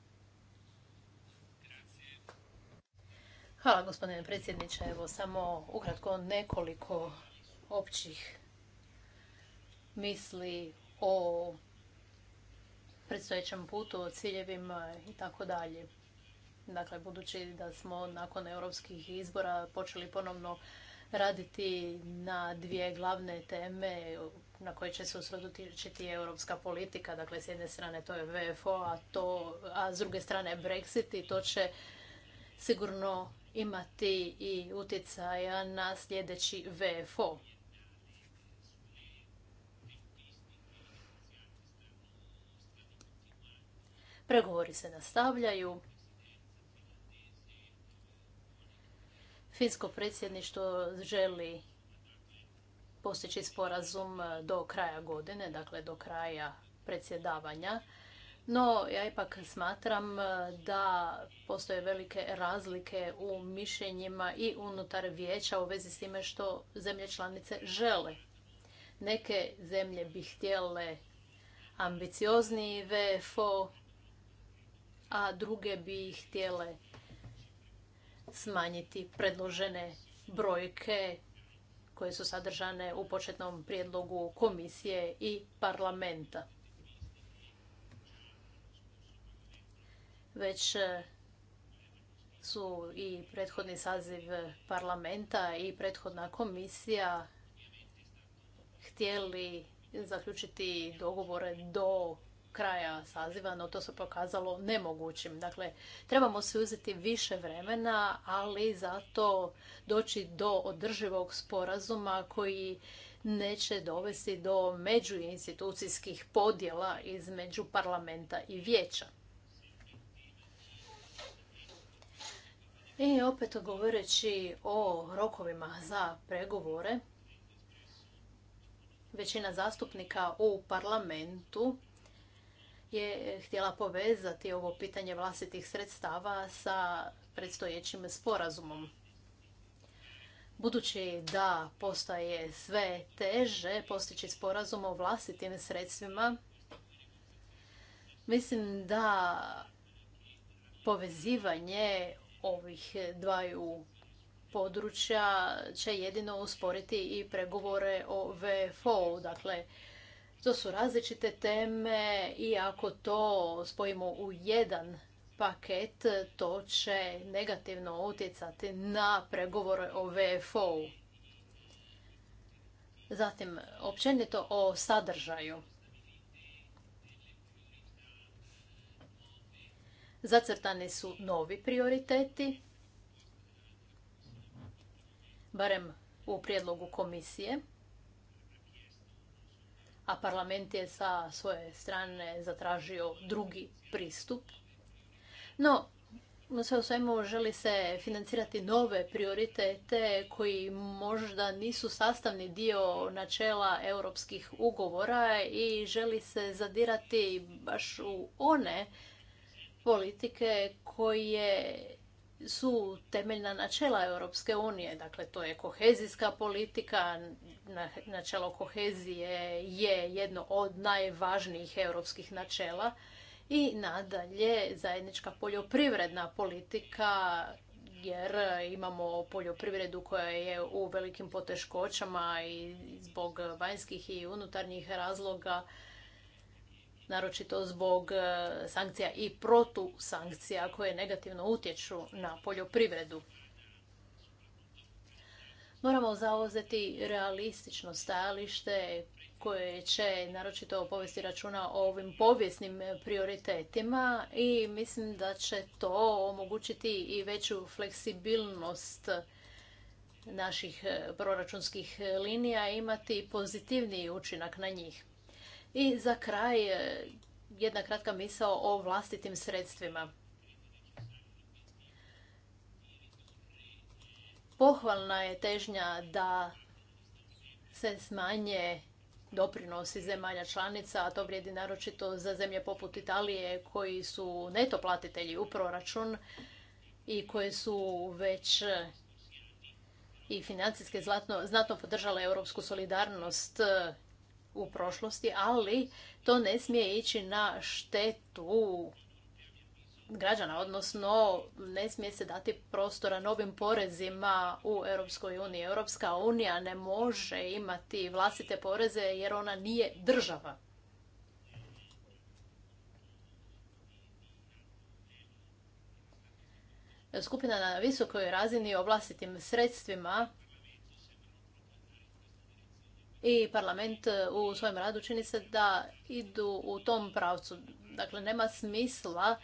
Hvala gospodine predsjedniče. Evo samo ukratko nekoliko općih misli o predstojećem putu, o ciljevima i tako dalje. Dakle, budući da smo nakon europskih izbora počeli ponovno raditi na dvije glavne teme na koje će se usredotočiti europska politika. Dakle, s jedne strane to je VFO, a, to, a s druge strane Brexit i to će sigurno imati i utjecaja na sljedeći VFO. Pregovori se nastavljaju. Finsko predsjedništvo želi postići sporazum do kraja godine, dakle do kraja predsjedavanja. No, ja ipak smatram da postoje velike razlike u mišljenjima i unutar vijeća u vezi s time što zemlje članice žele. Neke zemlje bi htjele ambiciozniji VFO, a druge bi htjele smanjiti predložene brojke koje su sadržane u početnom prijedlogu komisije i parlamenta. Već e, su i prethodni saziv parlamenta i prethodna komisija htjeli zaključiti dogovore do kraja saziva, no to se pokazalo nemogućim. Dakle, trebamo se uzeti više vremena, ali zato doći do održivog sporazuma koji neće dovesti do međuinstitucijskih podjela između parlamenta i vijeća. I opet govoreći o rokovima za pregovore, većina zastupnika u parlamentu je htjela povezati ovo pitanje vlastitih sredstava sa predstojećim sporazumom. Budući da postaje sve teže postići sporazum o vlastitim sredstvima, mislim da povezivanje ovih dvaju područja će jedino usporiti i pregovore o VFO-u. Dakle, to su različite teme i ako to spojimo u jedan paket, to će negativno utjecati na pregovore o VFO-u. Zatim, općenito o sadržaju. Zacrtani su novi prioriteti, barem u prijedlogu komisije a parlament je sa svoje strane zatražio drugi pristup. No, sve u svemu želi se financirati nove prioritete koji možda nisu sastavni dio načela europskih ugovora i želi se zadirati baš u one politike koje su temeljna načela Europske unije. Dakle, to je kohezijska politika. Načelo kohezije je jedno od najvažnijih europskih načela. I nadalje zajednička poljoprivredna politika jer imamo poljoprivredu koja je u velikim poteškoćama i zbog vanjskih i unutarnjih razloga naročito zbog e, sankcija i protusankcija koje negativno utječu na poljoprivredu. Moramo zauzeti realistično stajalište koje će naročito povesti računa o ovim povijesnim prioritetima i mislim da će to omogućiti i veću fleksibilnost naših e, proračunskih linija i imati pozitivniji učinak na njih. I za kraj e, jedna kratka misao o vlastitim sredstvima. Pohvalna je težnja da se smanje doprinosi zemalja članica, a to vrijedi naročito za zemlje poput Italije koji su neto platitelji u proračun i koje su već e, i financijske znatno podržale europsku solidarnost e, u prošlosti, ali to ne smije ići na štetu građana, odnosno ne smije se dati prostora novim porezima u Europskoj uniji. Europska unija ne može imati vlastite poreze jer ona nije država. Skupina na visokoj razini o vlastitim sredstvima i parlament e, u svojem radu čini se da idu u tom pravcu. Dakle, nema smisla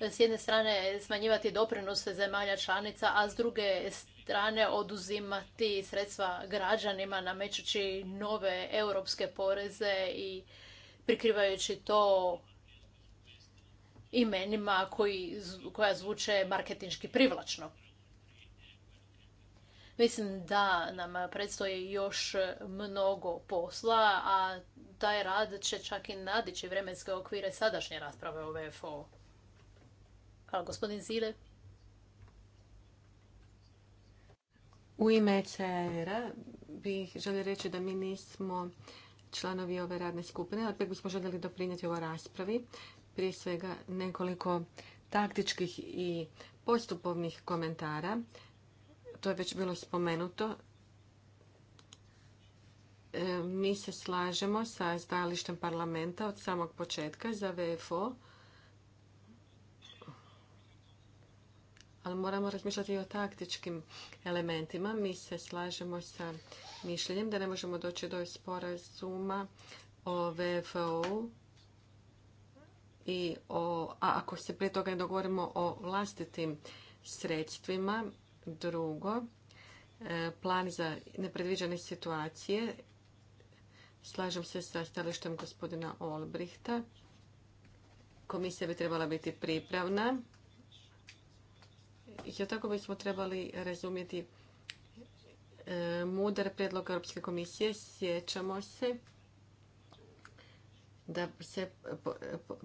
e, s jedne strane smanjivati doprinose zemalja članica, a s druge strane oduzimati sredstva građanima namećući nove europske poreze i prikrivajući to imenima koja zvuče marketinški privlačno. Mislim da nam predstoji još mnogo posla, a taj rad će čak i nadići vremenske okvire sadašnje rasprave o VFO. Hvala, gospodin Zile. U ime CR-a bih želio reći da mi nismo članovi ove radne skupine, ali bismo željeli doprinijeti ovoj raspravi. Prije svega nekoliko taktičkih i postupovnih komentara to je već bilo spomenuto, e, mi se slažemo sa stajalištem parlamenta od samog početka za VFO, ali moramo razmišljati i o taktičkim elementima. Mi se slažemo sa mišljenjem da ne možemo doći do sporazuma o VFO i o, a ako se prije toga ne dogovorimo o vlastitim sredstvima, Drugo, e, plan za nepredviđene situacije. Slažem se sa stalištem gospodina Olbrihta. Komisija bi trebala biti pripravna. I tako bismo trebali razumjeti e, mudar prijedlog Europske komisije. Sjećamo se da se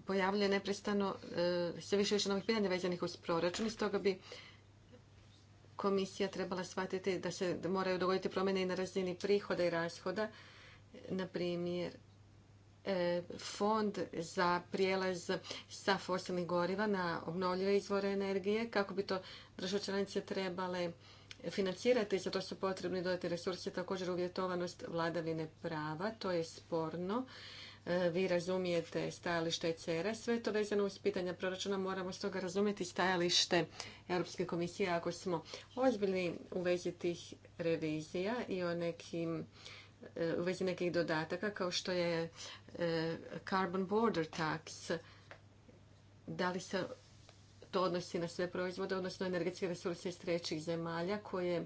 pojavljuje neprestano e, sve više više novih pitanja vezanih uz proračun. Stoga bi komisija trebala shvatiti da se moraju dogoditi promjene i na razini prihoda i rashoda. Na primjer, e, fond za prijelaz sa fosilnih goriva na obnovljive izvore energije, kako bi to države članice trebale financirati, za to su potrebni dodati resursi, također uvjetovanost vladavine prava, to je sporno. E, vi razumijete stajalište ECR-a, sve to vezano uz pitanja proračuna, moramo stoga razumjeti stajalište Europske komisije ako smo ozbiljni u vezi tih revizija i o nekim e, u vezi nekih dodataka kao što je e, carbon border tax. Da li se to odnosi na sve proizvode, odnosno energetske resurse iz trećih zemalja koje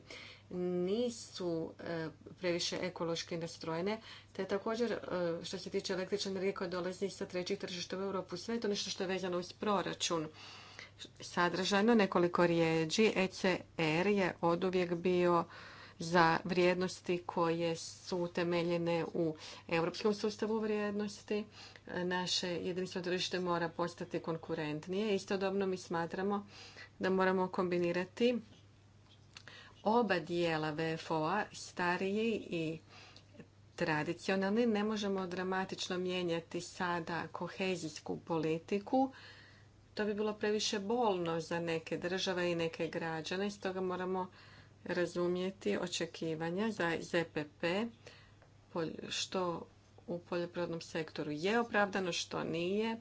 nisu e, previše ekološki nastrojene, te također e, što se tiče električne energije koja dolazi sa trećih tržišta u Europu, sve je to nešto što je vezano uz proračun. Sadržajno nekoliko rijeđi, ECR je oduvijek bio za vrijednosti koje su temeljene u europskom sustavu vrijednosti. Naše jedinstveno tržište mora postati konkurentnije. Istodobno mi smatramo da moramo kombinirati oba dijela VFO-a, stariji i tradicionalni, ne možemo dramatično mijenjati sada kohezijsku politiku. To bi bilo previše bolno za neke države i neke građane, stoga moramo razumjeti očekivanja za ZPP, što u poljoprivrednom sektoru je opravdano, što nije.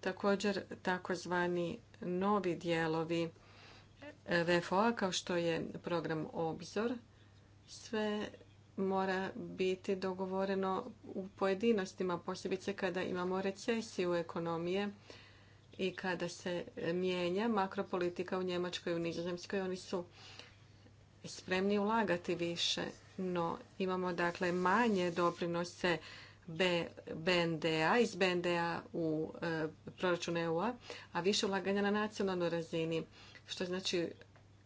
Također, takozvani novi dijelovi VFO-a kao što je program Obzor. Sve mora biti dogovoreno u pojedinostima, posebice kada imamo recesiju ekonomije i kada se mijenja makropolitika u Njemačkoj i u Nizozemskoj. Oni su spremni ulagati više, no imamo dakle manje doprinose BND-a, iz BND-a u e, proračun EU-a, a više ulaganja na nacionalnoj razini što znači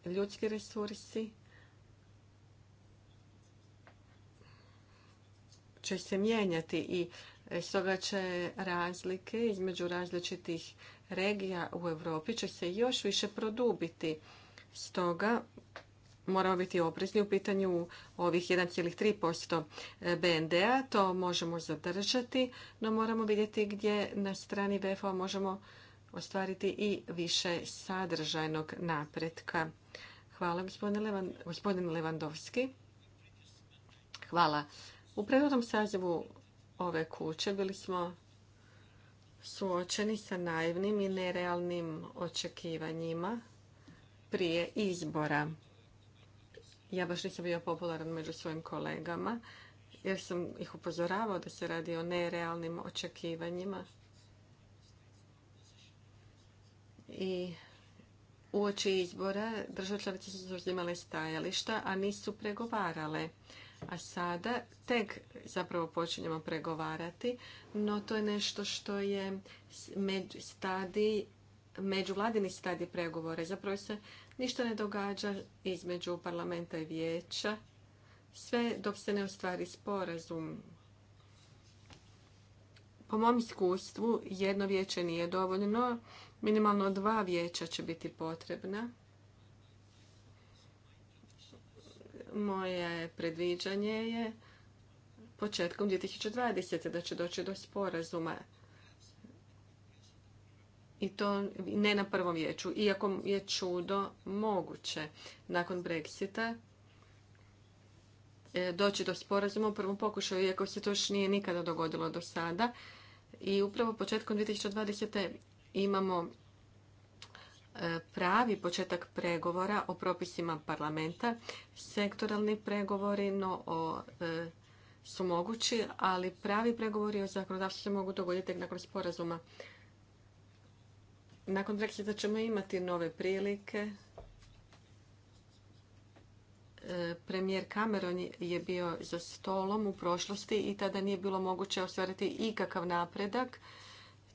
ljudski resursi će se mijenjati i stoga će razlike između različitih regija u Europi će se još više produbiti. Stoga moramo biti oprezni u pitanju ovih 1,3% BND-a. To možemo zadržati, no moramo vidjeti gdje na strani VF-a možemo ostvariti i više sadržajnog napretka. Hvala gospodin Levandovski. Hvala. U prethodnom sazivu ove kuće bili smo suočeni sa naivnim i nerealnim očekivanjima prije izbora. Ja baš nisam bio popularan među svojim kolegama jer sam ih upozoravao da se radi o nerealnim očekivanjima i uoči izbora države članice su zauzimale stajališta, a nisu pregovarale. A sada tek zapravo počinjemo pregovarati, no to je nešto što je među stadij, međuvladini pregovore. pregovora. Zapravo se ništa ne događa između parlamenta i vijeća, sve dok se ne ostvari sporazum. Po mom iskustvu jedno vijeće nije dovoljno, Minimalno dva vijeća će biti potrebna. Moje predviđanje je početkom 2020. da će doći do sporazuma i to ne na prvom vijeću, iako je čudo moguće. Nakon Brexita e, doći do sporazuma u prvom pokušaju, iako se to još nije nikada dogodilo do sada. I upravo početkom 2020 imamo e, pravi početak pregovora o propisima parlamenta. Sektoralni pregovori no, e, su mogući, ali pravi pregovori o zakonodavstvu se mogu dogoditi nakon sporazuma. Nakon Brexita ćemo imati nove prilike. E, premijer Cameron je bio za stolom u prošlosti i tada nije bilo moguće ostvariti ikakav napredak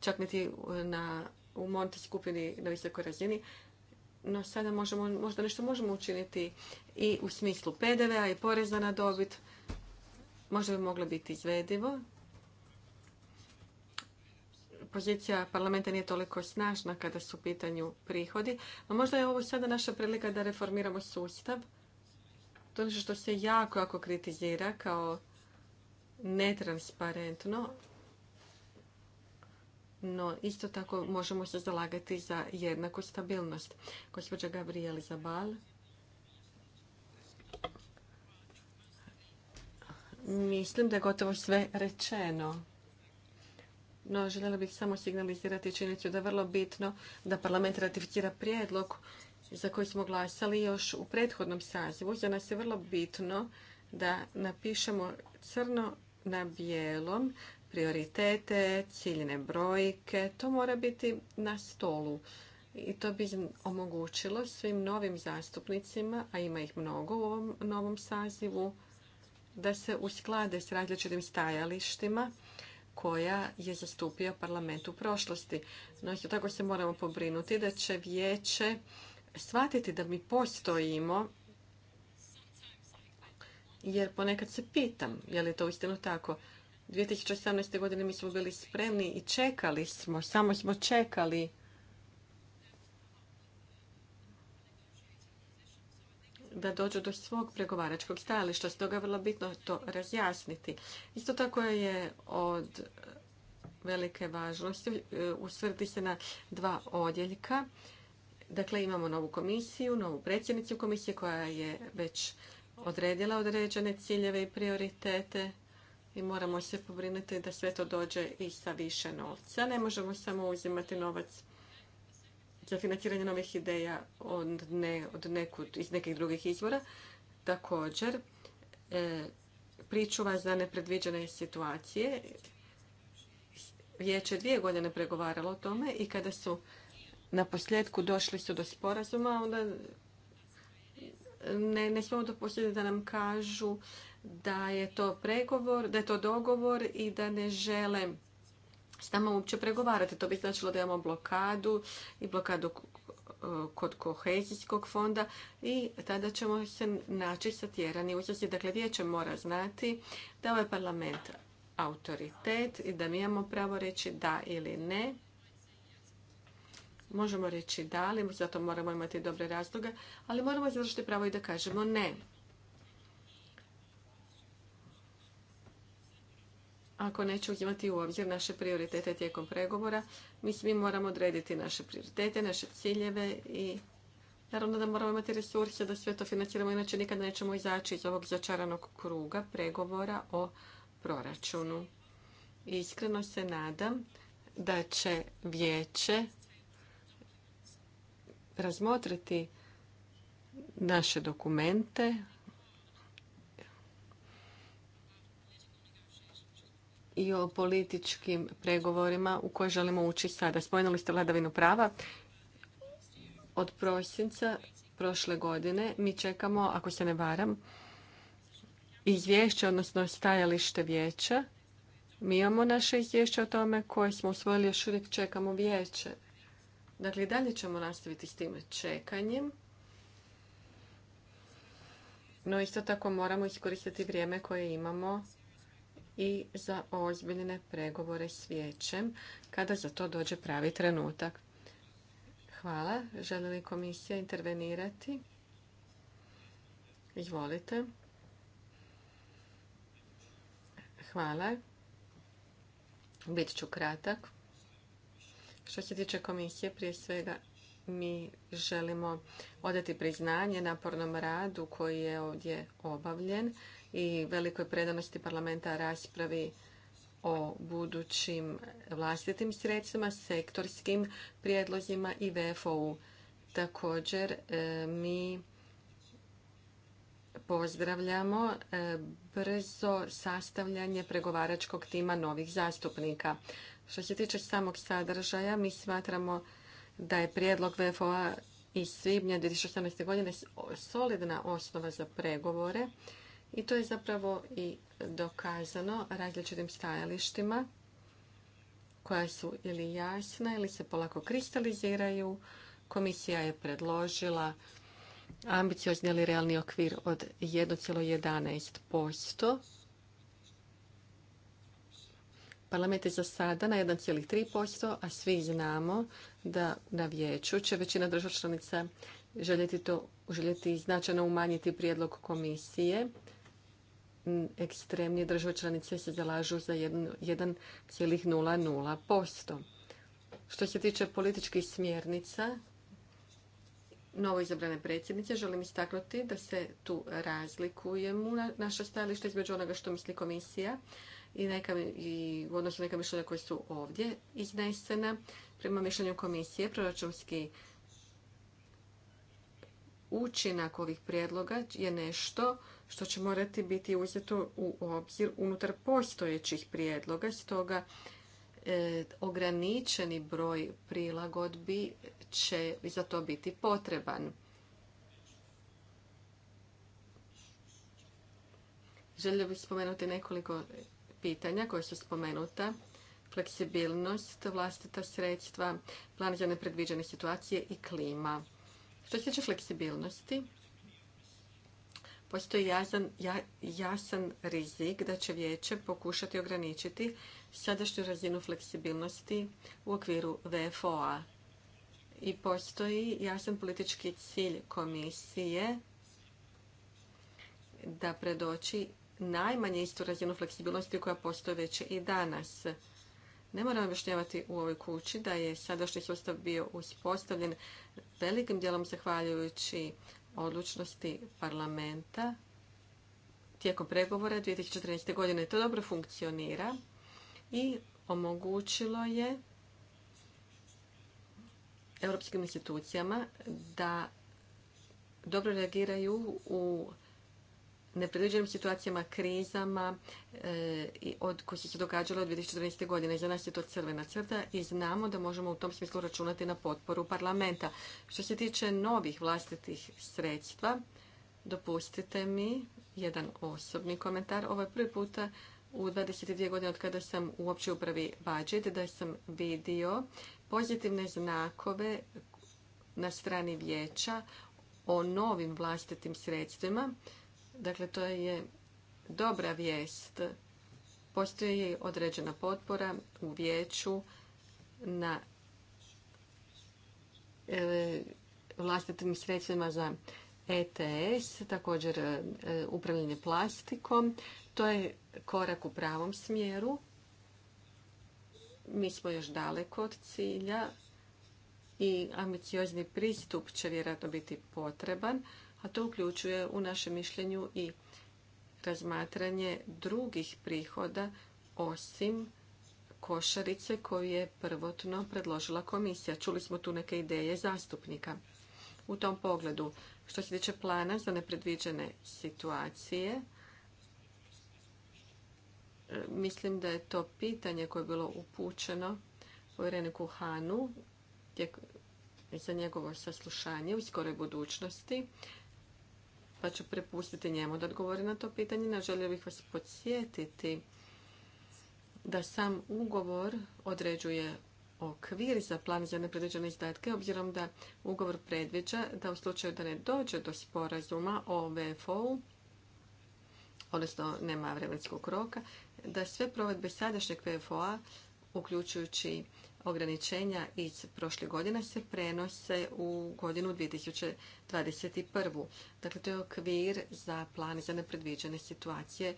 čak niti e, na, u monte skupini na visokoj razini. No sada možemo, možda nešto možemo učiniti i u smislu PDV-a i poreza na dobit. Možda bi moglo biti izvedivo. Pozicija parlamenta nije toliko snažna kada su u pitanju prihodi. No možda je ovo sada naša prilika da reformiramo sustav. To je nešto što se jako, jako kritizira kao netransparentno no isto tako možemo se zalagati za jednaku stabilnost. Gospođa Gabriela Zabal. Mislim da je gotovo sve rečeno. No, željela bih samo signalizirati činjenicu da je vrlo bitno da parlament ratificira prijedlog za koji smo glasali još u prethodnom sazivu. Za nas je vrlo bitno da napišemo crno na bijelom prioritete, ciljne brojke. To mora biti na stolu. I to bi omogućilo svim novim zastupnicima, a ima ih mnogo u ovom novom sazivu, da se usklade s različitim stajalištima koja je zastupio parlament u prošlosti. No, tako se moramo pobrinuti da će vijeće shvatiti da mi postojimo, jer ponekad se pitam, je li to uistinu tako. 2018. godine mi smo bili spremni i čekali smo, samo smo čekali da dođu do svog pregovaračkog stajališta, stoga je vrlo bitno to razjasniti. Isto tako je od velike važnosti e, usvrti se na dva odjeljka. Dakle, imamo novu komisiju, novu predsjednicu komisije koja je već odredila određene ciljeve i prioritete i moramo se pobrinuti da sve to dođe i sa više novca. Ne možemo samo uzimati novac za financiranje novih ideja od, iz nekih drugih izvora. Također, priču e, pričuva za nepredviđene situacije. Vijeće dvije godine pregovaralo o tome i kada su na posljedku došli su do sporazuma, onda ne, ne do da nam kažu da je to pregovor, da je to dogovor i da ne žele s nama uopće pregovarati. To bi značilo da imamo blokadu i blokadu eh, kod kohezijskog fonda i tada ćemo se naći satjerani uzasi. Dakle, vijeće mora znati da ovaj parlament autoritet i da mi imamo pravo reći da ili ne. Možemo reći da, ali zato moramo imati dobre razloge, ali moramo izvršiti pravo i da kažemo ne. ako nećemo imati u obzir naše prioritete tijekom pregovora, mi svi moramo odrediti naše prioritete, naše ciljeve i naravno da moramo imati resurse da sve to financiramo, inače nikad nećemo izaći iz ovog začaranog kruga pregovora o proračunu. Iskreno se nadam da će vijeće razmotriti naše dokumente, i o političkim pregovorima u koje želimo ući sada. Spomenuli ste vladavinu prava. Od prosinca prošle godine mi čekamo, ako se ne varam, izvješće, odnosno stajalište vijeća. Mi imamo naše izvješće o tome koje smo usvojili, još uvijek čekamo vijeće. Dakle, dalje ćemo nastaviti s tim čekanjem. No isto tako moramo iskoristiti vrijeme koje imamo i za ozbiljne pregovore s vijećem kada za to dođe pravi trenutak. Hvala. Želi li komisija intervenirati? Izvolite. Hvala. Bit ću kratak. Što se tiče komisije, prije svega mi želimo odati priznanje napornom radu koji je ovdje obavljen i velikoj predanosti parlamenta raspravi o budućim vlastitim sredstvima, sektorskim prijedlozima i VFO-u. Također, e, mi pozdravljamo e, brzo sastavljanje pregovaračkog tima novih zastupnika. Što se tiče samog sadržaja, mi smatramo da je prijedlog VFO-a iz svibnja 2018. godine solidna osnova za pregovore i to je zapravo i dokazano različitim stajalištima koja su ili jasna ili se polako kristaliziraju. Komisija je predložila ambiciozni ili realni okvir od 1,11%. Parlament je za sada na 1,3%, a svi znamo da na vijeću će većina država članica željeti, to, željeti značajno umanjiti prijedlog komisije ekstremnije države članice se zalažu za 1,00%. Što se tiče političkih smjernica, novo izabrane predsjednice, želim istaknuti da se tu razlikujemo naša stajališta između onoga što misli komisija i, neka, i u odnosu neka mišljenja koja su ovdje iznesena. Prema mišljenju komisije, proračunski učinak ovih prijedloga je nešto što će morati biti uzeto u obzir unutar postojećih prijedloga, stoga e, ograničeni broj prilagodbi će za to biti potreban. Želio bih spomenuti nekoliko pitanja koje su spomenuta. Fleksibilnost, vlastita sredstva, plan za nepredviđene situacije i klima. Što se tiče fleksibilnosti, postoji jasan, jasan rizik da će vijeće pokušati ograničiti sadašnju razinu fleksibilnosti u okviru VFO-a. I postoji jasan politički cilj komisije da predoći najmanje istu razinu fleksibilnosti koja postoji već i danas. Ne moram objašnjavati u ovoj kući da je sadašnji sustav bio uspostavljen velikim dijelom zahvaljujući odlučnosti parlamenta tijekom pregovora 2014. godine. To dobro funkcionira i omogućilo je europskim institucijama da dobro reagiraju u nepredviđenim situacijama, krizama e, i od, su se događale od 2014. godine. Za nas je to crvena crta i znamo da možemo u tom smislu računati na potporu parlamenta. Što se tiče novih vlastitih sredstva, dopustite mi jedan osobni komentar. Ovo je prvi puta u 22 godine od kada sam u općoj upravi budget da sam vidio pozitivne znakove na strani vijeća o novim vlastitim sredstvima Dakle, to je dobra vijest. Postoji određena potpora u vijeću na e, vlastitim sredstvima za ETS, također e, upravljanje plastikom. To je korak u pravom smjeru. Mi smo još daleko od cilja i ambiciozni pristup će vjerojatno biti potreban a to uključuje u našem mišljenju i razmatranje drugih prihoda osim košarice koju je prvotno predložila komisija. Čuli smo tu neke ideje zastupnika. U tom pogledu, što se tiče plana za nepredviđene situacije, mislim da je to pitanje koje je bilo upućeno povjereniku Hanu za njegovo saslušanje u skoroj budućnosti pa ću prepustiti njemu da odgovori na to pitanje. Na želio bih vas podsjetiti da sam ugovor određuje okvir za plan za nepredviđene izdatke, obzirom da ugovor predviđa da u slučaju da ne dođe do sporazuma o VFO-u, odnosno nema vremenskog roka, da sve provedbe sadašnjeg VFO-a, uključujući ograničenja iz prošle godine se prenose u godinu 2021. Dakle, to je okvir za plan za nepredviđene situacije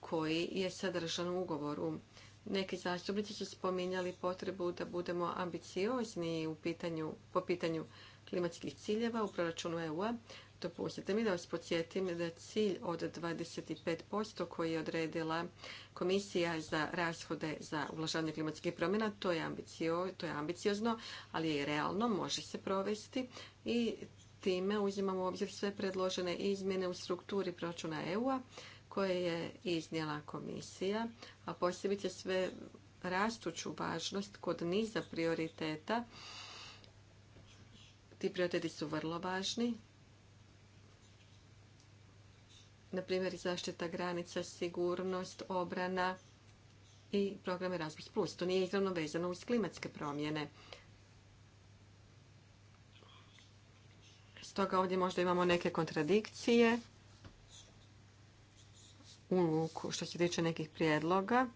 koji je sadržan u ugovoru. Neki zastupnici su spominjali potrebu da budemo ambiciozni u pitanju, po pitanju klimatskih ciljeva u proračunu EU-a. Dopustite mi da vas podsjetim da cilj od 25% koji je odredila Komisija za rashode za ublažavanje klimatskih promjena, to je, to je ambiciozno, ali je realno, može se provesti i time uzimamo u obzir sve predložene izmjene u strukturi proračuna EU-a koje je iznijela komisija, a posebice sve rastuću važnost kod niza prioriteta. Ti prioriteti su vrlo važni na primjer zaštita granica, sigurnost, obrana i program Erasmus+. Plus. To nije izravno vezano uz klimatske promjene. Stoga ovdje možda imamo neke kontradikcije u što se tiče nekih prijedloga.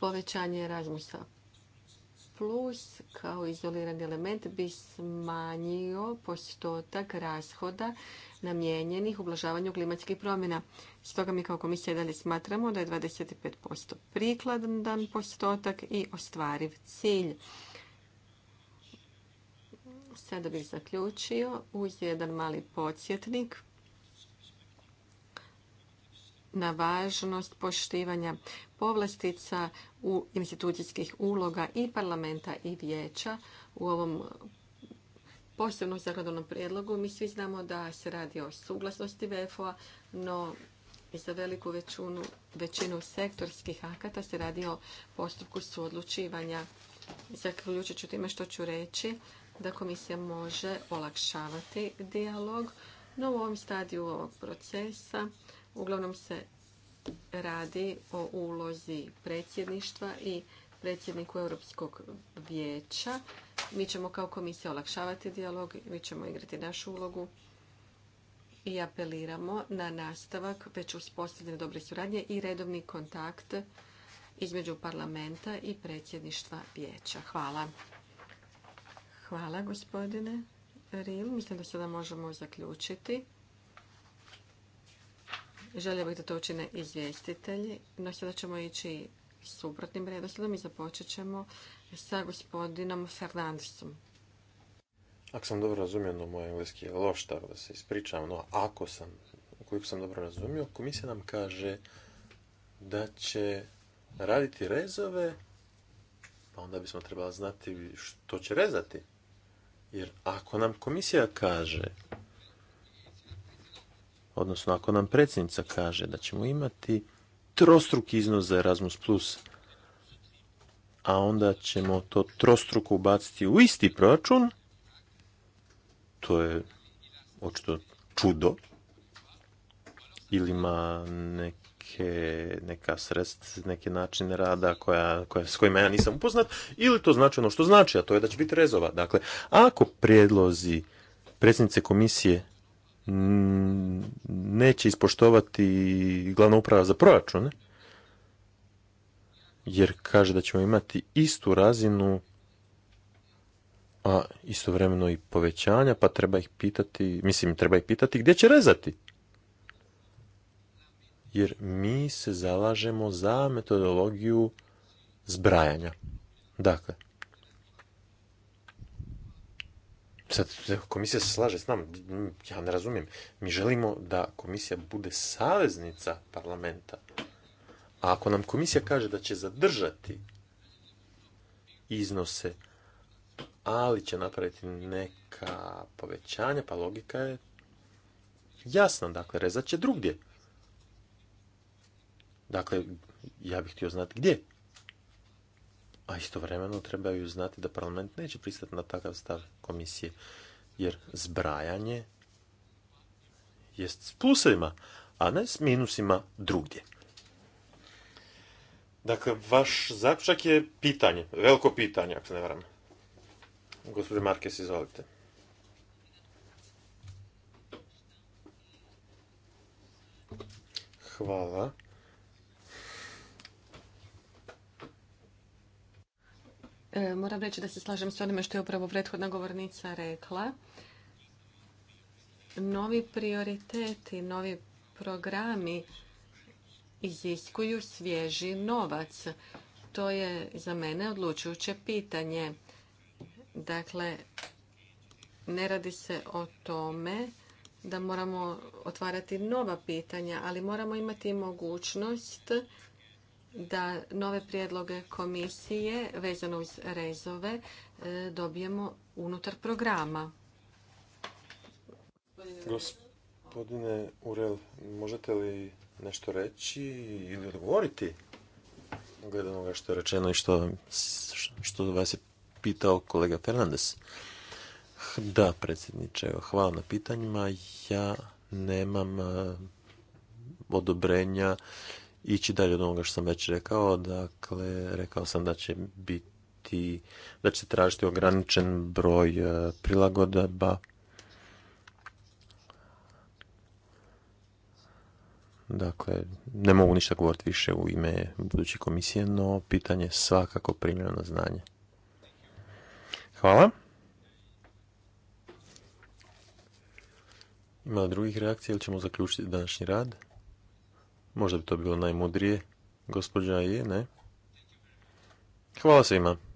Povećanje Erasmusa plus kao izolirani element bi smanjio postotak rashoda namijenjenih ublažavanju klimatskih promjena. Stoga mi kao komisija dalje smatramo da je 25% prikladan postotak i ostvariv cilj. Sada bih zaključio uz jedan mali podsjetnik na važnost poštivanja povlastica u institucijskih uloga i parlamenta i vijeća u ovom posebnom zakonodavnom prijedlogu. Mi svi znamo da se radi o suglasnosti VFO-a, no i za veliku većinu, većinu sektorskih akata se radi o postupku suodlučivanja. Zaključit ću time što ću reći da komisija može olakšavati dijalog, no u ovom stadiju ovog procesa Uglavnom se radi o ulozi predsjedništva i predsjedniku Europskog vijeća. Mi ćemo kao komisija olakšavati dijalog, mi ćemo igrati našu ulogu i apeliramo na nastavak već uspostavljene dobre suradnje i redovni kontakt između parlamenta i predsjedništva vijeća. Hvala. Hvala gospodine Ril. Mislim da sada možemo zaključiti. Želio bih da to učine izvjestitelji, no sada ćemo ići suprotnim redoslijedom i započet ćemo sa gospodinom Fernandesom. Ako sam dobro razumio, no moj engleski je loš, tako da se ispričavam, no ako sam, koliko sam dobro razumio, komisija nam kaže da će raditi rezove, pa onda bismo trebali znati što će rezati. Jer ako nam komisija kaže odnosno ako nam predsjednica kaže da ćemo imati trostruki iznos za Erasmus+, a onda ćemo to trostruko ubaciti u isti proračun, to je očito čudo, ili ima neke, neka sredst, neke načine rada koja, koja, s kojima ja nisam upoznat, ili to znači ono što znači, a to je da će biti rezova. Dakle, ako prijedlozi predsjednice komisije Mm, neće ispoštovati glavna uprava za proračune, jer kaže da ćemo imati istu razinu, a istovremeno i povećanja, pa treba ih pitati, mislim, treba ih pitati gdje će rezati. Jer mi se zalažemo za metodologiju zbrajanja. Dakle, Sad, komisija se slaže s nama, ja ne razumijem. Mi želimo da komisija bude saveznica parlamenta. A ako nam komisija kaže da će zadržati iznose, ali će napraviti neka povećanja, pa logika je jasna. Dakle, rezat će drugdje. Dakle, ja bih htio znati gdje a istovremeno trebaju znati da parlament neće pristati na takav stav komisije, jer zbrajanje jest s plusevima, a ne s minusima drugdje. Dakle, vaš zaključak je pitanje, veliko pitanje, ako se ne varam. Gospodin Markes, izvolite. Hvala. E, moram reći da se slažem s onime što je upravo prethodna govornica rekla. Novi prioriteti, novi programi iziskuju svježi novac. To je za mene odlučujuće pitanje. Dakle, ne radi se o tome da moramo otvarati nova pitanja, ali moramo imati mogućnost da nove prijedloge komisije vezano uz rezove e, dobijemo unutar programa. Gospodine Urel, možete li nešto reći ili odgovoriti glede ovoga što je rečeno i što, vas je pitao kolega Fernandez? Da, predsjedniče, hvala na pitanjima. Ja nemam e, odobrenja ići dalje od onoga što sam već rekao. Dakle, rekao sam da će biti, da će tražiti ograničen broj e, prilagodba. Dakle, ne mogu ništa govoriti više u ime buduće komisije, no pitanje je svakako primljeno na znanje. Hvala. Ima drugih reakcija ili ćemo zaključiti današnji rad? Možda bi to bilo najmudrije. Gospođa je, ne? Hvala svima.